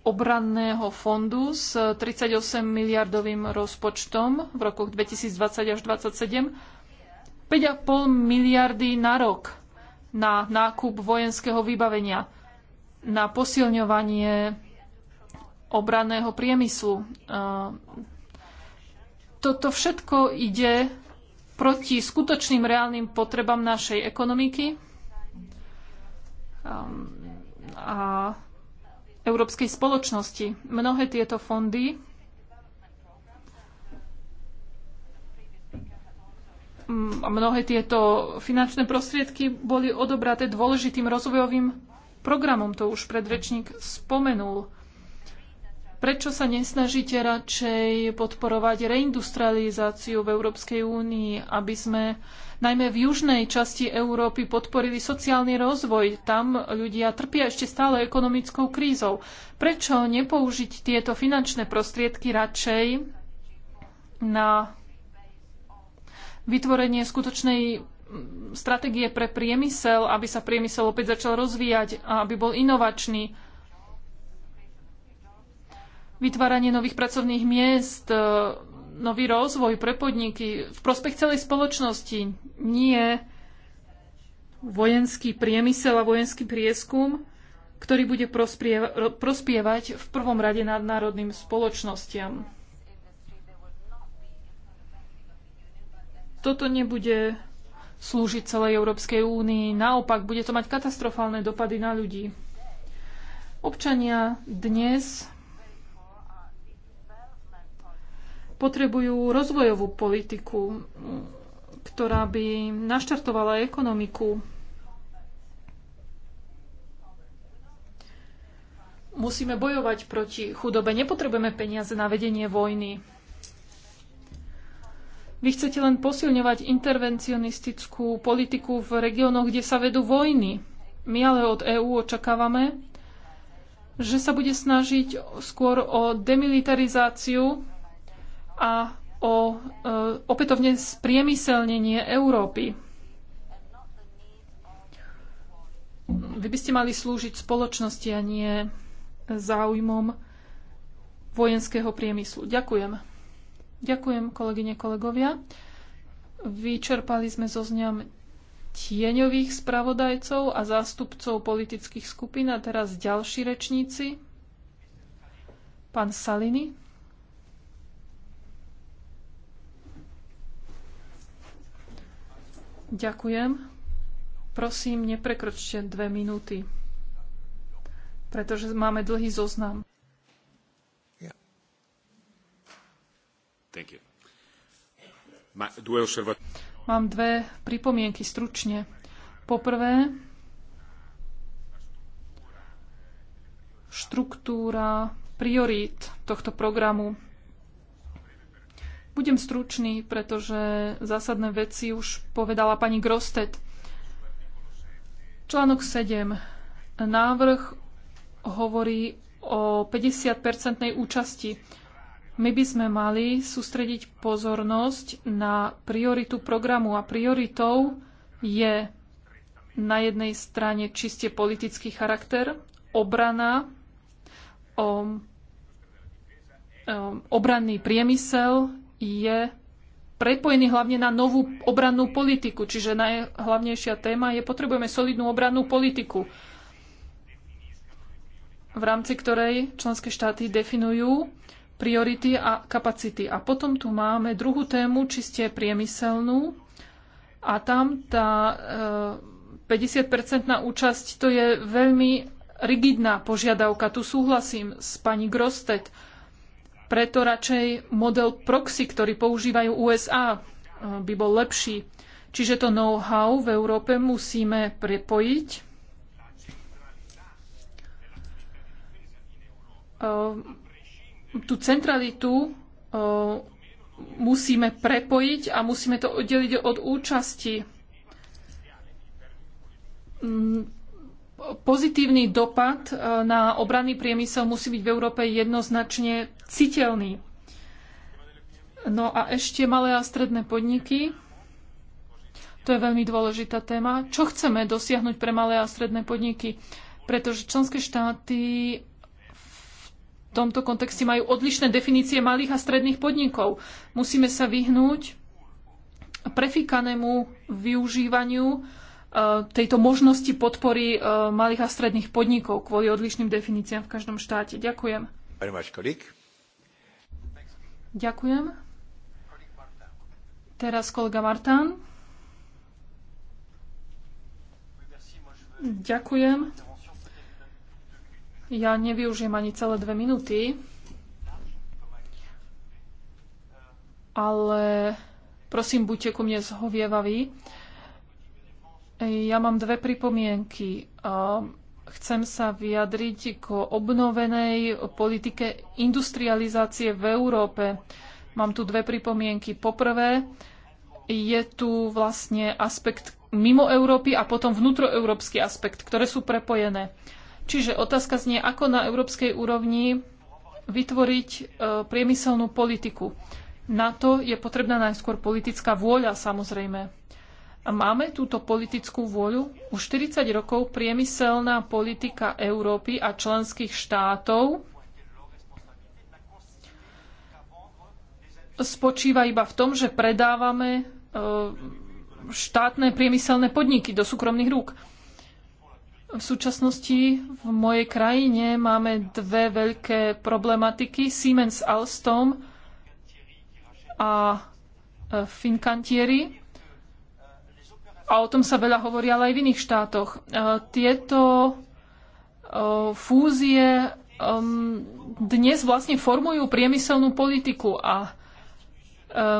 obranného fondu s 38 miliardovým rozpočtom v rokoch 2020 až 2027, 5,5 miliardy na rok na nákup vojenského vybavenia, na posilňovanie obranného priemyslu. Ehm, toto všetko ide proti skutočným reálnym potrebám našej ekonomiky um, a európskej spoločnosti. Mnohé tieto fondy a mnohé tieto finančné prostriedky boli odobraté dôležitým rozvojovým programom. To už predrečník spomenul. Prečo sa nesnažíte radšej podporovať reindustrializáciu v Európskej únii, aby sme najmä v južnej časti Európy podporili sociálny rozvoj? Tam ľudia trpia ešte stále ekonomickou krízou. Prečo nepoužiť tieto finančné prostriedky radšej na vytvorenie skutočnej stratégie pre priemysel, aby sa priemysel opäť začal rozvíjať a aby bol inovačný? vytváranie nových pracovných miest, e, nový rozvoj pre podniky v prospech celej spoločnosti, nie vojenský priemysel a vojenský prieskum, ktorý bude prospievať v prvom rade nadnárodným spoločnostiam. Toto nebude slúžiť celej Európskej únii, naopak bude to mať katastrofálne dopady na ľudí. Občania dnes potrebujú rozvojovú politiku, ktorá by naštartovala ekonomiku. Musíme bojovať proti chudobe. Nepotrebujeme peniaze na vedenie vojny. Vy chcete len posilňovať intervencionistickú politiku v regiónoch, kde sa vedú vojny. My ale od EÚ očakávame, že sa bude snažiť skôr o demilitarizáciu a o e, opätovne spriemyselnenie Európy. Vy by ste mali slúžiť spoločnosti a nie záujmom vojenského priemyslu. Ďakujem. Ďakujem, kolegyne, kolegovia. Vyčerpali sme zoznam tieňových spravodajcov a zástupcov politických skupín a teraz ďalší rečníci. Pán Salini. Ďakujem. Prosím, neprekročte dve minúty, pretože máme dlhý zoznam. Yeah. Mám dve pripomienky stručne. Poprvé, štruktúra priorít tohto programu budem stručný, pretože zásadné veci už povedala pani Grostet. Článok 7. Návrh hovorí o 50-percentnej účasti. My by sme mali sústrediť pozornosť na prioritu programu a prioritou je na jednej strane čiste politický charakter, obrana, o, o, obranný priemysel, je prepojený hlavne na novú obrannú politiku. Čiže najhlavnejšia téma je, potrebujeme solidnú obrannú politiku, v rámci ktorej členské štáty definujú priority a kapacity. A potom tu máme druhú tému, čiste priemyselnú. A tam tá 50-percentná e, účasť, to je veľmi rigidná požiadavka. Tu súhlasím s pani Grostet, preto radšej model proxy, ktorý používajú USA, eh, by bol lepší. Čiže to know-how v Európe musíme prepojiť. Eh, tú centralitu eh, musíme prepojiť a musíme to oddeliť od účasti mm, pozitívny dopad e, na obranný priemysel musí byť v Európe jednoznačne citeľný. No a ešte malé a stredné podniky. To je veľmi dôležitá téma. Čo chceme dosiahnuť pre malé a stredné podniky? Pretože členské štáty v tomto kontexte majú odlišné definície malých a stredných podnikov. Musíme sa vyhnúť prefikanému využívaniu E, tejto možnosti podpory e, malých a stredných podnikov kvôli odlišným definíciám v každom štáte. Ďakujem. Ďakujem. Teraz kolega Martán. Ďakujem. Ja nevyužijem ani celé dve minúty, ale prosím, buďte ku mne zhovievaví. Ja mám dve pripomienky. Chcem sa vyjadriť k obnovenej politike industrializácie v Európe. Mám tu dve pripomienky. Poprvé, je tu vlastne aspekt mimo Európy a potom vnútroeurópsky aspekt, ktoré sú prepojené. Čiže otázka znie, ako na európskej úrovni vytvoriť e, priemyselnú politiku. Na to je potrebná najskôr politická vôľa, samozrejme. Máme túto politickú vôľu? Už 40 rokov priemyselná politika Európy a členských štátov spočíva iba v tom, že predávame e, štátne priemyselné podniky do súkromných rúk. V súčasnosti v mojej krajine máme dve veľké problematiky. Siemens Alstom a e, Fincantieri a o tom sa veľa hovorí ale aj v iných štátoch. E, tieto e, fúzie dnes vlastne formujú priemyselnú politiku a e,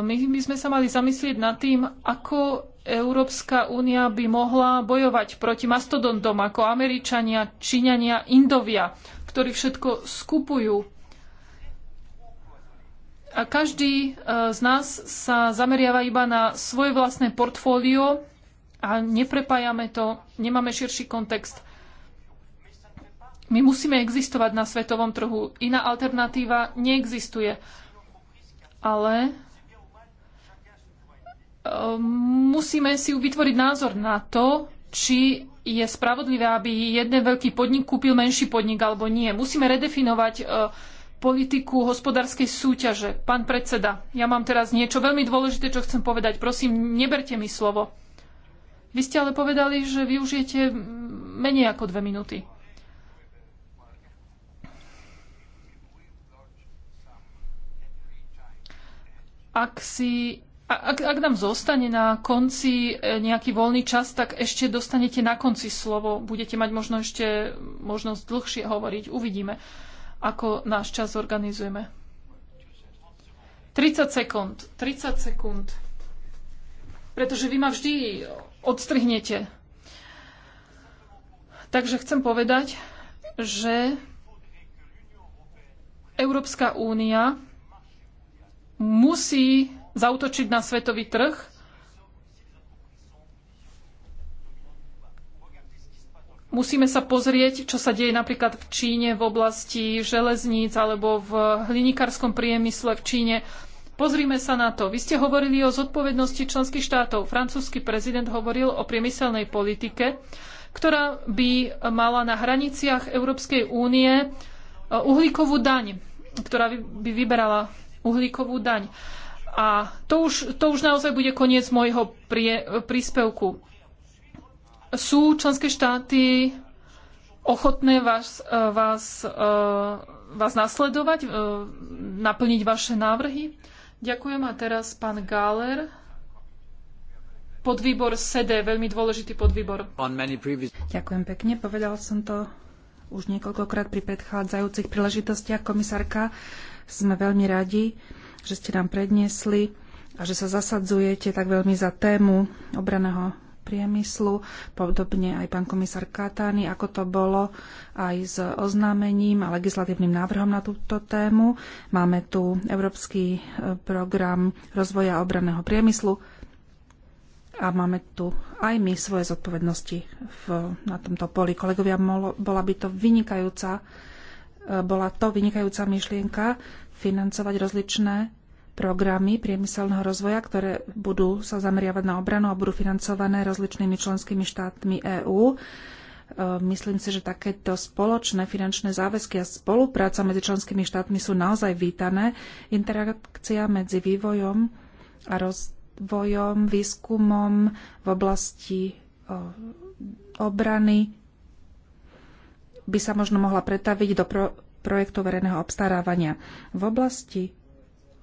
my by sme sa mali zamyslieť nad tým, ako Európska únia by mohla bojovať proti mastodontom ako Američania, Číňania, Indovia, ktorí všetko skupujú. A každý z nás sa zameriava iba na svoje vlastné portfólio a neprepájame to, nemáme širší kontext. My musíme existovať na svetovom trhu. Iná alternatíva neexistuje. Ale ehm, musíme si vytvoriť názor na to, či je spravodlivé, aby jeden veľký podnik kúpil menší podnik alebo nie. Musíme redefinovať e, politiku hospodárskej súťaže. Pán predseda, ja mám teraz niečo veľmi dôležité, čo chcem povedať. Prosím, neberte mi slovo. Vy ste ale povedali, že využijete menej ako dve minúty. Ak si ak, ak nám zostane na konci e, nejaký voľný čas, tak ešte dostanete na konci slovo. Budete mať možno ešte možnosť dlhšie hovoriť. Uvidíme, ako náš čas organizujeme. 30 sekúnd. 30 sekúnd. Pretože vy ma vždy odstrihnete. Takže chcem povedať, že Európska únia musí zautočiť na svetový trh. Musíme sa pozrieť, čo sa deje napríklad v Číne v oblasti železníc alebo v hlinikárskom priemysle v Číne. Pozrime sa na to. Vy ste hovorili o zodpovednosti členských štátov. Francúzsky prezident hovoril o priemyselnej politike, ktorá by mala na hraniciach Európskej únie e, uhlíkovú daň, ktorá by vyberala uhlíkovú daň. A to už, to už naozaj bude koniec môjho prie, príspevku. Sú členské štáty ochotné vás, e, vás e, vás nasledovať, naplniť vaše návrhy? Ďakujem a teraz pán Gáler. Podvýbor SED, veľmi dôležitý podvýbor. Ďakujem pekne, povedal som to už niekoľkokrát pri predchádzajúcich príležitostiach. Komisárka, sme veľmi radi, že ste nám predniesli a že sa zasadzujete tak veľmi za tému obraného priemyslu, podobne aj pán komisár Katány, ako to bolo aj s oznámením a legislatívnym návrhom na túto tému. Máme tu Európsky e, program rozvoja obranného priemyslu a máme tu aj my svoje zodpovednosti v, na tomto poli. Kolegovia, bola by to vynikajúca e, bola to vynikajúca myšlienka financovať rozličné programy priemyselného rozvoja, ktoré budú sa zameriavať na obranu a budú financované rozličnými členskými štátmi EÚ. E, myslím si, že takéto spoločné finančné záväzky a spolupráca medzi členskými štátmi sú naozaj vítané. Interakcia medzi vývojom a rozvojom, výskumom v oblasti obrany by sa možno mohla pretaviť do pro projektu verejného obstarávania. V oblasti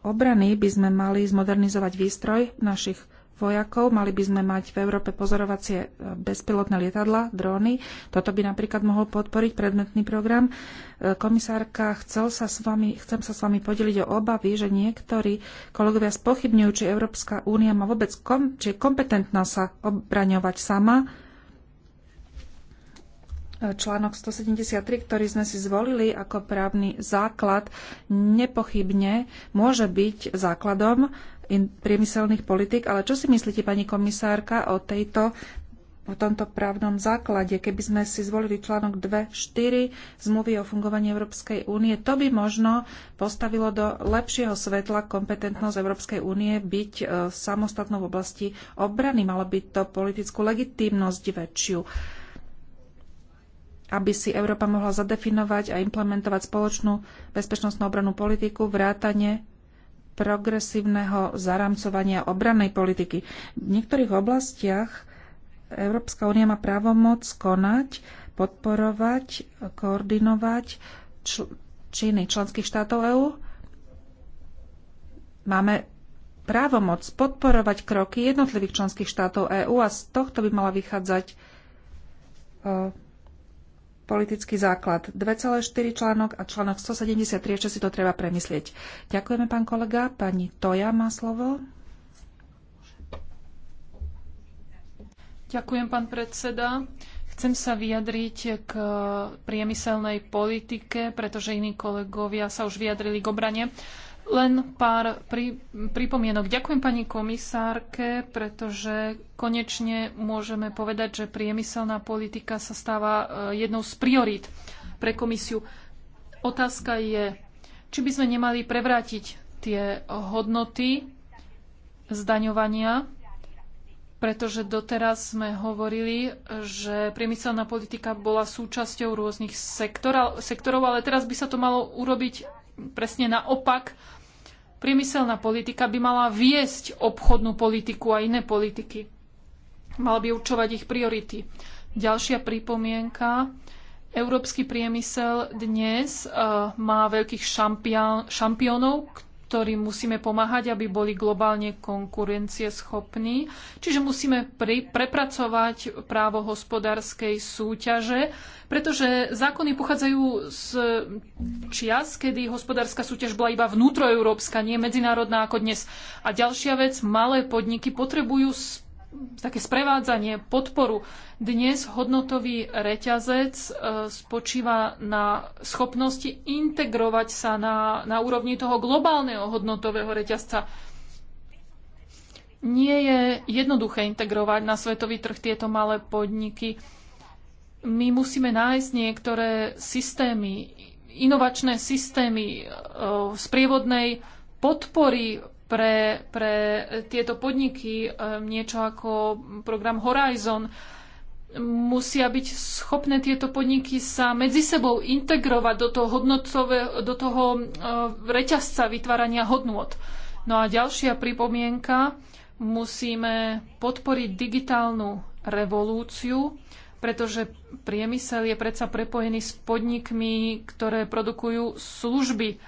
obrany by sme mali zmodernizovať výstroj našich vojakov, mali by sme mať v Európe pozorovacie e, bezpilotné lietadla, dróny. Toto by napríklad mohol podporiť predmetný program. E, komisárka, chcel sa s vami, chcem sa s vami podeliť o obavy, že niektorí kolegovia spochybňujú, či Európska únia má vôbec kom, či je kompetentná sa obraňovať sama článok 173, ktorý sme si zvolili ako právny základ, nepochybne môže byť základom priemyselných politik, ale čo si myslíte, pani komisárka, o tejto v tomto právnom základe, keby sme si zvolili článok 2.4 zmluvy o fungovaní Európskej únie, to by možno postavilo do lepšieho svetla kompetentnosť Európskej únie byť e, samostatnou v oblasti obrany. Malo by to politickú legitímnosť väčšiu aby si Európa mohla zadefinovať a implementovať spoločnú bezpečnostnú obranú politiku, vrátane progresívneho zaramcovania obrannej politiky. V niektorých oblastiach Európska únia má právomoc konať, podporovať, koordinovať čl- činy členských štátov EÚ. Máme právomoc podporovať kroky jednotlivých členských štátov EÚ a z tohto by mala vychádzať e, politický základ 2,4 článok a článok 173, ešte si to treba premyslieť. Ďakujeme, pán kolega. Pani Toja má slovo. Ďakujem, pán predseda. Chcem sa vyjadriť k priemyselnej politike, pretože iní kolegovia sa už vyjadrili k obrane. Len pár pri, pripomienok. Ďakujem pani komisárke, pretože konečne môžeme povedať, že priemyselná politika sa stáva e, jednou z priorít pre komisiu. Otázka je, či by sme nemali prevrátiť tie hodnoty zdaňovania, pretože doteraz sme hovorili, že priemyselná politika bola súčasťou rôznych sektorov, ale teraz by sa to malo urobiť presne naopak, Priemyselná politika by mala viesť obchodnú politiku a iné politiky. Mala by určovať ich priority. Ďalšia pripomienka. Európsky priemysel dnes eh, má veľkých šampiónov, ktorým musíme pomáhať, aby boli globálne konkurencieschopní. Čiže musíme pri, prepracovať právo hospodárskej súťaže, pretože zákony pochádzajú z čias, kedy hospodárska súťaž bola iba vnútroeurópska, nie medzinárodná ako dnes. A ďalšia vec, malé podniky potrebujú také sprevádzanie, podporu. Dnes hodnotový reťazec e, spočíva na schopnosti integrovať sa na, na úrovni toho globálneho hodnotového reťazca. Nie je jednoduché integrovať na svetový trh tieto malé podniky. My musíme nájsť niektoré systémy, inovačné systémy sprievodnej e, podpory pre, pre tieto podniky, e, niečo ako program Horizon. Musia byť schopné tieto podniky sa medzi sebou integrovať do toho, hodnotové, do toho e, reťazca vytvárania hodnôt. No a ďalšia pripomienka, musíme podporiť digitálnu revolúciu, pretože priemysel je predsa prepojený s podnikmi, ktoré produkujú služby.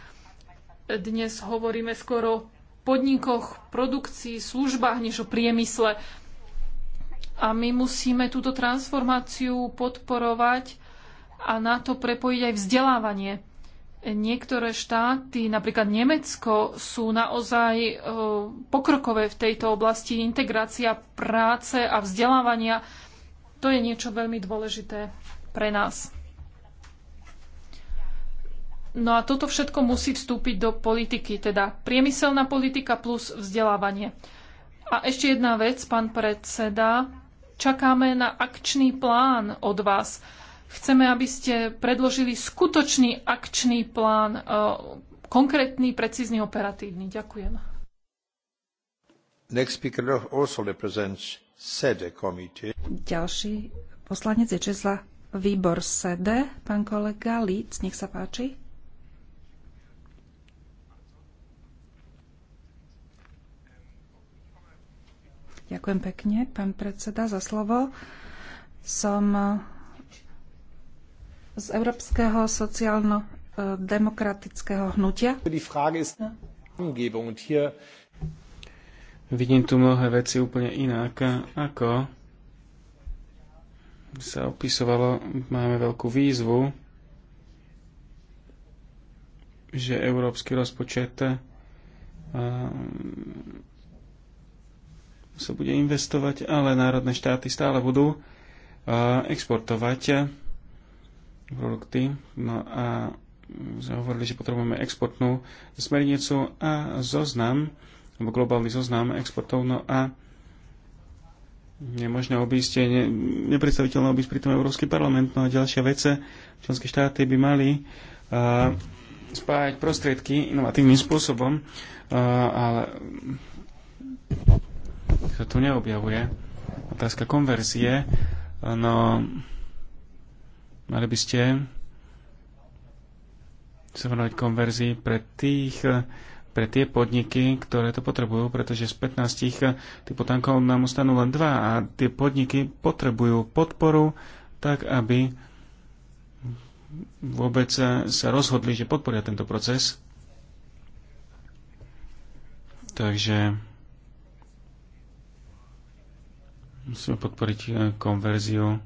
Dnes hovoríme skoro podnikoch, produkcii, službách, než o priemysle. A my musíme túto transformáciu podporovať a na to prepojiť aj vzdelávanie. Niektoré štáty, napríklad Nemecko, sú naozaj e, pokrokové v tejto oblasti. Integrácia práce a vzdelávania, to je niečo veľmi dôležité pre nás. No a toto všetko musí vstúpiť do politiky, teda priemyselná politika plus vzdelávanie. A ešte jedna vec, pán predseda. Čakáme na akčný plán od vás. Chceme, aby ste predložili skutočný akčný plán, e, konkrétny, precízny, operatívny. Ďakujem. Ďalší poslanec je Česla Výbor SEDE. Pán kolega Líc, nech sa páči. Ďakujem pekne, pán predseda, za slovo. Som e, z Európskeho sociálno-demokratického hnutia. No. Vidím tu mnohé veci úplne inak, e, ako sa opisovalo. Máme veľkú výzvu, že európsky rozpočet e, sa bude investovať, ale národné štáty stále budú uh, exportovať uh, produkty. No a sme hovorili, že potrebujeme exportnú smernicu a zoznam, alebo globálny zoznam exportov. No a nemožné obísť, ne, nepredstaviteľné obísť pritom Európsky parlament. No a ďalšia vece, členské štáty by mali a, uh, spájať prostriedky inovatívnym spôsobom, a, ale sa tu neobjavuje. Otázka konverzie, no mali by ste sa venovať konverzii pre tých, pre tie podniky, ktoré to potrebujú, pretože z 15 typu tankov nám ostanú len dva a tie podniky potrebujú podporu tak, aby vôbec sa rozhodli, že podporia tento proces. Takže Musíme podporiť e, konverziu.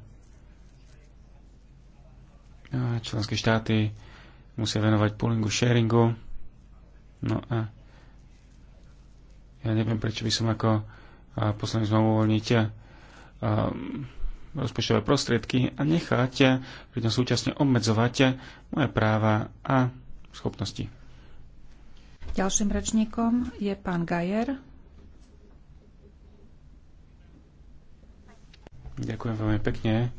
Členské štáty musia venovať poolingu, sharingu. No a ja neviem, prečo by som ako poslanec mal uvoľniť e, e, rozpočtové prostriedky a nechať pritom súčasne obmedzovať moje práva a schopnosti. Ďalším rečníkom je pán Gajer. Ďakujem veľmi pekne.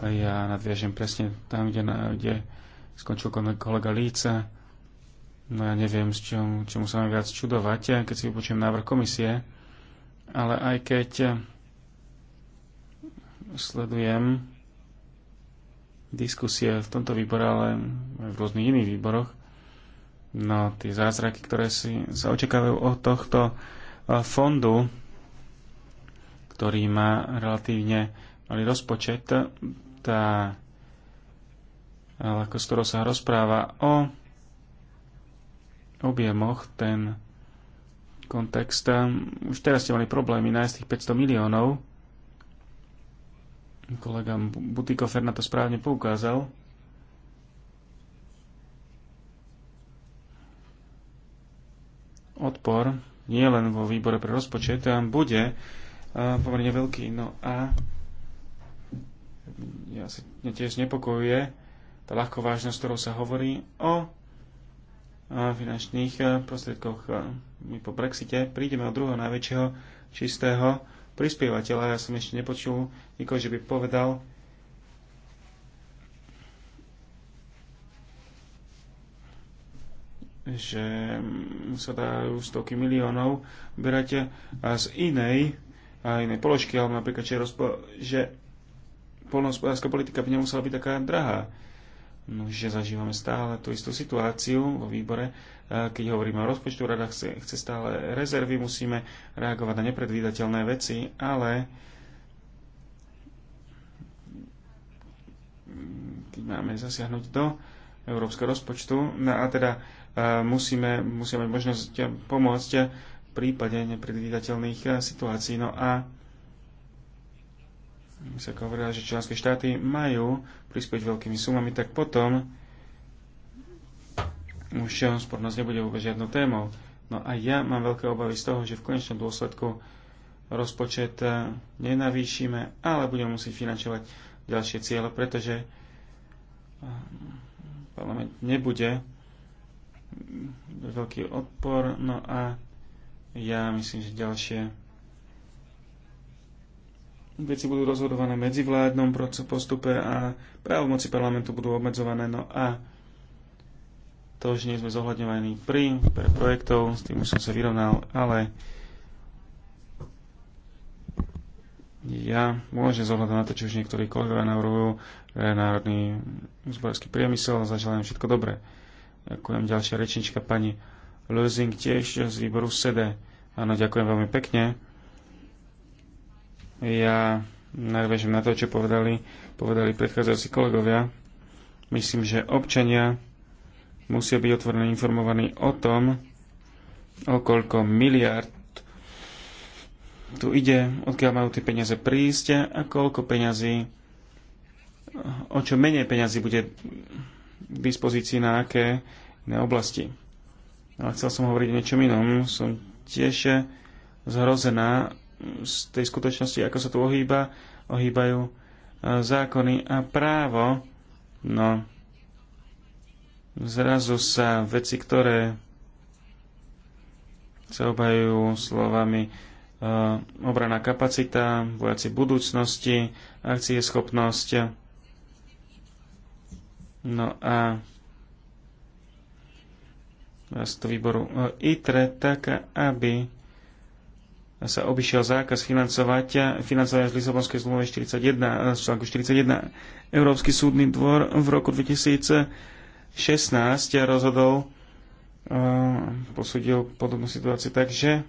Ja nadviažem presne tam, kde, na, kde skončil kolega Líca. No ja neviem, s čom, čomu sa mám viac čudovať, keď si vypočujem návrh komisie, ale aj keď sledujem diskusie v tomto výbore, ale aj v rôznych iných výboroch, no tie zázraky, ktoré si, sa očakávajú od tohto fondu, ktorý má relatívne malý rozpočet, tá ako skoro sa rozpráva o objemoch, ten kontext. Už teraz ste mali problémy nájsť tých 500 miliónov. Kolega Butikofer na to správne poukázal. Odpor nie len vo výbore pre rozpočet, tam bude pomerne veľký. No a ja si mňa tiež nepokojuje tá ľahkovážnosť, ktorou sa hovorí o finančných prostriedkoch. My po Brexite prídeme od druhého najväčšieho čistého prispievateľa. Ja som ešte nepočul nikoho, že by povedal, že sa dajú stovky miliónov berať z inej a iné položky, alebo napríklad, že, rozpo, že polnohospodárska politika by nemusela byť taká drahá. No, že zažívame stále tú istú situáciu vo výbore, e, keď hovoríme o rozpočtu, rada chce, chce stále rezervy, musíme reagovať na nepredvídateľné veci, ale keď máme zasiahnuť do európskeho rozpočtu, no a teda e, musíme, musíme mať možnosť pomôcť prípade nepredvídateľných eh, situácií. No a sa hovorila, že členské štáty majú prispieť veľkými sumami, tak potom už eh, spornosť nebude vôbec žiadnou témou. No a ja mám veľké obavy z toho, že v konečnom dôsledku rozpočet eh, nenavýšime, ale budeme musieť finančovať ďalšie cieľe, pretože parlament nebude veľký odpor. No a ja myslím, že ďalšie veci budú rozhodované medzivládnom postupe a právomoci parlamentu budú obmedzované. No a to, že nie sme zohľadňovaní pri pre projektov, s tým už som sa vyrovnal, ale ja môžem zohľadom na to, či už niektorí kolegovia navrhujú národný zbojský priemysel a zaželám všetko dobré. Ďakujem ďalšia rečnička pani Lözing tiež z výboru SEDE. Áno, ďakujem veľmi pekne. Ja nadväžem na to, čo povedali, povedali predchádzajúci kolegovia. Myslím, že občania musia byť otvorene informovaní o tom, o koľko miliard tu ide, odkiaľ majú tie peniaze prísť a koľko peňazí, o čo menej peňazí bude k dispozícii na aké iné oblasti. Ale chcel som hovoriť o niečom inom. Som tiež zhrozená z tej skutočnosti, ako sa tu ohýba, ohýbajú e, zákony a právo. No, zrazu sa veci, ktoré sa obhajujú slovami e, obraná kapacita, vojaci budúcnosti, akcieschopnosť. No a z výboru e, ITRE, tak aby sa obišiel zákaz financovať, financovania z Lisabonskej zmluvy 41, e, z článku 41. Európsky súdny dvor v roku 2016 rozhodol, e, posúdil podobnú situáciu tak, že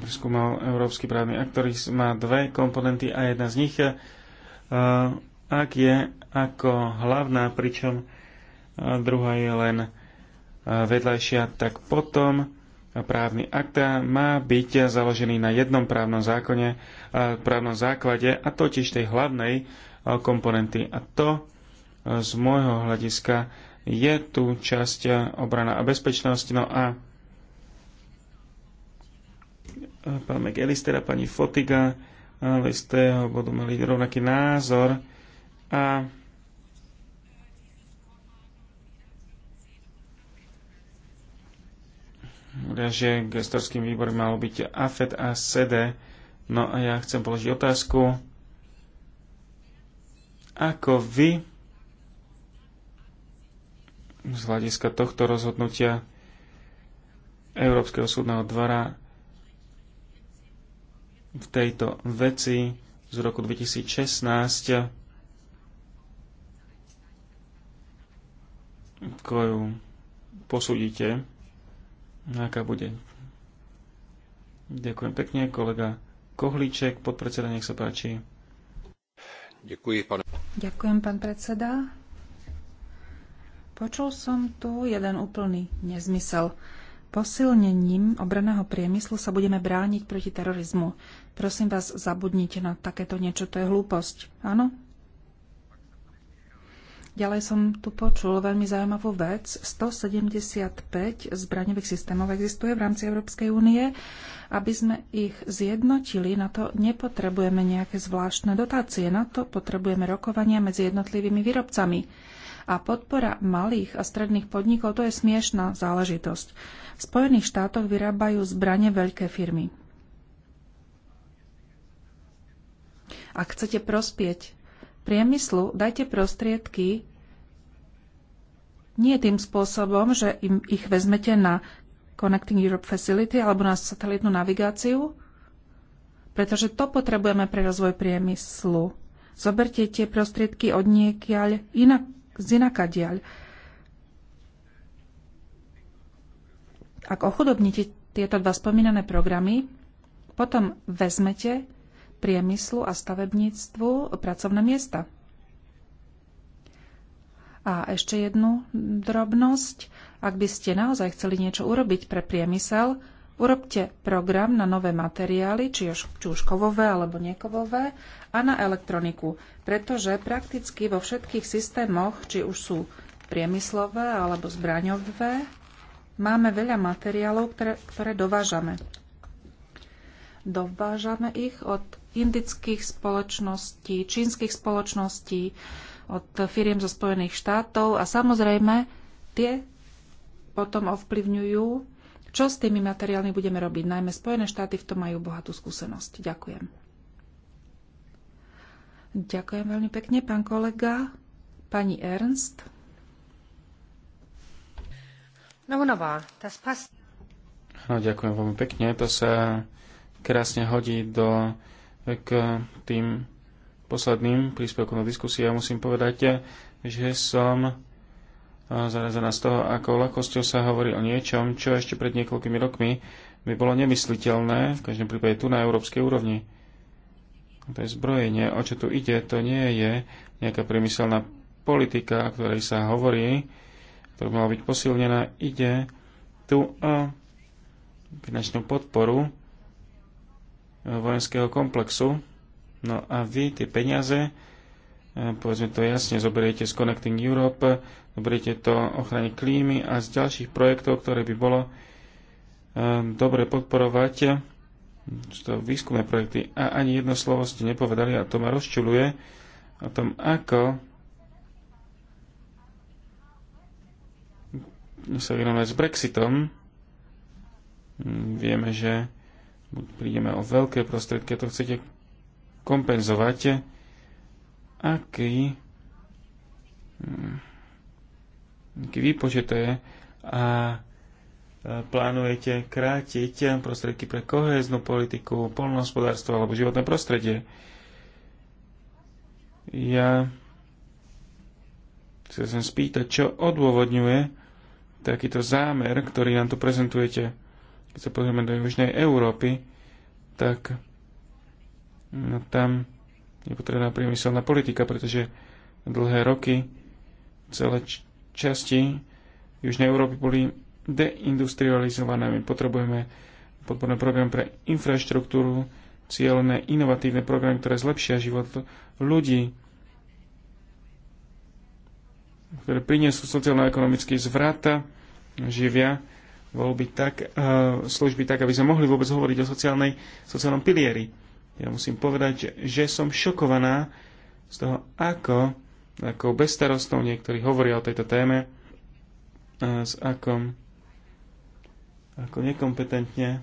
preskúmal Európsky právny akt, má dve komponenty a jedna z nich, ak je ako hlavná, pričom e, druhá je len e, vedľajšia, tak potom právny akt má byť založený na jednom právnom zákone, e, právnom základe a totiž tej hlavnej komponenty. A to z môjho hľadiska je tu časť obrana a bezpečnosť. No a pán McAllister a pani Fotiga, ale z toho budú mali rovnaký názor a že gestorským výborom malo byť AFED a SEDE. No a ja chcem položiť otázku, ako vy z hľadiska tohto rozhodnutia Európskeho súdneho dvora v tejto veci z roku 2016 koju posúdite aká bude. Ďakujem pekne, kolega Kohlíček, podpredseda, nech sa páči. Ďakujem, pán, Ďakujem, pán predseda. Počul som tu jeden úplný nezmysel. Posilnením obraného priemyslu sa budeme brániť proti terorizmu. Prosím vás, zabudnite na takéto niečo, to je hlúposť. Áno, Ďalej som tu počul veľmi zaujímavú vec. 175 zbraňových systémov existuje v rámci Európskej únie. Aby sme ich zjednotili, na to nepotrebujeme nejaké zvláštne dotácie. Na to potrebujeme rokovania medzi jednotlivými výrobcami. A podpora malých a stredných podnikov to je smiešná záležitosť. V Spojených štátoch vyrábajú zbranie veľké firmy. Ak chcete prospieť priemyslu dajte prostriedky nie tým spôsobom, že im ich vezmete na Connecting Europe Facility alebo na satelitnú navigáciu, pretože to potrebujeme pre rozvoj priemyslu. Zoberte tie prostriedky od niekiaľ inak, z inakadiaľ. Ak ochudobníte tieto dva spomínané programy, potom vezmete priemyslu a stavebníctvu pracovné miesta. A ešte jednu drobnosť. Ak by ste naozaj chceli niečo urobiť pre priemysel, urobte program na nové materiály, či už, či už kovové alebo nekovové, a na elektroniku, pretože prakticky vo všetkých systémoch, či už sú priemyslové alebo zbraňové, máme veľa materiálov, ktoré, ktoré dovážame dovážame ich od indických spoločností, čínskych spoločností, od firiem zo Spojených štátov a samozrejme tie potom ovplyvňujú, čo s tými materiálmi budeme robiť. Najmä Spojené štáty v tom majú bohatú skúsenosť. Ďakujem. Ďakujem veľmi pekne, pán kolega. Pani Ernst. No, no, no, no, no, no, no, no, krásne hodí do, k tým posledným príspevkom na diskusiu. Ja musím povedať, že som zarazená z toho, ako ľahkosťou sa hovorí o niečom, čo ešte pred niekoľkými rokmi by bolo nemysliteľné, v každom prípade tu na európskej úrovni. To je zbrojenie, o čo tu ide, to nie je nejaká priemyselná politika, o ktorej sa hovorí, ktorá mala byť posilnená, ide tu o finančnú podporu vojenského komplexu. No a vy tie peniaze, e, povedzme to jasne, zoberiete z Connecting Europe, zoberiete to ochrane klímy a z ďalších projektov, ktoré by bolo e, dobre podporovať, e, to výskumné projekty. A ani jedno slovo ste nepovedali a to ma rozčuluje o tom, ako sa vyrovnať s Brexitom. Vieme, že prídeme o veľké prostriedky a to chcete kompenzovať, aký, hm, aký výpočet je a e, plánujete krátiť prostriedky pre kohéznu politiku, polnohospodárstvo alebo životné prostredie. Ja chcem spýtať, čo odôvodňuje takýto zámer, ktorý nám tu prezentujete keď sa pozrieme do Južnej Európy, tak no, tam je potrebná priemyselná politika, pretože dlhé roky celé časti Južnej Európy boli deindustrializované. My potrebujeme podporný program pre infraštruktúru, cieľné inovatívne programy, ktoré zlepšia život ľudí, ktoré priniesú sociálno-ekonomický zvrat, živia voľby tak, eh, služby tak, aby sme mohli vôbec hovoriť o sociálnej, sociálnom pilieri. Ja musím povedať, že som šokovaná z toho, ako, ako bezstarostnou niektorí hovoria o tejto téme, s akom, ako nekompetentne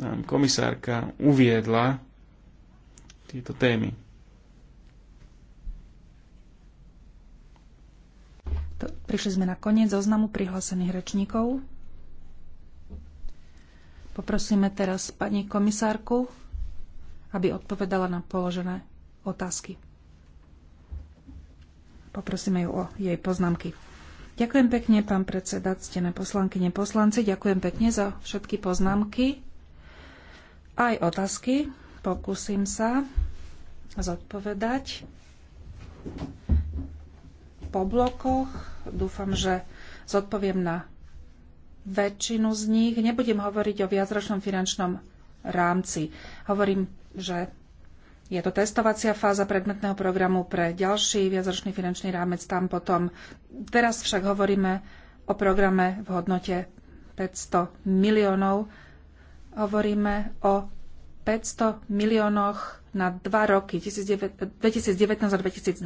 nám komisárka uviedla tieto témy. Prišli sme na koniec zoznamu prihlásených rečníkov. Poprosíme teraz pani komisárku, aby odpovedala na položené otázky. Poprosíme ju o jej poznámky. Ďakujem pekne, pán predseda, ctené poslankyne, poslanci. Ďakujem pekne za všetky poznámky, aj otázky. Pokúsim sa zodpovedať po blokoch. Dúfam, že zodpoviem na väčšinu z nich. Nebudem hovoriť o viacročnom finančnom rámci. Hovorím, že je to testovacia fáza predmetného programu pre ďalší viacročný finančný rámec tam potom. Teraz však hovoríme o programe v hodnote 500 miliónov. Hovoríme o 500 miliónoch na dva roky 2019 a 2020.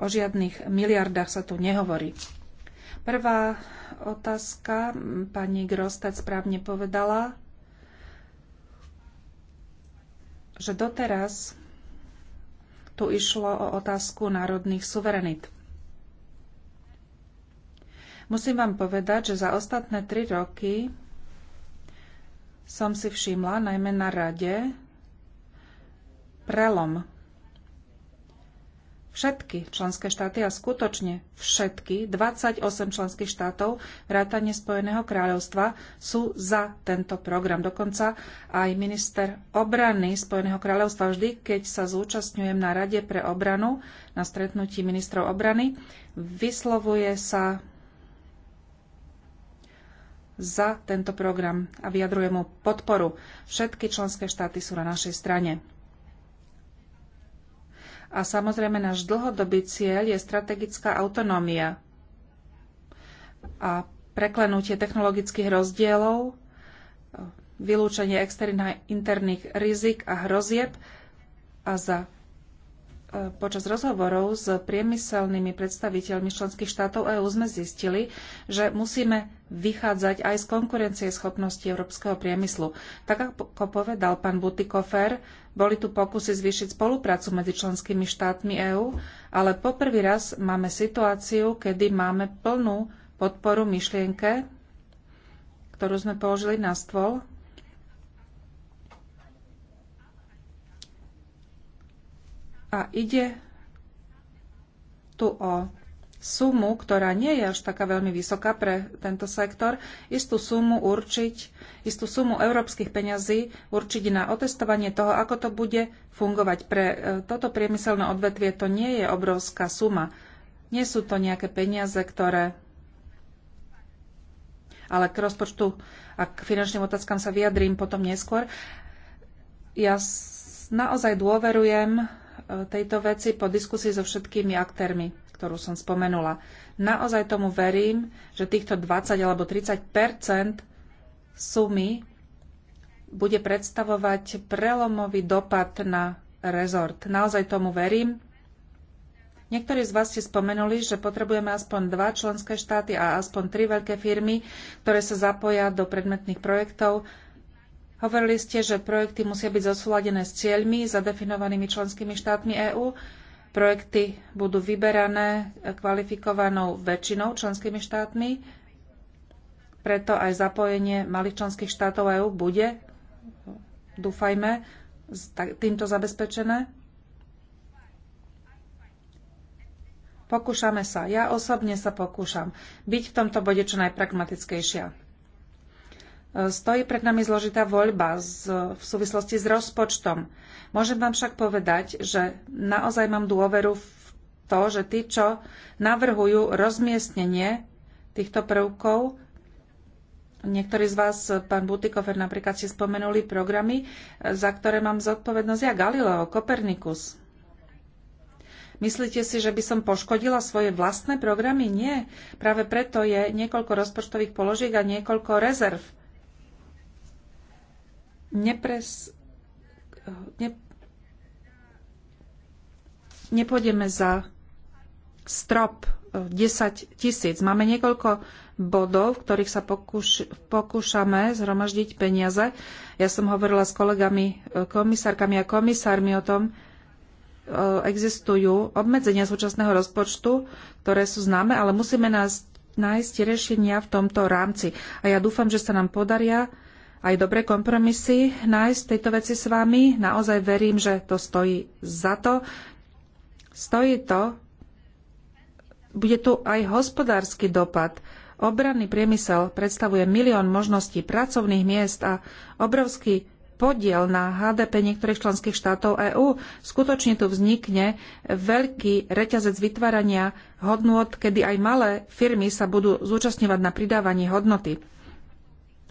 O žiadnych miliardách sa tu nehovorí. Prvá otázka, pani Grostec správne povedala, že doteraz tu išlo o otázku národných suverenit. Musím vám povedať, že za ostatné tri roky som si všimla, najmä na rade, prelom všetky členské štáty a skutočne všetky 28 členských štátov vrátane Spojeného kráľovstva sú za tento program. Dokonca aj minister obrany Spojeného kráľovstva vždy, keď sa zúčastňujem na Rade pre obranu, na stretnutí ministrov obrany, vyslovuje sa za tento program a vyjadruje mu podporu. Všetky členské štáty sú na našej strane. A samozrejme náš dlhodobý cieľ je strategická autonómia a preklenutie technologických rozdielov, vylúčenie externých a interných rizik a hrozieb a za E, počas rozhovorov s priemyselnými predstaviteľmi členských štátov EÚ sme zistili, že musíme vychádzať aj z konkurencie schopnosti európskeho priemyslu. Tak ako povedal pán Butikofer, boli tu pokusy zvýšiť spoluprácu medzi členskými štátmi EÚ, ale poprvý raz máme situáciu, kedy máme plnú podporu myšlienke, ktorú sme položili na stôl A ide tu o sumu, ktorá nie je až taká veľmi vysoká pre tento sektor, istú sumu určiť, istú sumu európskych peňazí určiť na otestovanie toho, ako to bude fungovať. Pre e, toto priemyselné odvetvie to nie je obrovská suma. Nie sú to nejaké peniaze, ktoré ale k rozpočtu a k finančným otázkam sa vyjadrím potom neskôr. Ja naozaj dôverujem E, tejto veci po diskusii so všetkými aktérmi, ktorú som spomenula. Naozaj tomu verím, že týchto 20 alebo 30 sumy bude predstavovať prelomový dopad na rezort. Naozaj tomu verím. Niektorí z vás ste spomenuli, že potrebujeme aspoň dva členské štáty a aspoň tri veľké firmy, ktoré sa zapoja do predmetných projektov Hovorili ste, že projekty musia byť zosúladené s cieľmi zadefinovanými členskými štátmi EÚ. Projekty budú vyberané kvalifikovanou väčšinou členskými štátmi. Preto aj zapojenie malých členských štátov EÚ bude, dúfajme, týmto zabezpečené. Pokúšame sa. Ja osobne sa pokúšam byť v tomto bode čo najpragmatickejšia. E, stojí pred nami zložitá voľba v súvislosti s rozpočtom. Môžem vám však povedať, že naozaj mám dôveru v to, že tí, čo navrhujú rozmiestnenie týchto prvkov, Niektorí z vás, pán Butikofer, napríklad ste spomenuli programy, e, za ktoré mám zodpovednosť ja, Galileo, Kopernikus. Myslíte si, že by som poškodila svoje vlastné programy? Nie. Práve preto je niekoľko rozpočtových položiek a niekoľko rezerv nepres, ne, nepôjdeme za strop 10 eh, tisíc. Máme niekoľko bodov, v ktorých sa pokúš, pokúšame zhromaždiť peniaze. Ja som hovorila s kolegami, eh, komisárkami a komisármi o tom, eh, existujú obmedzenia súčasného rozpočtu, ktoré sú známe, ale musíme nás nájsť riešenia v tomto rámci. A ja dúfam, že sa nám podaria aj dobré kompromisy nájsť tejto veci s vami. Naozaj verím, že to stojí za to. Stojí to. Bude tu aj hospodársky dopad. Obranný priemysel predstavuje milión možností pracovných miest a obrovský podiel na HDP niektorých členských štátov EÚ, skutočne tu vznikne veľký reťazec vytvárania hodnôt, kedy aj malé firmy sa budú zúčastňovať na pridávaní hodnoty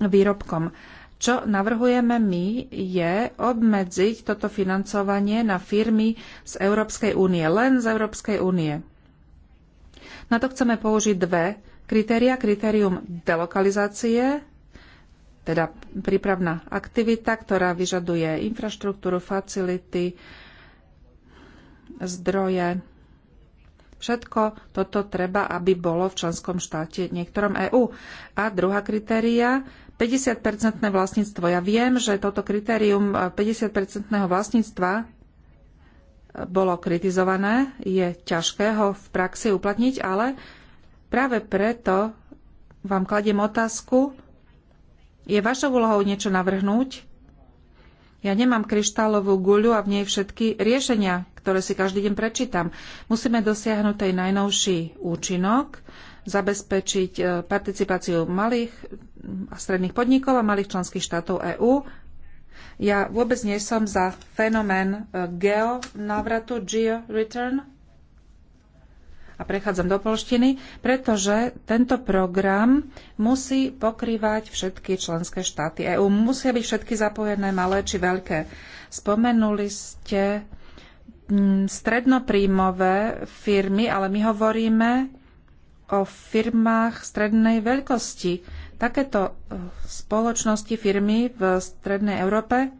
výrobkom. Čo navrhujeme my je obmedziť toto financovanie na firmy z Európskej únie, len z Európskej únie. Na to chceme použiť dve kritéria. Kritérium delokalizácie, teda prípravná aktivita, ktorá vyžaduje infraštruktúru, facility, zdroje. Všetko toto treba, aby bolo v členskom štáte niektorom EÚ. A druhá kritéria, 50-percentné vlastníctvo. Ja viem, že toto kritérium 50-percentného eh, vlastníctva eh, bolo kritizované, je ťažké ho v praxi uplatniť, ale práve preto vám kladiem otázku, je vašou úlohou niečo navrhnúť? Ja nemám kryštálovú guľu a v nej všetky riešenia, ktoré si každý deň prečítam. Musíme dosiahnuť tej najnovší účinok, zabezpečiť eh, participáciu malých a stredných podnikov a malých členských štátov EÚ. Ja vôbec nie som za fenomén e, geo návratu, geo return, a prechádzam do polštiny, pretože tento program musí pokrývať všetky členské štáty EÚ. Musia byť všetky zapojené, malé či veľké. Spomenuli ste mm, strednopríjmové firmy, ale my hovoríme o firmách strednej veľkosti Takéto e, spoločnosti, firmy v strednej Európe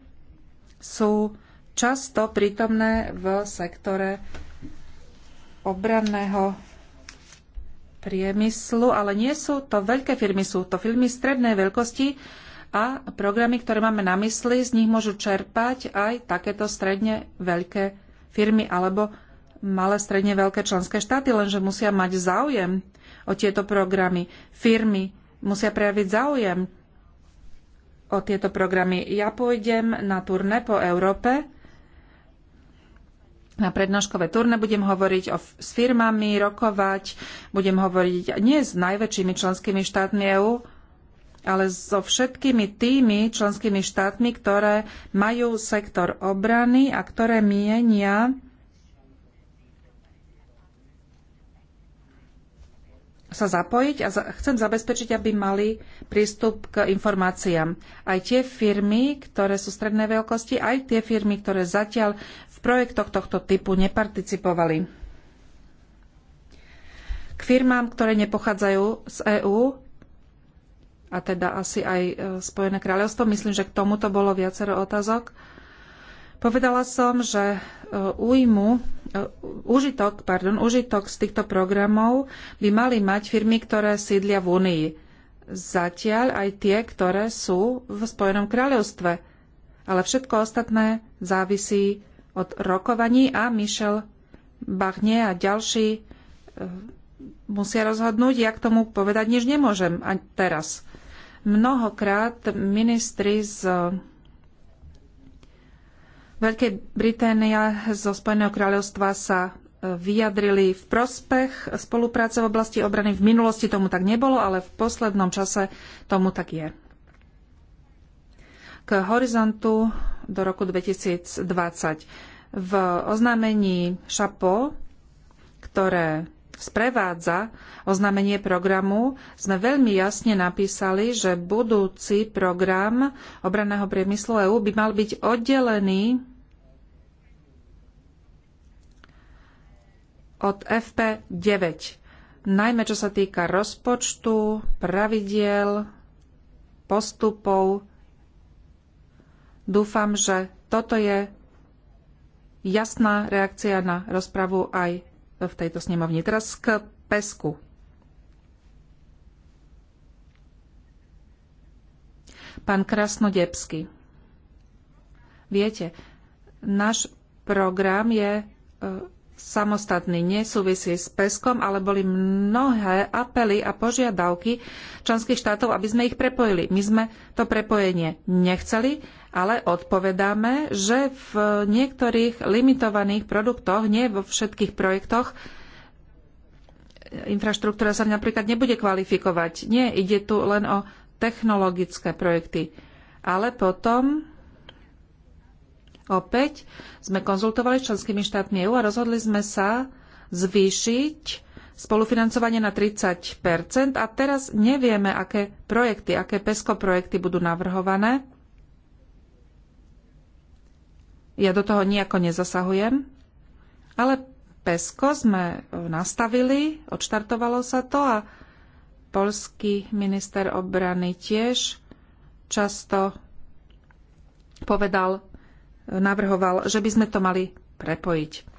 sú často prítomné v sektore obranného priemyslu, ale nie sú to veľké firmy, sú to firmy strednej veľkosti a programy, ktoré máme na mysli, z nich môžu čerpať aj takéto stredne veľké firmy alebo malé stredne veľké členské štáty, lenže musia mať záujem o tieto programy. Firmy musia prejaviť záujem o tieto programy. Ja pôjdem na turné po Európe, na prednáškové turné budem hovoriť o, s firmami, rokovať, budem hovoriť nie s najväčšími členskými štátmi EÚ, ale so všetkými tými členskými štátmi, ktoré majú sektor obrany a ktoré mienia sa zapojiť a chcem zabezpečiť, aby mali prístup k informáciám. Aj tie firmy, ktoré sú strednej veľkosti, aj tie firmy, ktoré zatiaľ v projektoch tohto typu neparticipovali. K firmám, ktoré nepochádzajú z EÚ, a teda asi aj e, Spojené kráľovstvo, myslím, že k tomuto bolo viacero otázok. Povedala som, že e, újmu E, užitok, pardon, užitok z týchto programov by mali mať firmy, ktoré sídlia v Únii. Zatiaľ aj tie, ktoré sú v Spojenom kráľovstve. Ale všetko ostatné závisí od rokovaní a Michel Bachne a ďalší e, musia rozhodnúť. Ja k tomu povedať nič nemôžem a teraz. Mnohokrát ministri z Veľkej Británia zo Spojeného kráľovstva sa e, vyjadrili v prospech spolupráce v oblasti obrany. V minulosti tomu tak nebolo, ale v poslednom čase tomu tak je. K horizontu do roku 2020. V oznámení ŠAPO, ktoré sprevádza oznámenie programu, sme veľmi jasne napísali, že budúci program obranného priemyslu EÚ by mal byť oddelený od FP9, najmä čo sa týka rozpočtu, pravidiel, postupov. Dúfam, že toto je jasná reakcia na rozpravu aj v tejto snemovni. Teraz k pesku. Pán Krasnodebsky, viete, náš program je e, samostatný, nesúvisí s peskom, ale boli mnohé apely a požiadavky členských štátov, aby sme ich prepojili. My sme to prepojenie nechceli, ale odpovedáme, že v niektorých limitovaných produktoch, nie vo všetkých projektoch, infraštruktúra sa napríklad nebude kvalifikovať. Nie, ide tu len o technologické projekty. Ale potom Opäť sme konzultovali s členskými štátmi EU a rozhodli sme sa zvýšiť spolufinancovanie na 30 a teraz nevieme, aké projekty, aké PESCO projekty budú navrhované. Ja do toho nejako nezasahujem, ale PESCO sme e, nastavili, odštartovalo sa to a polský minister obrany tiež často povedal, navrhoval, že by sme to mali prepojiť.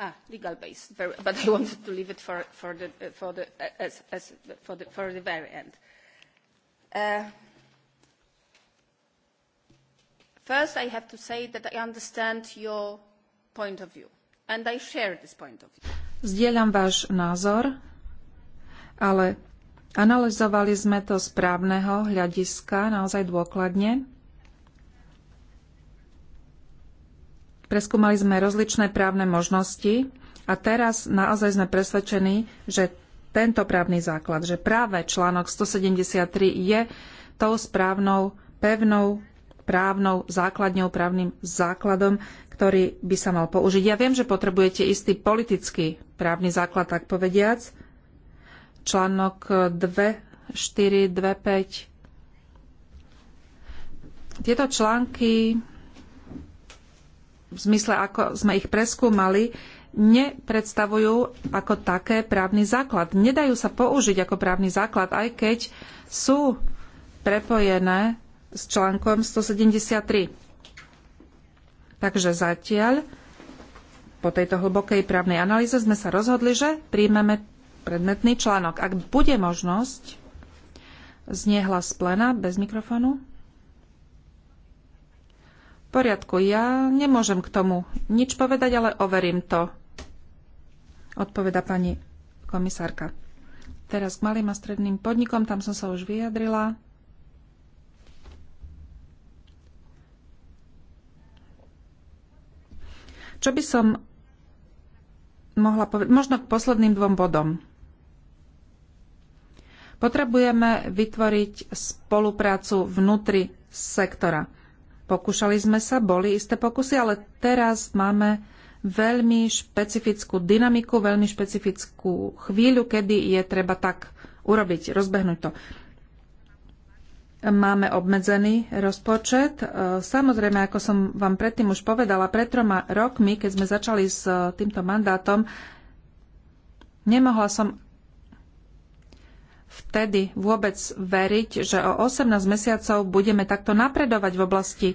Ah, legal base, very, but I wanted to leave it for, for, the, for, the, as, as, for, the, for the very end. Uh, first, I have to say that I understand your point of view And I share this point of view. Zdieľam váš názor, ale analyzovali sme to z právneho hľadiska naozaj dôkladne. Preskúmali sme rozličné právne možnosti a teraz naozaj sme presvedčení, že tento právny základ, že práve článok 173 je tou správnou pevnou právnou základňou, právnym základom, ktorý by sa mal použiť. Ja viem, že potrebujete istý politický právny základ, tak povediac. Článok 2, 4, 2, 5. Tieto články v zmysle, ako sme ich preskúmali, nepredstavujú ako také právny základ. Nedajú sa použiť ako právny základ, aj keď sú prepojené s článkom 173. Takže zatiaľ po tejto hlbokej právnej analýze sme sa rozhodli, že príjmeme predmetný článok. Ak bude možnosť, znie hlas plena bez mikrofónu. V poriadku, ja nemôžem k tomu nič povedať, ale overím to, odpoveda pani komisárka. Teraz k malým a stredným podnikom, tam som sa už vyjadrila. Čo by som mohla povedať? Možno k posledným dvom bodom. Potrebujeme vytvoriť spoluprácu vnútri sektora. Pokúšali sme sa, boli isté pokusy, ale teraz máme veľmi špecifickú dynamiku, veľmi špecifickú chvíľu, kedy je treba tak urobiť, rozbehnúť to. Máme obmedzený rozpočet. E, samozrejme, ako som vám predtým už povedala, pred troma rokmi, keď sme začali s e, týmto mandátom, nemohla som vtedy vôbec veriť, že o 18 mesiacov budeme takto napredovať v oblasti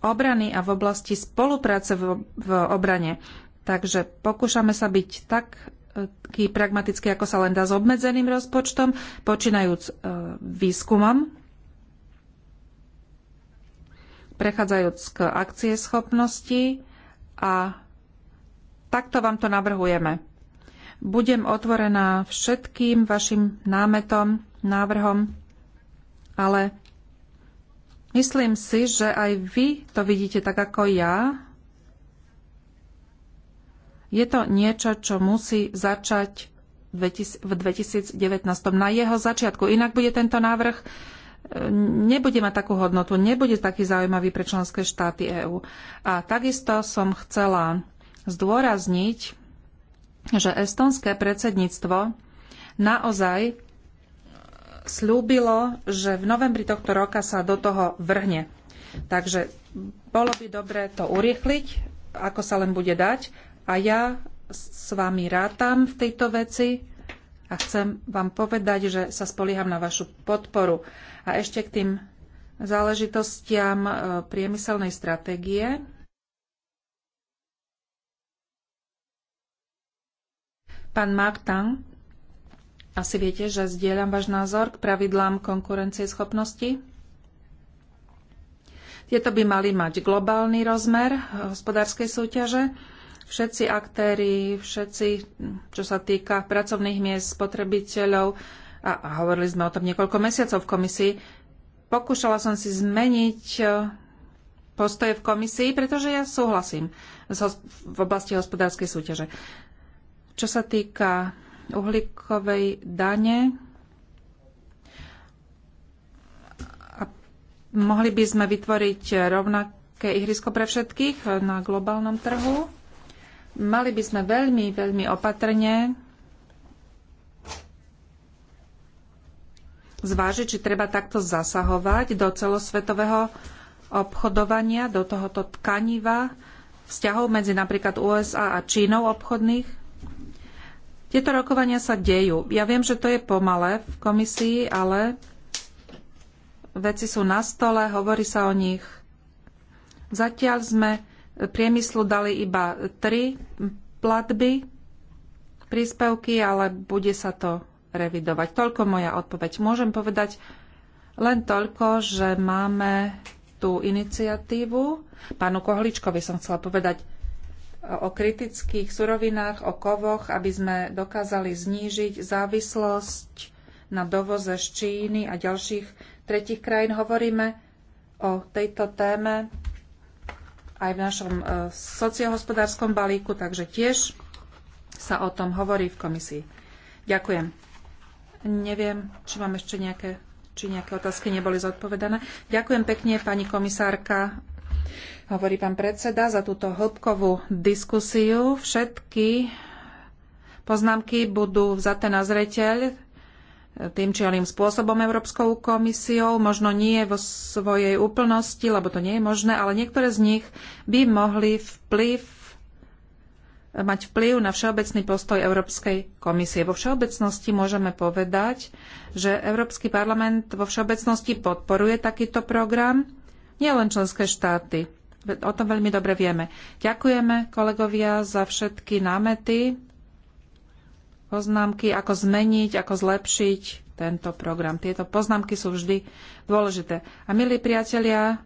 obrany a v oblasti spolupráce v, v obrane. Takže pokúšame sa byť tak e, taký pragmatický, ako sa len dá s obmedzeným rozpočtom, počínajúc výskumom prechádzajúc k akcie schopnosti a takto vám to navrhujeme. Budem otvorená všetkým vašim námetom, návrhom, ale myslím si, že aj vy to vidíte tak ako ja. Je to niečo, čo musí začať v 2019, na jeho začiatku. Inak bude tento návrh nebude mať takú hodnotu, nebude taký zaujímavý pre členské štáty EÚ. A takisto som chcela zdôrazniť, že estonské predsedníctvo naozaj slúbilo, že v novembri tohto roka sa do toho vrhne. Takže bolo by dobre to urýchliť, ako sa len bude dať. A ja s vami rátam v tejto veci a chcem vám povedať, že sa spolieham na vašu podporu. A ešte k tým záležitostiam e, priemyselnej stratégie. Pán Martin, asi viete, že zdieľam váš názor k pravidlám konkurencieschopnosti. Tieto by mali mať globálny rozmer hospodárskej súťaže všetci aktéry, všetci, čo sa týka pracovných miest, spotrebiteľov, a, a hovorili sme o tom niekoľko mesiacov v komisii, pokúšala som si zmeniť e, postoje v komisii, pretože ja súhlasím v oblasti hospodárskej súťaže. Čo sa týka uhlíkovej dane, a mohli by sme vytvoriť rovnaké ihrisko pre všetkých na globálnom trhu. Mali by sme veľmi, veľmi opatrne zvážiť, či treba takto zasahovať do celosvetového obchodovania, do tohoto tkaniva, vzťahov medzi napríklad USA a Čínou obchodných. Tieto rokovania sa dejú. Ja viem, že to je pomalé v komisii, ale veci sú na stole, hovorí sa o nich. Zatiaľ sme priemyslu dali iba tri platby, príspevky, ale bude sa to revidovať. Toľko moja odpoveď. Môžem povedať len toľko, že máme tú iniciatívu. Pánu Kohličkovi som chcela povedať o kritických surovinách, o kovoch, aby sme dokázali znížiť závislosť na dovoze z Číny a ďalších tretich krajín. Hovoríme o tejto téme aj v našom e, sociohospodárskom balíku, takže tiež sa o tom hovorí v komisii. Ďakujem. Neviem, či mám ešte nejaké, či nejaké otázky neboli zodpovedané. Ďakujem pekne, pani komisárka, hovorí pán predseda, za túto hĺbkovú diskusiu. Všetky poznámky budú vzaté na zreteľ tým či oným spôsobom Európskou komisiou, možno nie vo svojej úplnosti, lebo to nie je možné, ale niektoré z nich by mohli vplyv, mať vplyv na všeobecný postoj Európskej komisie. Vo všeobecnosti môžeme povedať, že Európsky parlament vo všeobecnosti podporuje takýto program, nielen členské štáty. O tom veľmi dobre vieme. Ďakujeme kolegovia za všetky námety poznámky, ako zmeniť, ako zlepšiť tento program. Tieto poznámky sú vždy dôležité. A milí priatelia,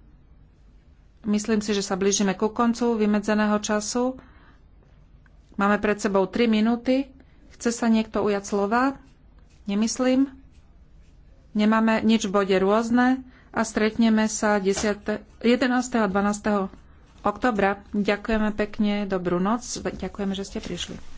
myslím si, že sa blížime ku koncu vymedzeného času. Máme pred sebou 3 minúty. Chce sa niekto ujať slova? Nemyslím. Nemáme nič v bode rôzne a stretneme sa 10, 11. a 12. oktobra. Ďakujeme pekne, dobrú noc, ďakujeme, že ste prišli.